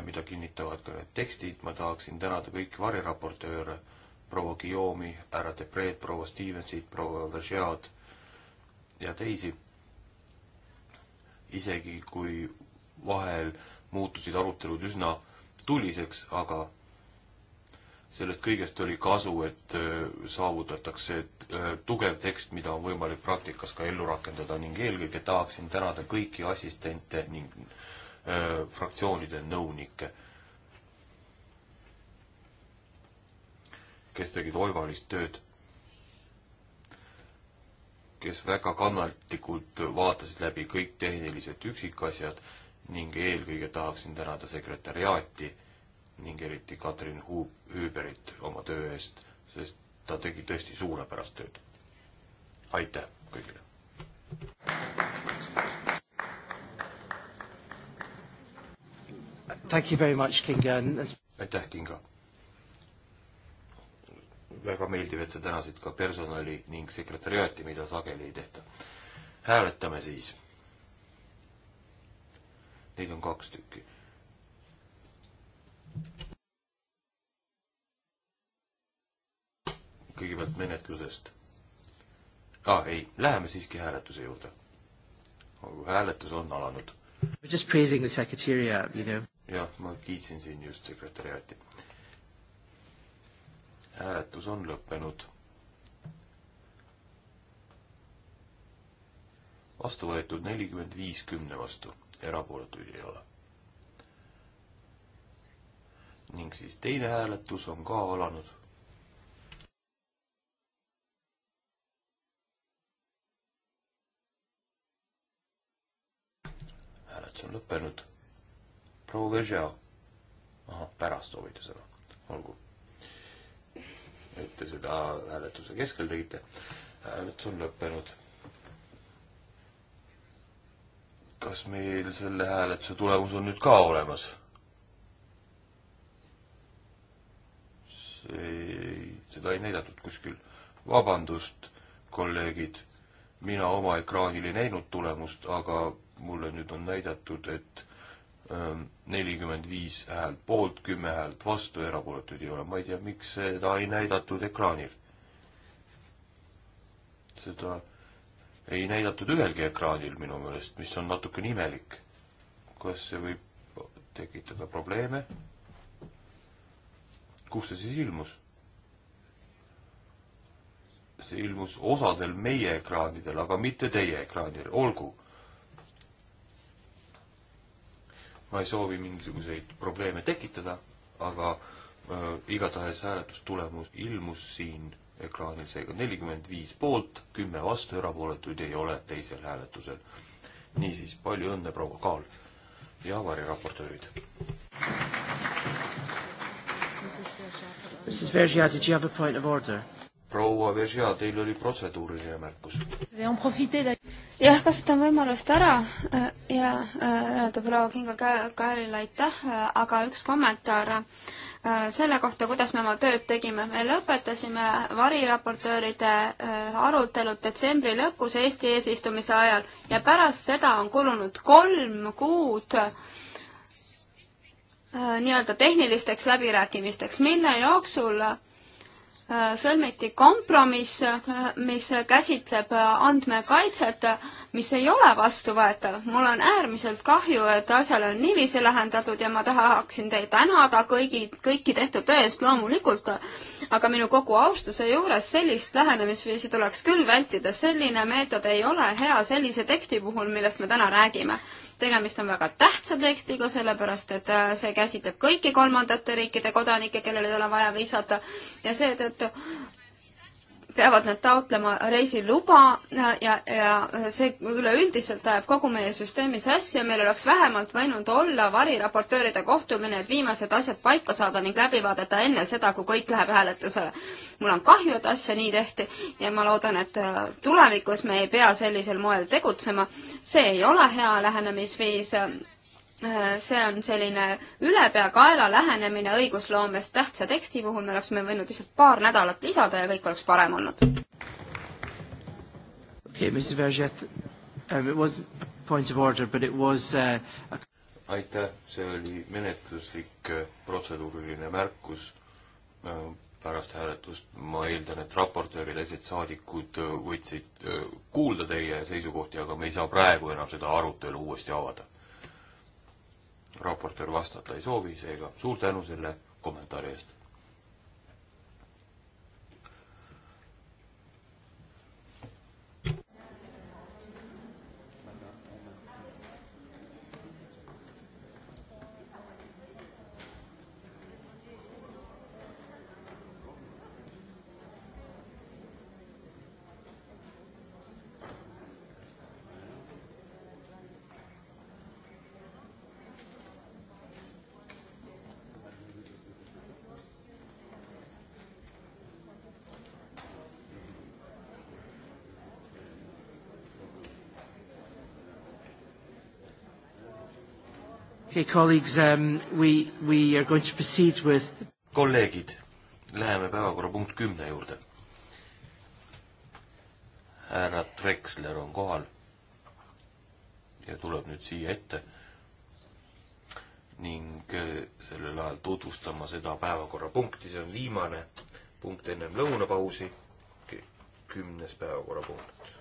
mida kinnitavad ka need tekstid, ma tahaksin tänada kõiki variraportööre, proua Guillaume'i, härra Debret, proua Stevensit, proua Vergeat ja teisi isegi kui vahel muutusid arutelud üsna tuliseks, aga sellest kõigest oli kasu, et äh, saavutatakse et äh, tugev tekst, mida on võimalik praktikas ka ellu rakendada ning eelkõige tahaksin tänada kõiki assistente ning äh, fraktsioonide nõunikke, kes tegid oivalist tööd kes väga kannatlikult vaatasid läbi kõik tehnilised üksikasjad ning eelkõige tahaksin tänada sekretäriaati ning eriti Katrin Hüüberit oma töö eest, sest ta tegi tõesti suurepärast tööd. aitäh kõigile! aitäh, Kinga! väga meeldiv, et sa tänasid ka personali ning sekretäriaati, mida sageli ei tehta. hääletame siis. Neid on kaks tükki. kõigepealt menetlusest. aa, ah, ei, läheme siiski hääletuse juurde. hääletus on alanud. jah, ma kiitsin siin just sekretäriaati hääletus on lõppenud. vastu võetud nelikümmend viis kümne vastu, erapooletuid ei ole. ning siis teine hääletus on ka alanud. hääletus on lõppenud. proua Veržea. ahah, pärast soovitusena, olgu et te seda hääletuse keskel tegite. hääletus on lõppenud. kas meil selle hääletuse tulemus on nüüd ka olemas? see, seda ei näidatud kuskil. vabandust, kolleegid, mina oma ekraanil ei näinud tulemust, aga mulle nüüd on näidatud, et nelikümmend viis häält poolt, kümme häält vastu, erapooletuid ei ole. ma ei tea, miks seda ei näidatud ekraanil. seda ei näidatud ühelgi ekraanil minu meelest, mis on natukene imelik. kas see võib tekitada probleeme? kus see siis ilmus? see ilmus osadel meie ekraanidel, aga mitte teie ekraanil, olgu ma ei soovi mingisuguseid probleeme tekitada, aga äh, igatahes hääletustulemus ilmus siin ekraanil, seega nelikümmend viis poolt, kümme vastu, erapooletuid ei ole teisel hääletusel. niisiis, palju õnne, proua Kaal ja variraportöörid.
Mrs Vergiat, did you have a point of order?
proua Veržia, teil oli protseduuriline märkus.
jah, kasutan võimalust ära äh, ja äh, öelda proua Kinga Kaelile aitäh, äh, aga üks kommentaar selle kohta, kuidas me oma tööd tegime. me lõpetasime variraportööride arutelud detsembri lõpus Eesti eesistumise ajal ja pärast seda on kulunud kolm kuud nii-öelda tehnilisteks läbirääkimisteks, mille jooksul sõlmiti kompromiss, mis käsitleb andmekaitset, mis ei ole vastuvõetav. mul on äärmiselt kahju, et asjale on niiviisi lähendatud ja ma tahaksin teid tänada kõigi, kõiki tehtud töö eest loomulikult, aga minu kogu austuse juures sellist lähenemisviisi tuleks küll vältida. selline meetod ei ole hea sellise teksti puhul, millest me täna räägime tegemist on väga tähtsa tekstiga, sellepärast et äh, see käsitleb kõiki kolmandate riikide kodanikke, kellel ei ole vaja viisata ja seetõttu peavad nad taotlema reisiluba ja, ja see üleüldiselt ajab kogu meie süsteemi sassi ja meil oleks vähemalt võinud olla variraportööride kohtumine, et viimased asjad paika saada ning läbi vaadata enne seda, kui kõik läheb hääletusele. mul on kahju, et asja nii tehti ja ma loodan, et äh, tulevikus me ei pea sellisel moel tegutsema. see ei ole hea lähenemisviis Äh, see on selline ülepeakaela lähenemine õigusloomes tähtsa teksti puhul, me oleksime võinud lihtsalt paar nädalat lisada ja kõik oleks parem olnud.
Um, uh,
aitäh, see oli menetluslik äh, protseduuriline märkus äh, pärast hääletust. ma eeldan, et raportööri teised saadikud võtsid kuulda teie seisukohti, aga me ei saa praegu enam seda arutelu uuesti avada raportöör vastata ei soovi, seega suur tänu selle kommentaari eest.
Okay, colleagues, um, we, we are going to proceed
with... kolleegid, läheme päevakorrapunkt kümne juurde. härra Drexler on kohal ja tuleb nüüd siia ette ning äh, sellel ajal tutvustama seda päevakorrapunkti, see on viimane punkt ennem lõunapausi, kümnes päevakorrapunkt.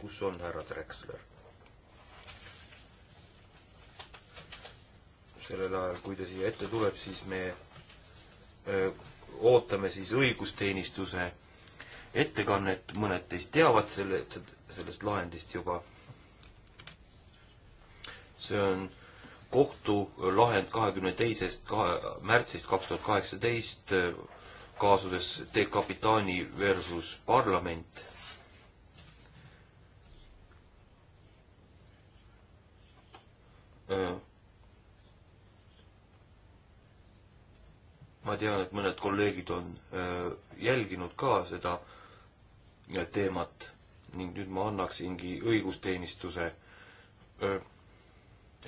kus on härra Drexler? sellel ajal, kui ta siia ette tuleb, siis me öö, ootame siis õigusteenistuse ettekannet, mõned teist teavad selle, sellest lahendist juba. see on kohtulahend kahekümne teisest märtsist kaks tuhat kaheksateist kaasuses De Capitani versus parlament öö ma tean, et mõned kolleegid on äh, jälginud ka seda äh, teemat ning nüüd ma annaksingi õigusteenistuse äh,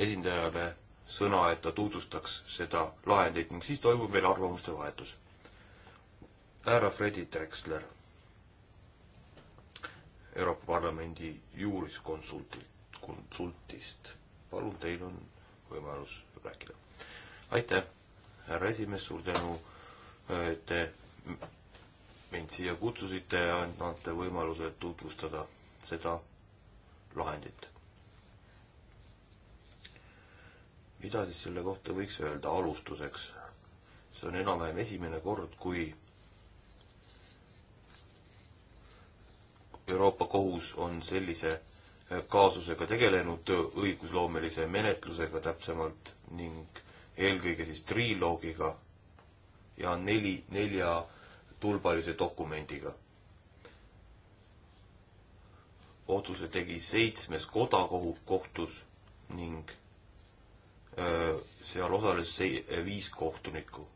esindajale sõna, et ta tutvustaks seda lahendit ning siis toimub meil arvamuste vahetus. härra Fredi Drexler, Euroopa Parlamendi juuriskonsultilt, konsultist, palun, teil on võimalus rääkida. aitäh härra esimees, suur tänu, et te mind siia kutsusite ja annate võimaluse tutvustada seda lahendit. mida siis selle kohta võiks öelda alustuseks? see on enam-vähem esimene kord, kui Euroopa Kohus on sellise kaasusega tegelenud, õigusloomelise menetlusega täpsemalt, ning eelkõige siis triloogiga ja neli, neljatulbalise dokumendiga. otsuse tegi seitsmes kodakohu kohtus ning öö, seal osales see, viis kohtunikku.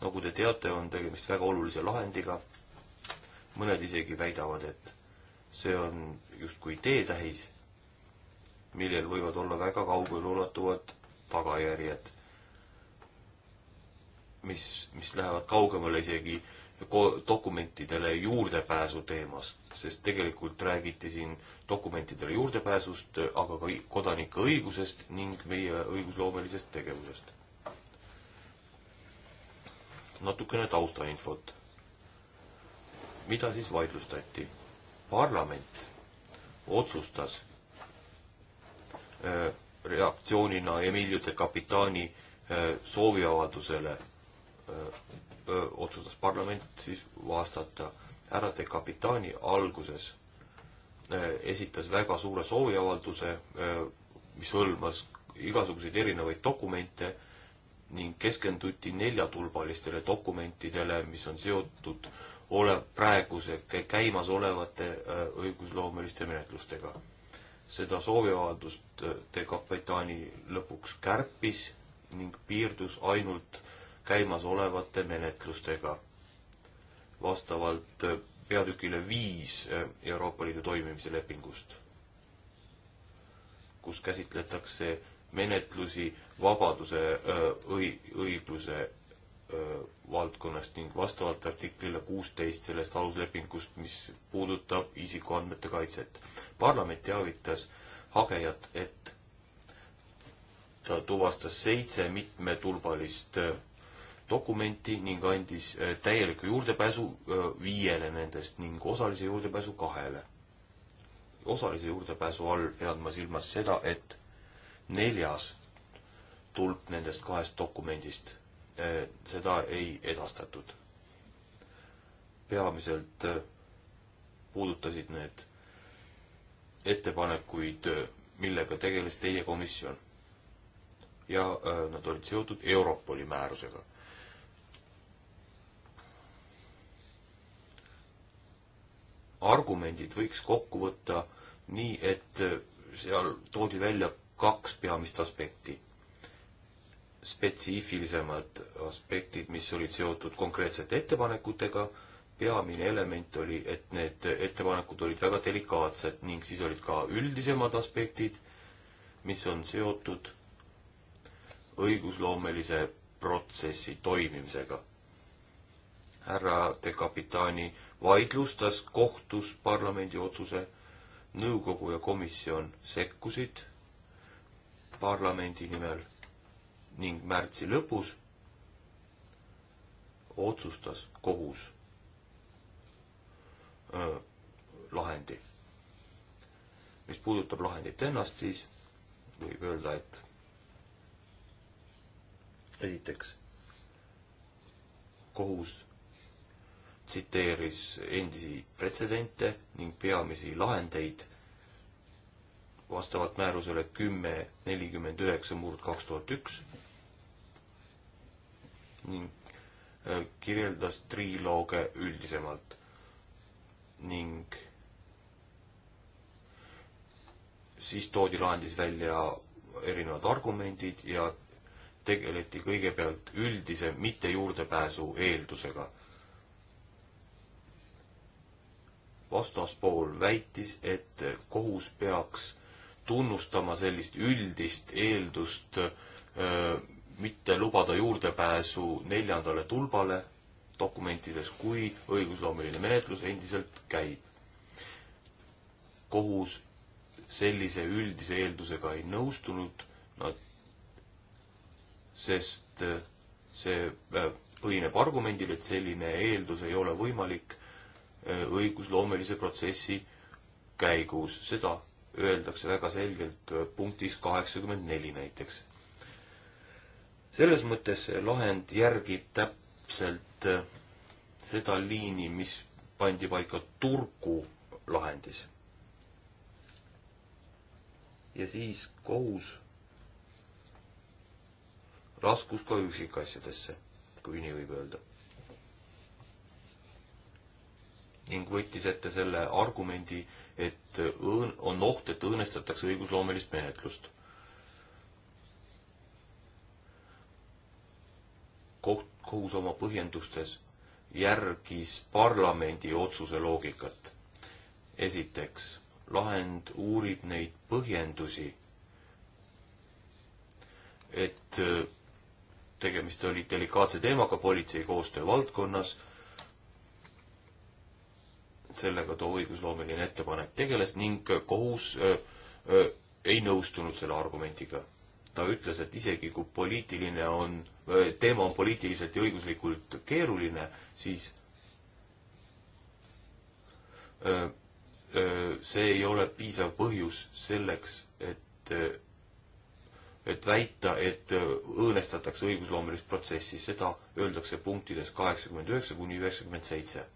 nagu te teate, on tegemist väga olulise lahendiga. mõned isegi väidavad, et see on justkui teetähis, millel võivad olla väga kaugeleulatuvad tagajärjed mis, mis lähevad kaugemale isegi dokumentidele juurdepääsu teemast, sest tegelikult räägiti siin dokumentidele juurdepääsust, aga ka kodanike õigusest ning meie õigusloomelisest tegevusest. natukene taustainfot. mida siis vaidlustati? parlament otsustas äh, reaktsioonina Emilio de Capitani äh, sooviavaldusele otsustas parlament siis vastata. härra De Capitani alguses öö, esitas väga suure sooviavalduse, mis hõlmas igasuguseid erinevaid dokumente ning keskenduti neljatulbalistele dokumentidele, mis on seotud ole-, praeguse, käimasolevate õigusloomeliste menetlustega. seda sooviavaldust De Capitani lõpuks kärpis ning piirdus ainult äh, käimasolevate menetlustega vastavalt peatükile viis Euroopa Liidu toimimise lepingust, kus käsitletakse menetlusi vabaduse, õi-, õigluse valdkonnast ning vastavalt artiklile kuusteist sellest aluslepingust, mis puudutab isikuandmete kaitset. parlament teavitas hagejat, et ta tuvastas seitse mitmetulbalist dokumenti ning andis äh, täieliku juurdepääsu äh, viiele nendest ning osalise juurdepääsu kahele. osalise juurdepääsu all pean ma silmas seda, et neljas tulp nendest kahest dokumendist, äh, seda ei edastatud. peamiselt puudutasid need ettepanekuid, millega tegeles teie komisjon. ja nad olid seotud Europoli määrusega argumendid võiks kokku võtta nii, et seal toodi välja kaks peamist aspekti. spetsiifilisemad aspektid, mis olid seotud konkreetsete ettepanekutega, peamine element oli, et need ettepanekud olid väga delikaatsed ning siis olid ka üldisemad aspektid, mis on seotud õigusloomelise protsessi toimimisega. härra de Capitani vaidlustas kohtus parlamendi otsuse, nõukogu ja komisjon sekkusid parlamendi nimel ning märtsi lõpus otsustas kohus öö, lahendi. mis puudutab lahendit ennast, siis võib öelda, et esiteks kohus tsiteeris endisi pretsedente ning peamisi lahendeid vastavalt määrusele kümme nelikümmend üheksa murd kaks tuhat üks ning äh, kirjeldas trilooge üldisemalt ning siis toodi lahendis välja erinevad argumendid ja tegeleti kõigepealt üldise mitte juurdepääsu eeldusega vastaspool väitis, et kohus peaks tunnustama sellist üldist eeldust öö, mitte lubada juurdepääsu neljandale tulbale dokumentides, kui õigusloomeline menetlus endiselt käib. kohus sellise üldise eeldusega ei nõustunud, nad, sest see põhineb argumendil, et selline eeldus ei ole võimalik õigusloomelise protsessi käigus, seda öeldakse väga selgelt äh, punktis kaheksakümmend neli näiteks. selles mõttes see lahend järgib täpselt äh, seda liini, mis pandi paika Turku lahendis. ja siis kohus laskus ka üksikasjadesse, kui nii võib öelda ning võttis ette selle argumendi, et õõn-, on oht, et õõnestatakse õigusloomelist menetlust. koht, kohus oma põhjendustes järgis parlamendi otsuse loogikat. esiteks, lahend uurib neid põhjendusi, et tegemist oli delikaatse teemaga politsei koostöö valdkonnas sellega too õigusloomeline ettepanek tegeles ning kohus öö, öö, ei nõustunud selle argumendiga. ta ütles, et isegi kui poliitiline on, teema on poliitiliselt ja õiguslikult keeruline, siis öö, see ei ole piisav põhjus selleks, et, et väita, et õõnestatakse õigusloomelist protsessi, seda öeldakse punktides kaheksakümmend üheksa kuni üheksakümmend seitse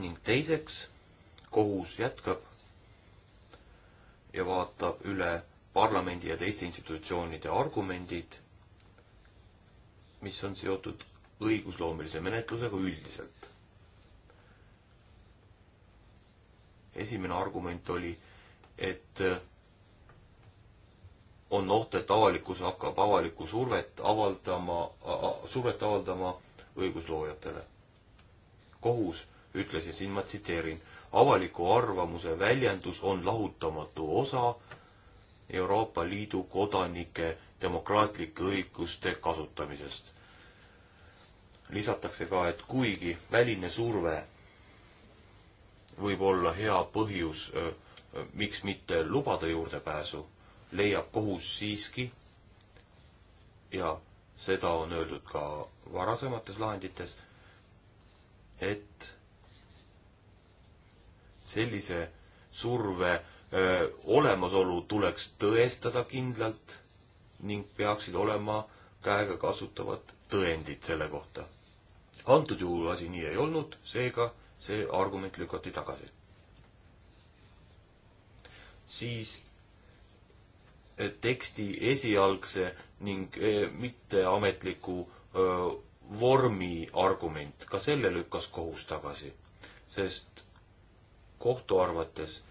ning teiseks, kohus jätkab ja vaatab üle parlamendi ja teiste institutsioonide argumendid, mis on seotud õigusloomelise menetlusega üldiselt. esimene argument oli, et on oht, et avalikkus hakkab avalikku survet avaldama, survet avaldama õigusloojatele. kohus ütles ja siin ma tsiteerin. avaliku arvamuse väljendus on lahutamatu osa Euroopa Liidu kodanike demokraatlike õiguste kasutamisest. lisatakse ka, et kuigi väline surve võib olla hea põhjus, miks mitte lubada juurdepääsu, leiab kohus siiski ja seda on öeldud ka varasemates lahendites, et sellise surve öö, olemasolu tuleks tõestada kindlalt ning peaksid olema käegakasutavad tõendid selle kohta. antud juhul asi nii ei olnud, seega see argument lükati tagasi. siis teksti esialgse ning mitteametliku vormi argument, ka selle lükkas kohus tagasi, sest kohtu arvates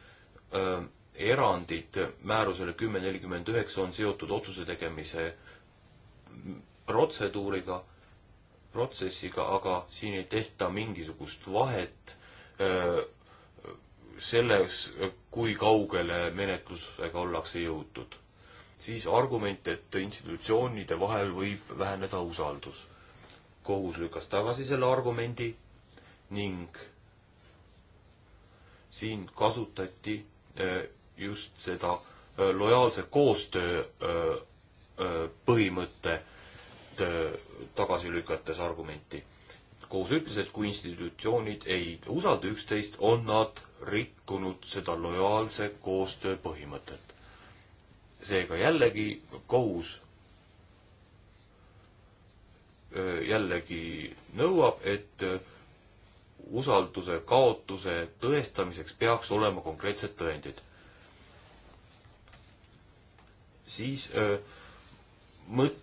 öö, erandid määrusele kümme nelikümmend üheksa on seotud otsuse tegemise protseduuriga, protsessiga, aga siin ei tehta mingisugust vahet öö, selles, kui kaugele menetlusega ollakse jõutud. siis argument, et institutsioonide vahel võib väheneda usaldus. kohus lükkas tagasi selle argumendi ning siin kasutati äh, just seda äh, lojaalse koostöö äh, põhimõtet tagasi lükates argumenti. kohus ütles, et kui institutsioonid ei usalda üksteist, on nad rikkunud seda lojaalse koostöö põhimõtet. seega jällegi kohus jällegi nõuab, et usalduse kaotuse tõestamiseks peaks olema konkreetsed tõendid. siis öö, mõt-,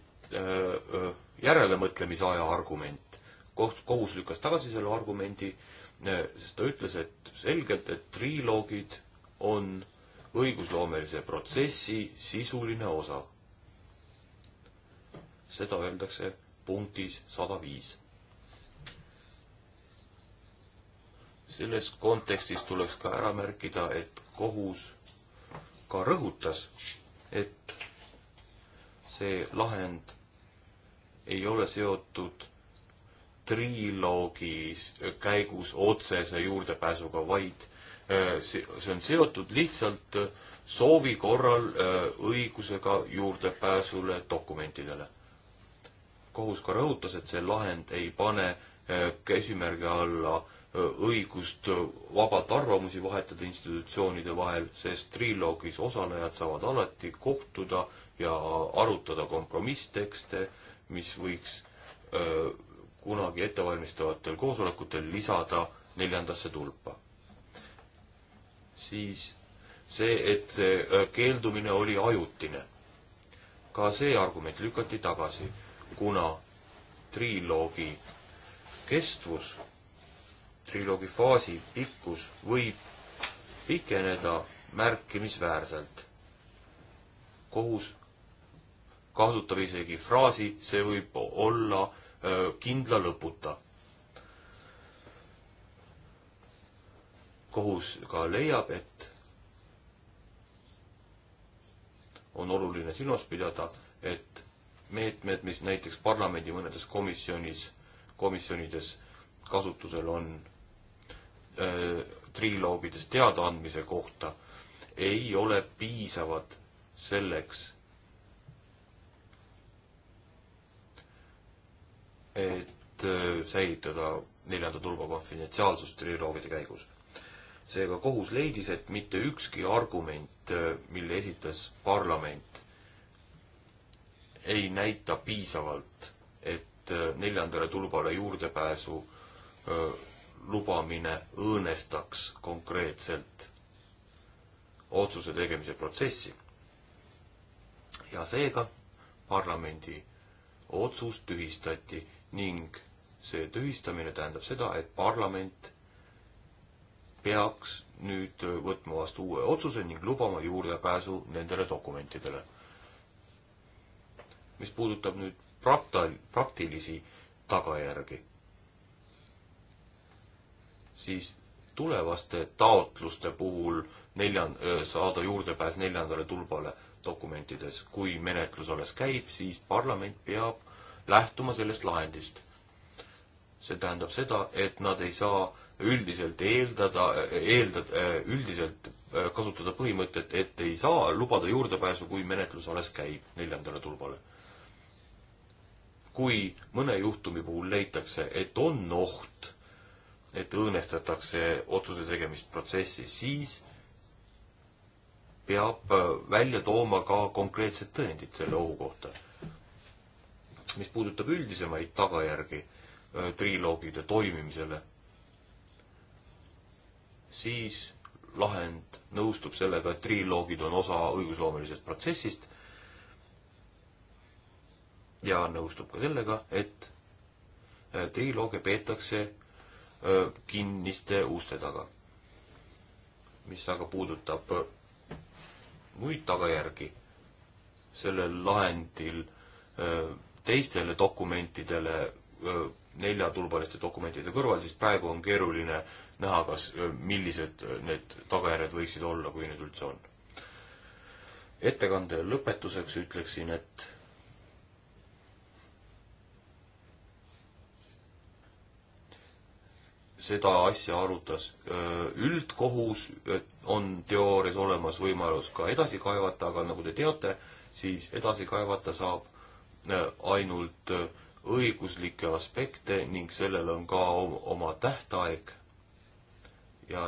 järelemõtlemise aja argument. koht, kohus lükkas tagasi selle argumendi, sest ta ütles, et selgelt, et triloogid on õigusloomelise protsessi sisuline osa. seda öeldakse punktis sada viis selles kontekstis tuleks ka ära märkida, et kohus ka rõhutas, et see lahend ei ole seotud triloogis käigus otsese juurdepääsuga, vaid äh, see on seotud lihtsalt soovi korral äh, õigusega juurdepääsule dokumentidele. kohus ka rõhutas, et see lahend ei pane äh, käsimärgi alla äh, õigust vabalt arvamusi vahetada institutsioonide vahel, sest triloogis osalejad saavad alati kohtuda ja arutada kompromisstekste, mis võiks öö, kunagi ettevalmistavatel koosolekutel lisada neljandasse tulpa. siis see, et see keeldumine oli ajutine. ka see argument lükati tagasi, kuna triloogi kestvus triloogi faasi pikkus võib pikeneda märkimisväärselt. kohus kasutab isegi fraasi, see võib olla öö, kindla lõputa. kohus ka leiab, et on oluline silmas pidada, et meetmed, mis näiteks parlamendi mõnedes komisjonis, komisjonides kasutusel on Äh, triloogides teadaandmise kohta ei ole piisavad selleks, et äh, säilitada neljanda turba konfidentsiaalsust triloogide käigus. seega kohus leidis, et mitte ükski argument, äh, mille esitas parlament, ei näita piisavalt, et neljandale tulbale juurdepääsu öö, lubamine õõnestaks konkreetselt otsuse tegemise protsessi. ja seega parlamendi otsus tühistati ning see tühistamine tähendab seda, et parlament peaks nüüd võtma vastu uue otsuse ning lubama juurdepääsu nendele dokumentidele. mis puudutab nüüd prakta-, praktilisi tagajärgi siis tulevaste taotluste puhul neljand-, saada juurdepääs neljandale tulbale dokumentides. kui menetlus alles käib, siis parlament peab lähtuma sellest lahendist. see tähendab seda, et nad ei saa üldiselt eeldada, eeldad-, üldiselt kasutada põhimõtet, et ei saa lubada juurdepääsu, kui menetlus alles käib neljandale tulbale. kui mõne juhtumi puhul leitakse, et on oht et õõnestatakse otsuse tegemist protsessis, siis peab äh, välja tooma ka konkreetsed tõendid selle ohu kohta. mis puudutab üldisemaid tagajärgi äh, triloogide toimimisele, siis lahend nõustub sellega, et triloogid on osa õigusloomelisest protsessist ja nõustub ka sellega, et äh, triloogia peetakse kinniste uste taga. mis aga puudutab muid tagajärgi sellel lahendil teistele dokumentidele, neljatulbaliste dokumentide kõrval, siis praegu on keeruline näha, kas, millised need tagajärjed võiksid olla, kui need üldse on. ettekande lõpetuseks ütleksin, et seda asja arutas üldkohus, on teoorias olemas võimalus ka edasi kaevata, aga nagu te teate, siis edasi kaevata saab ainult õiguslikke aspekte ning sellel on ka oma tähtaeg. ja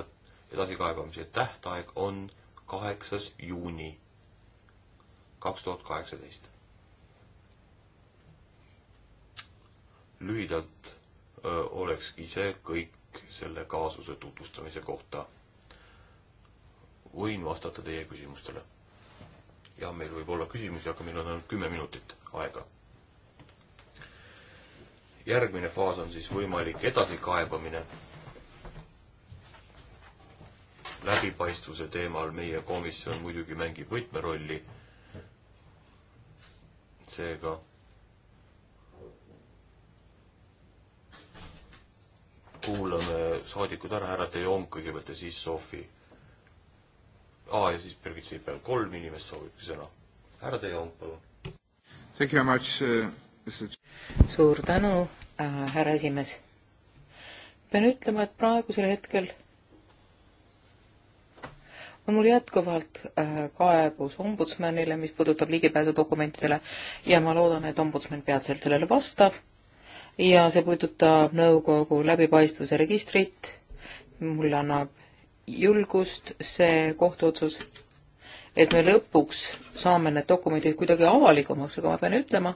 edasikaebamise tähtaeg on kaheksas juuni kaks tuhat kaheksateist. lühidalt olekski see kõik kõik selle kaasuse tutvustamise kohta. võin vastata teie küsimustele. jah, meil võib olla küsimusi, aga meil on ainult kümme minutit aega. järgmine faas on siis võimalik edasikaebamine läbipaistvuse teemal meie komisjon muidugi mängib võtmerolli. seega kuulame saadikud ära, härra De Jong kõigepealt ja siis Sofi. aa, ja siis Birgit Sipel, kolm inimest soovibki sõna. härra De Jong, palun. Uh,
suur tänu äh,, härra esimees. pean ütlema, et praegusel hetkel on mul jätkuvalt äh, kaebus ombudsmanile, mis puudutab ligipääsu dokumentidele ja ma loodan, et ombudsman peatselt sellele vastab ja see puudutab nõukogu läbipaistvuse registrit. mulle annab julgust see kohtuotsus, et me lõpuks saame need dokumendid kuidagi avalikumaks, aga ma pean ütlema,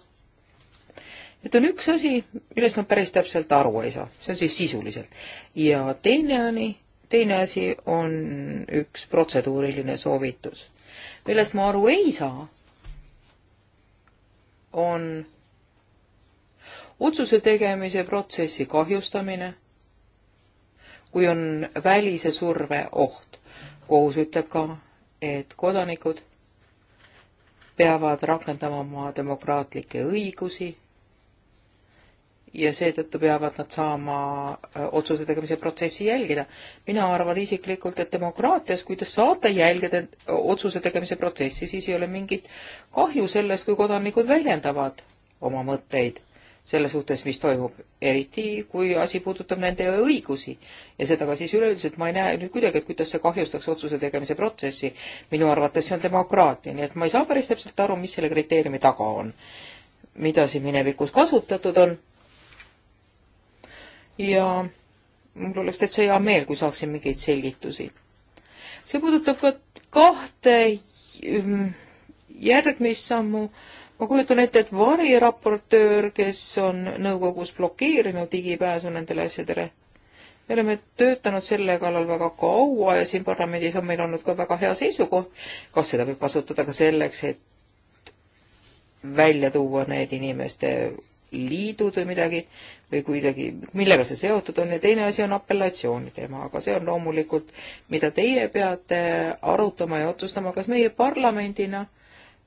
et on üks asi, millest ma päris täpselt aru ei saa, see on siis sisuliselt. ja teine ani, teine asi on üks protseduuriline soovitus. millest ma aru ei saa, on otsuse tegemise protsessi kahjustamine, kui on välise surve oht. kohus ütleb ka, et kodanikud peavad rakendama oma demokraatlikke õigusi ja seetõttu peavad nad saama otsuse tegemise protsessi jälgida. mina arvan isiklikult, et demokraatias, kui te saate jälgida otsuse tegemise protsessi, siis ei ole mingit kahju sellest, kui kodanikud väljendavad oma mõtteid selle suhtes, mis toimub, eriti kui asi puudutab nende õigusi. ja seda ka siis üleüldiselt ma ei näe nüüd kuidagi, et kuidas see kahjustaks otsuse tegemise protsessi. minu arvates see on demokraatia, nii et ma ei saa päris täpselt aru, mis selle kriteeriumi taga on. mida siin minevikus kasutatud on. ja mul oleks täitsa hea meel, kui saaksin mingeid selgitusi. see puudutab ka kahte mm, järgmist sammu ma kujutan ette, et variraportöör, kes on nõukogus blokeerinud ligipääsu nendele asjadele, me oleme töötanud selle kallal väga kaua ja siin parlamendis on meil olnud ka väga hea seisukoht, kas seda võib kasutada ka selleks, et välja tuua need inimeste liidud või midagi või kuidagi, millega see seotud on ja teine asi on apellatsiooni teema, aga see on loomulikult, mida teie peate arutama ja otsustama, kas meie parlamendina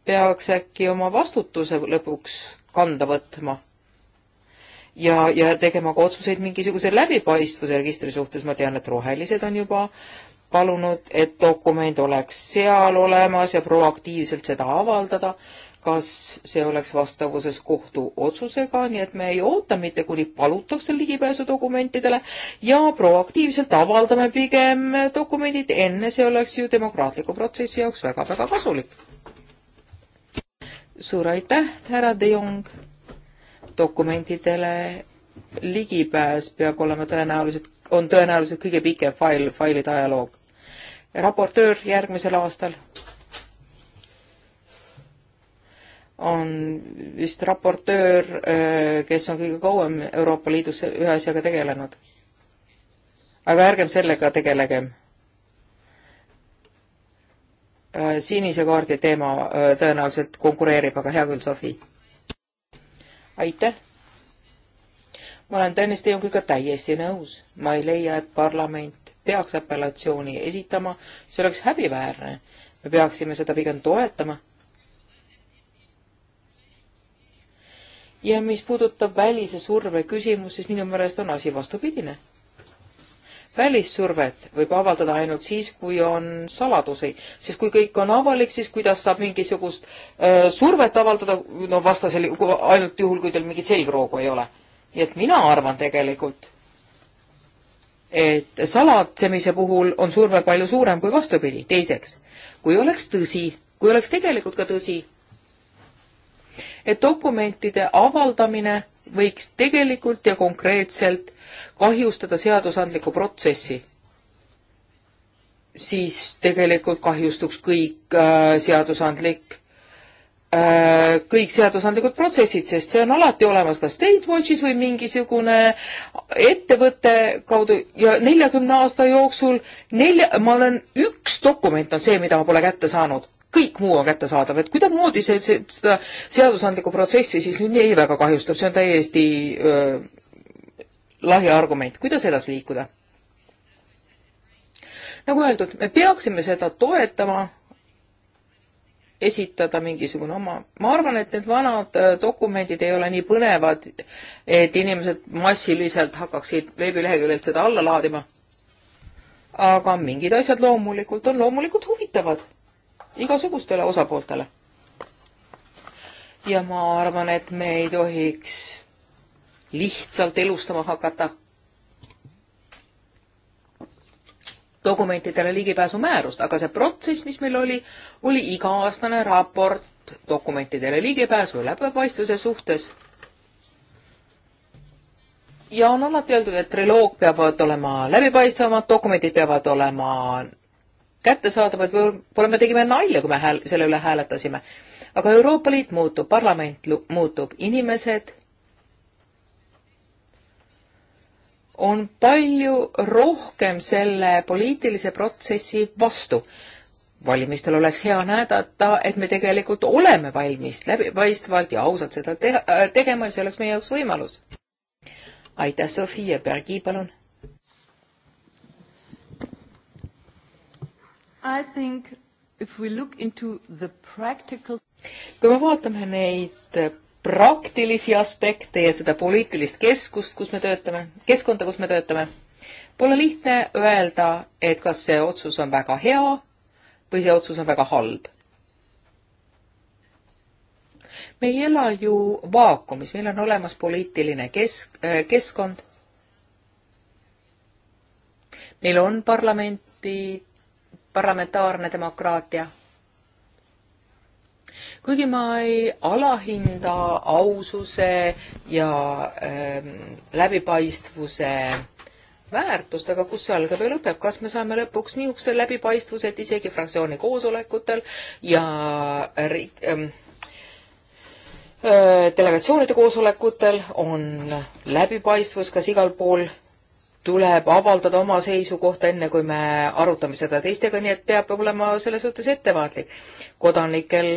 peaks äkki oma vastutuse lõpuks kanda võtma ja, ja tegema ka otsuseid mingisuguse läbipaistvuse registri suhtes, ma tean, et rohelised on juba palunud, et dokument oleks seal olemas ja proaktiivselt seda avaldada, kas see oleks vastavuses kohtu otsusega, nii et me ei oota mitte, kuni palutakse ligipääsu dokumentidele ja proaktiivselt avaldame pigem dokumendid, enne see oleks ju demokraatliku protsessi jaoks väga-väga kasulik suur aitäh, härra De Jong. dokumentidele ligipääs peab olema tõenäoliselt, on tõenäoliselt kõige pikem fail, failide ajaloog. raportöör järgmisel aastal on vist raportöör, äh, kes on kõige kauem Euroopa Liidus ühe asjaga tegelenud. aga ärgem sellega tegelegem Äh, sinise kaardi teema äh, tõenäoliselt konkureerib, aga hea küll, Sofi. aitäh! ma olen Tõnis Teiukiga täiesti nõus. ma ei leia, et parlament peaks apellatsiooni esitama, see oleks häbiväärne. me peaksime seda pigem toetama. ja mis puudutab välise surve küsimust, siis minu meelest on asi vastupidine välissurvet võib avaldada ainult siis, kui on saladusi, sest kui kõik on avalik, siis kuidas saab mingisugust öö, äh, survet avaldada, no vastasel juhul, ainult juhul, kui teil mingit selgroogu ei ole. nii et mina arvan tegelikult, et salatsemise puhul on surve palju suurem kui vastupidi. teiseks, kui oleks tõsi, kui oleks tegelikult ka tõsi, et dokumentide avaldamine võiks tegelikult ja konkreetselt kahjustada seadusandlikku protsessi, siis tegelikult kahjustuks kõik äh, seadusandlik äh,, kõik seadusandlikud protsessid, sest see on alati olemas ka Statewatchis või mingisugune ettevõtte kaudu ja neljakümne aasta jooksul nelja, ma olen, üks dokument on see, mida ma pole kätte saanud kõik muu on kättesaadav, et kuidagimoodi see, see, seda seadusandlikku protsessi siis nüüd nii väga kahjustab, see on täiesti öö, äh, lahja argument, kuidas edasi liikuda? nagu öeldud, me peaksime seda toetama, esitada mingisugune oma, ma arvan, et need vanad äh, dokumendid ei ole nii põnevad, et inimesed massiliselt hakkaksid veebileheküljelt seda alla laadima. aga mingid asjad loomulikult on loomulikult huvitavad igasugustele osapooltele. ja ma arvan, et me ei tohiks lihtsalt elustama hakata. dokumentidele ligipääsu määrust, aga see protsess, mis meil oli, oli iga-aastane raport dokumentidele ligipääsu ja läbipaistvuse suhtes. ja on alati öeldud, et triloog peavad olema läbipaistvamad, dokumendid peavad olema kättesaadavad, võib-olla me tegime nalja, kui me hääl-, selle üle hääletasime aga Euroopa Liit muutub, parlament muutub, inimesed on palju rohkem selle poliitilise protsessi vastu. valimistel oleks hea näidata, et me tegelikult oleme valmis läbipaistvalt ja ausalt seda te äh, tegema ja see oleks meie jaoks võimalus. aitäh, Sofia Bergi, palun. I think if we look into the practical kui me vaatame neid praktilisi aspekte ja seda poliitilist keskust, kus me töötame, keskkonda, kus me töötame. Pole lihtne öelda, et kas see otsus on väga hea või see otsus on väga halb. me ei ela ju vaakumis, meil on olemas poliitiline kesk, äh, keskkond. meil on parlamenti, parlamentaarne demokraatia kuigi ma ei alahinda aususe ja ähm, läbipaistvuse väärtust, aga kus see algab ja lõpeb, kas me saame lõpuks niisuguse läbipaistvuse, et isegi fraktsiooni koosolekutel ja riik ähm, äh, delegatsioonide koosolekutel on läbipaistvus, kas igal pool tuleb avaldada oma seisukohta, enne kui me arutame seda teistega, nii et peab olema selles suhtes ettevaatlik. kodanikel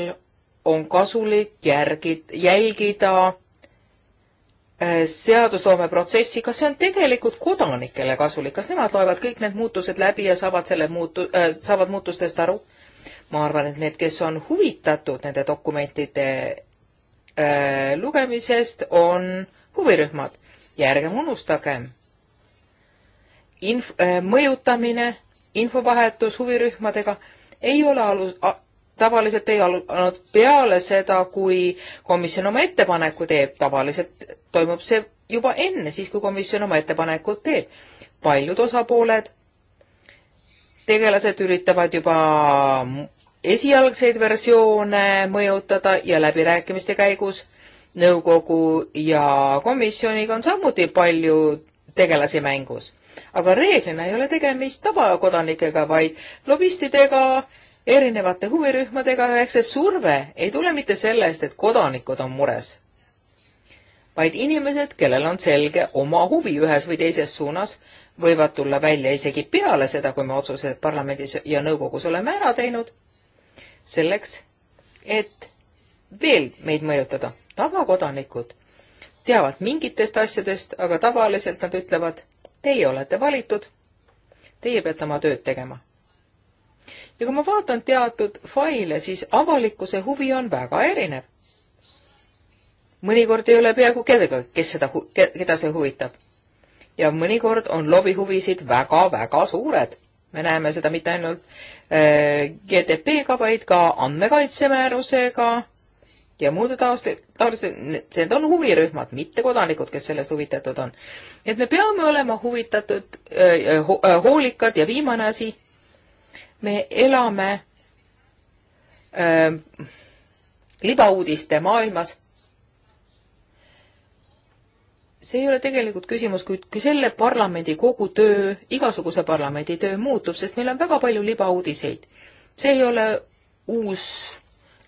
on kasulik järgid, jälgida äh, seadusloomeprotsessi, kas see on tegelikult kodanikele kasulik, kas nemad loevad kõik need muutused läbi ja saavad selle muutu- äh,, saavad muutustest aru? ma arvan, et need, kes on huvitatud nende dokumentide äh, lugemisest, on huvirühmad ja ärgem unustagem, inf- äh,, mõjutamine, infovahetus huvirühmadega ei ole alus, tavaliselt ei alanud peale seda, kui komisjon oma ettepaneku teeb, tavaliselt toimub see juba enne, siis kui komisjon oma ettepanekud teeb. paljud osapooled, tegelased üritavad juba esialgseid versioone mõjutada ja läbirääkimiste käigus nõukogu ja komisjoniga on samuti palju tegelasi mängus. aga reeglina ei ole tegemist tavakodanikega, vaid lobistidega, erinevate huvirühmadega, eks see surve ei tule mitte sellest, et kodanikud on mures, vaid inimesed, kellel on selge oma huvi ühes või teises suunas, võivad tulla välja isegi peale seda, kui me otsused parlamendis ja nõukogus oleme ära teinud, selleks, et veel meid mõjutada. tavakodanikud teavad mingitest asjadest, aga tavaliselt nad ütlevad, teie olete valitud, teie peate oma tööd tegema ja kui ma vaatan teatud faile, siis avalikkuse huvi on väga erinev. mõnikord ei ole peaaegu kedagi, kes seda, keda see huvitab. ja mõnikord on lobihuvisid väga-väga suured. me näeme seda mitte ainult äh, GDP-ga, vaid ka andmekaitsemäärusega ja muude taoliste, taoliste, need on huvirühmad, mitte kodanikud, kes sellest huvitatud on. et me peame olema huvitatud äh,, äh hoolikad ja viimane asi me elame öö, ähm, libauudiste maailmas. see ei ole tegelikult küsimus, kuid kui selle parlamendi kogu töö, igasuguse parlamendi töö muutub, sest meil on väga palju libauudiseid. see ei ole uus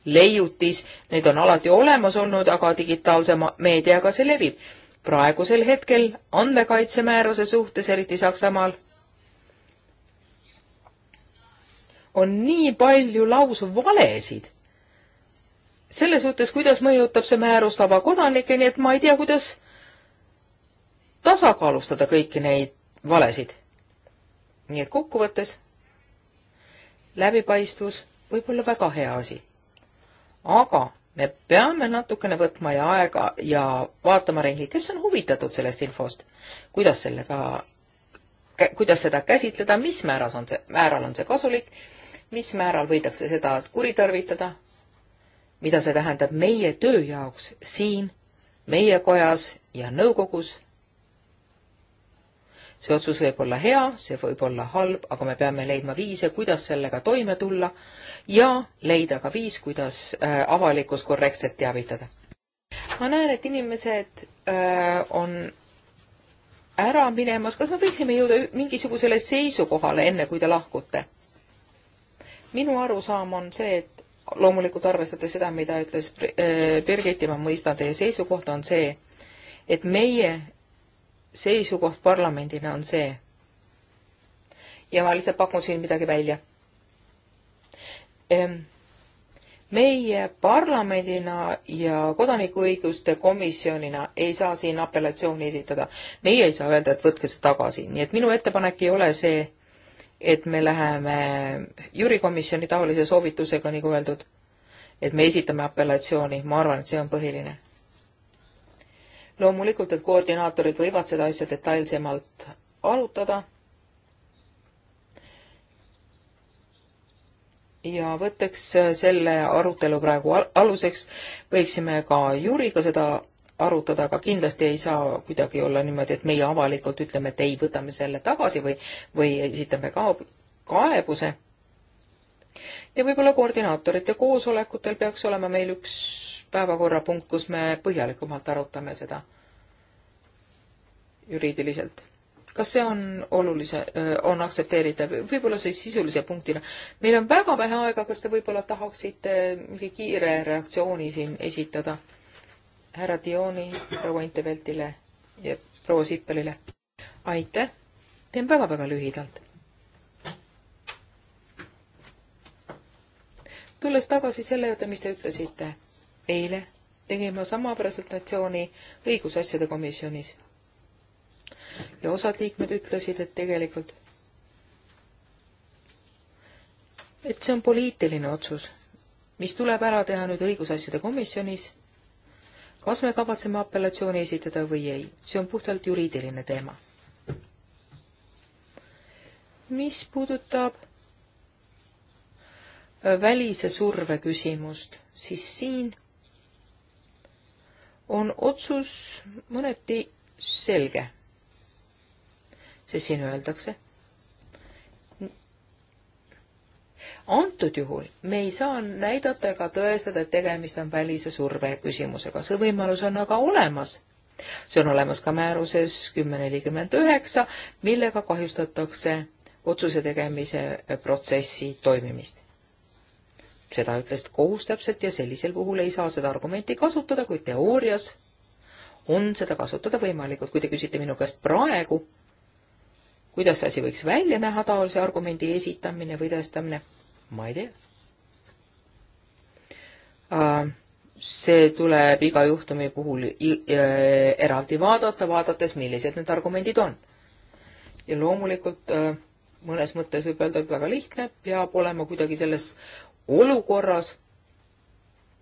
leiutis, neid on alati olemas olnud, aga digitaalse meediaga see levib. praegusel hetkel andmekaitsemääruse suhtes, eriti Saksamaal on nii palju lausvalesid selles suhtes, kuidas mõjutab see määrus tavakodanikke, nii et ma ei tea, kuidas tasakaalustada kõiki neid valesid. nii et kokkuvõttes läbipaistvus võib olla väga hea asi. aga me peame natukene võtma ja aega ja vaatama ringi, kes on huvitatud sellest infost, kuidas sellega, kuidas seda käsitleda, mis määras on see, määral on see kasulik mis määral võidakse seda kuritarvitada, mida see tähendab meie töö jaoks siin, meie kojas ja nõukogus. see otsus võib olla hea, see võib olla halb, aga me peame leidma viise, kuidas sellega toime tulla ja leida ka viis, kuidas äh, avalikkust korrektselt teavitada. ma näen, et inimesed öö, äh, on ära minemas, kas me võiksime jõuda mingisugusele seisukohale, enne kui te lahkute? minu arusaam on see, et loomulikult arvestades seda, mida ütles äh, Birgit ja ma mõistan teie seisukohta, on see, et meie seisukoht parlamendina on see. ja ma lihtsalt pakun siin midagi välja. Ehm, meie parlamendina ja kodanikuõiguste komisjonina ei saa siin apellatsiooni esitada. meie ei saa öelda, et võtke see tagasi, nii et minu ettepanek ei ole see et me läheme juurikomisjoni taolise soovitusega, nagu öeldud, et me esitame apellatsiooni, ma arvan, et see on põhiline. loomulikult, et koordinaatorid võivad seda asja detailsemalt arutada ja võtaks selle arutelu praegu aluseks, võiksime ka Jüriga seda arutada, aga kindlasti ei saa kuidagi olla niimoodi, et meie avalikult ütleme, et ei, võtame selle tagasi või, või esitame ka kaebuse. ja võib-olla koordinaatorite koosolekutel peaks olema meil üks päevakorrapunkt, kus me põhjalikumalt arutame seda juriidiliselt kas see on olulise, on aktsepteeritav, võib-olla siis sisulise punktina. meil on väga vähe aega, kas te võib-olla tahaksite mingi kiire reaktsiooni siin esitada? härra Dioni, proua Inteveltile ja proua Sippelile. aitäh, teen väga-väga lühidalt. tulles tagasi selle juurde, mis te ütlesite, eile tegin ma sama presentatsiooni õigusasjade komisjonis. ja osad liikmed ütlesid, et tegelikult, et see on poliitiline otsus, mis tuleb ära teha nüüd õigusasjade komisjonis kas me kavatseme apellatsiooni esitada või ei. see on puhtalt juriidiline teema. mis puudutab äh, välise surve küsimust, siis siin on otsus mõneti selge. sest siin öeldakse, antud juhul me ei saa näidata ega tõestada, et tegemist on välise surve küsimusega, see võimalus on aga olemas. see on olemas ka määruses kümme nelikümmend üheksa, millega kahjustatakse otsuse tegemise protsessi toimimist. seda ütles kohus täpselt ja sellisel puhul ei saa seda argumenti kasutada, kuid teoorias on seda kasutada võimalikud. kui te küsite minu käest praegu, kuidas see asi võiks välja näha, taolise argumendi esitamine või tõestamine ma ei tea. see tuleb iga juhtumi puhul e, eraldi vaadata, vaadates, millised need argumendid on. ja loomulikult e, mõnes mõttes võib öelda, et väga lihtne, peab olema kuidagi selles olukorras.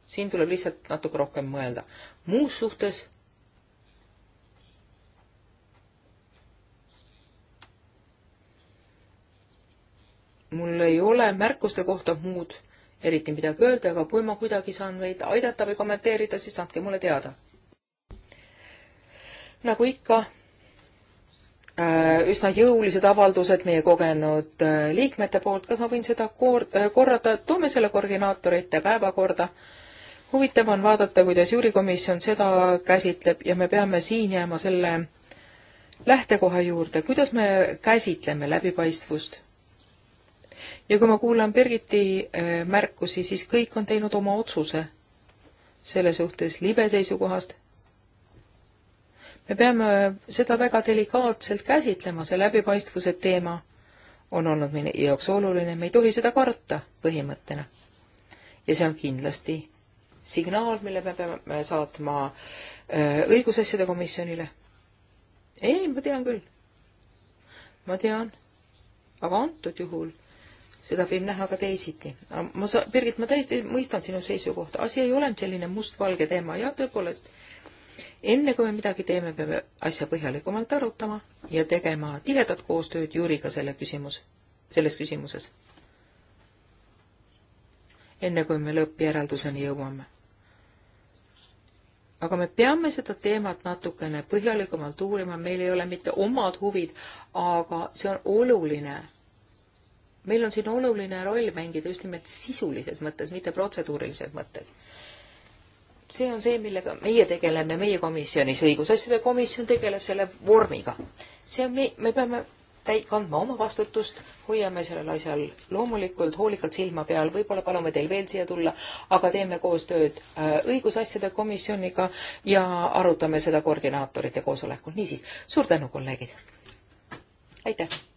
siin tuleb lihtsalt natuke rohkem mõelda. muus suhtes mul ei ole märkuste kohta muud eriti midagi öelda, aga kui ma kuidagi saan neid aidata või kommenteerida, siis andke mulle teada. nagu ikka, äh, üsna jõulised avaldused meie kogenud äh, liikmete poolt, kas ma võin seda kor-, äh, korrata, toome selle koordinaatorite päevakorda. huvitav on vaadata, kuidas juurikomisjon seda käsitleb ja me peame siin jääma selle lähtekoha juurde, kuidas me käsitleme läbipaistvust ja kui ma kuulan Birgiti äh, märkusi, siis kõik on teinud oma otsuse selle suhtes libe seisukohast. me peame seda väga delikaatselt käsitlema, see läbipaistvuse teema on olnud meie jaoks oluline, me ei tohi seda karta põhimõttena. ja see on kindlasti signaal, mille me peame saatma äh, õigusasjade komisjonile. ei, ma tean küll. ma tean, aga antud juhul seda võib näha ka teisiti. ma sa-, Birgit, ma täiesti mõistan sinu seisukohta, asi ei ole selline mustvalge teema ja tõepoolest, enne kui me midagi teeme, peame asja põhjalikumalt arutama ja tegema tihedat koostööd Jüriga selle küsimus, selles küsimuses. enne kui me lõppjärelduseni jõuame. aga me peame seda teemat natukene põhjalikumalt uurima, meil ei ole mitte omad huvid, aga see on oluline meil on siin oluline roll mängida just nimelt sisulises mõttes, mitte protseduurilises mõttes. see on see, millega meie tegeleme meie komisjonis, õigusasjade komisjon tegeleb selle vormiga. see on, me, me peame täi-, kandma oma vastutust, hoiame sellel asjal loomulikult hoolikalt silma peal, võib-olla palume teil veel siia tulla, aga teeme koostööd äh, õigusasjade komisjoniga ja arutame seda koordinaatorite koosolekul. niisiis, suur tänu, kolleegid! aitäh!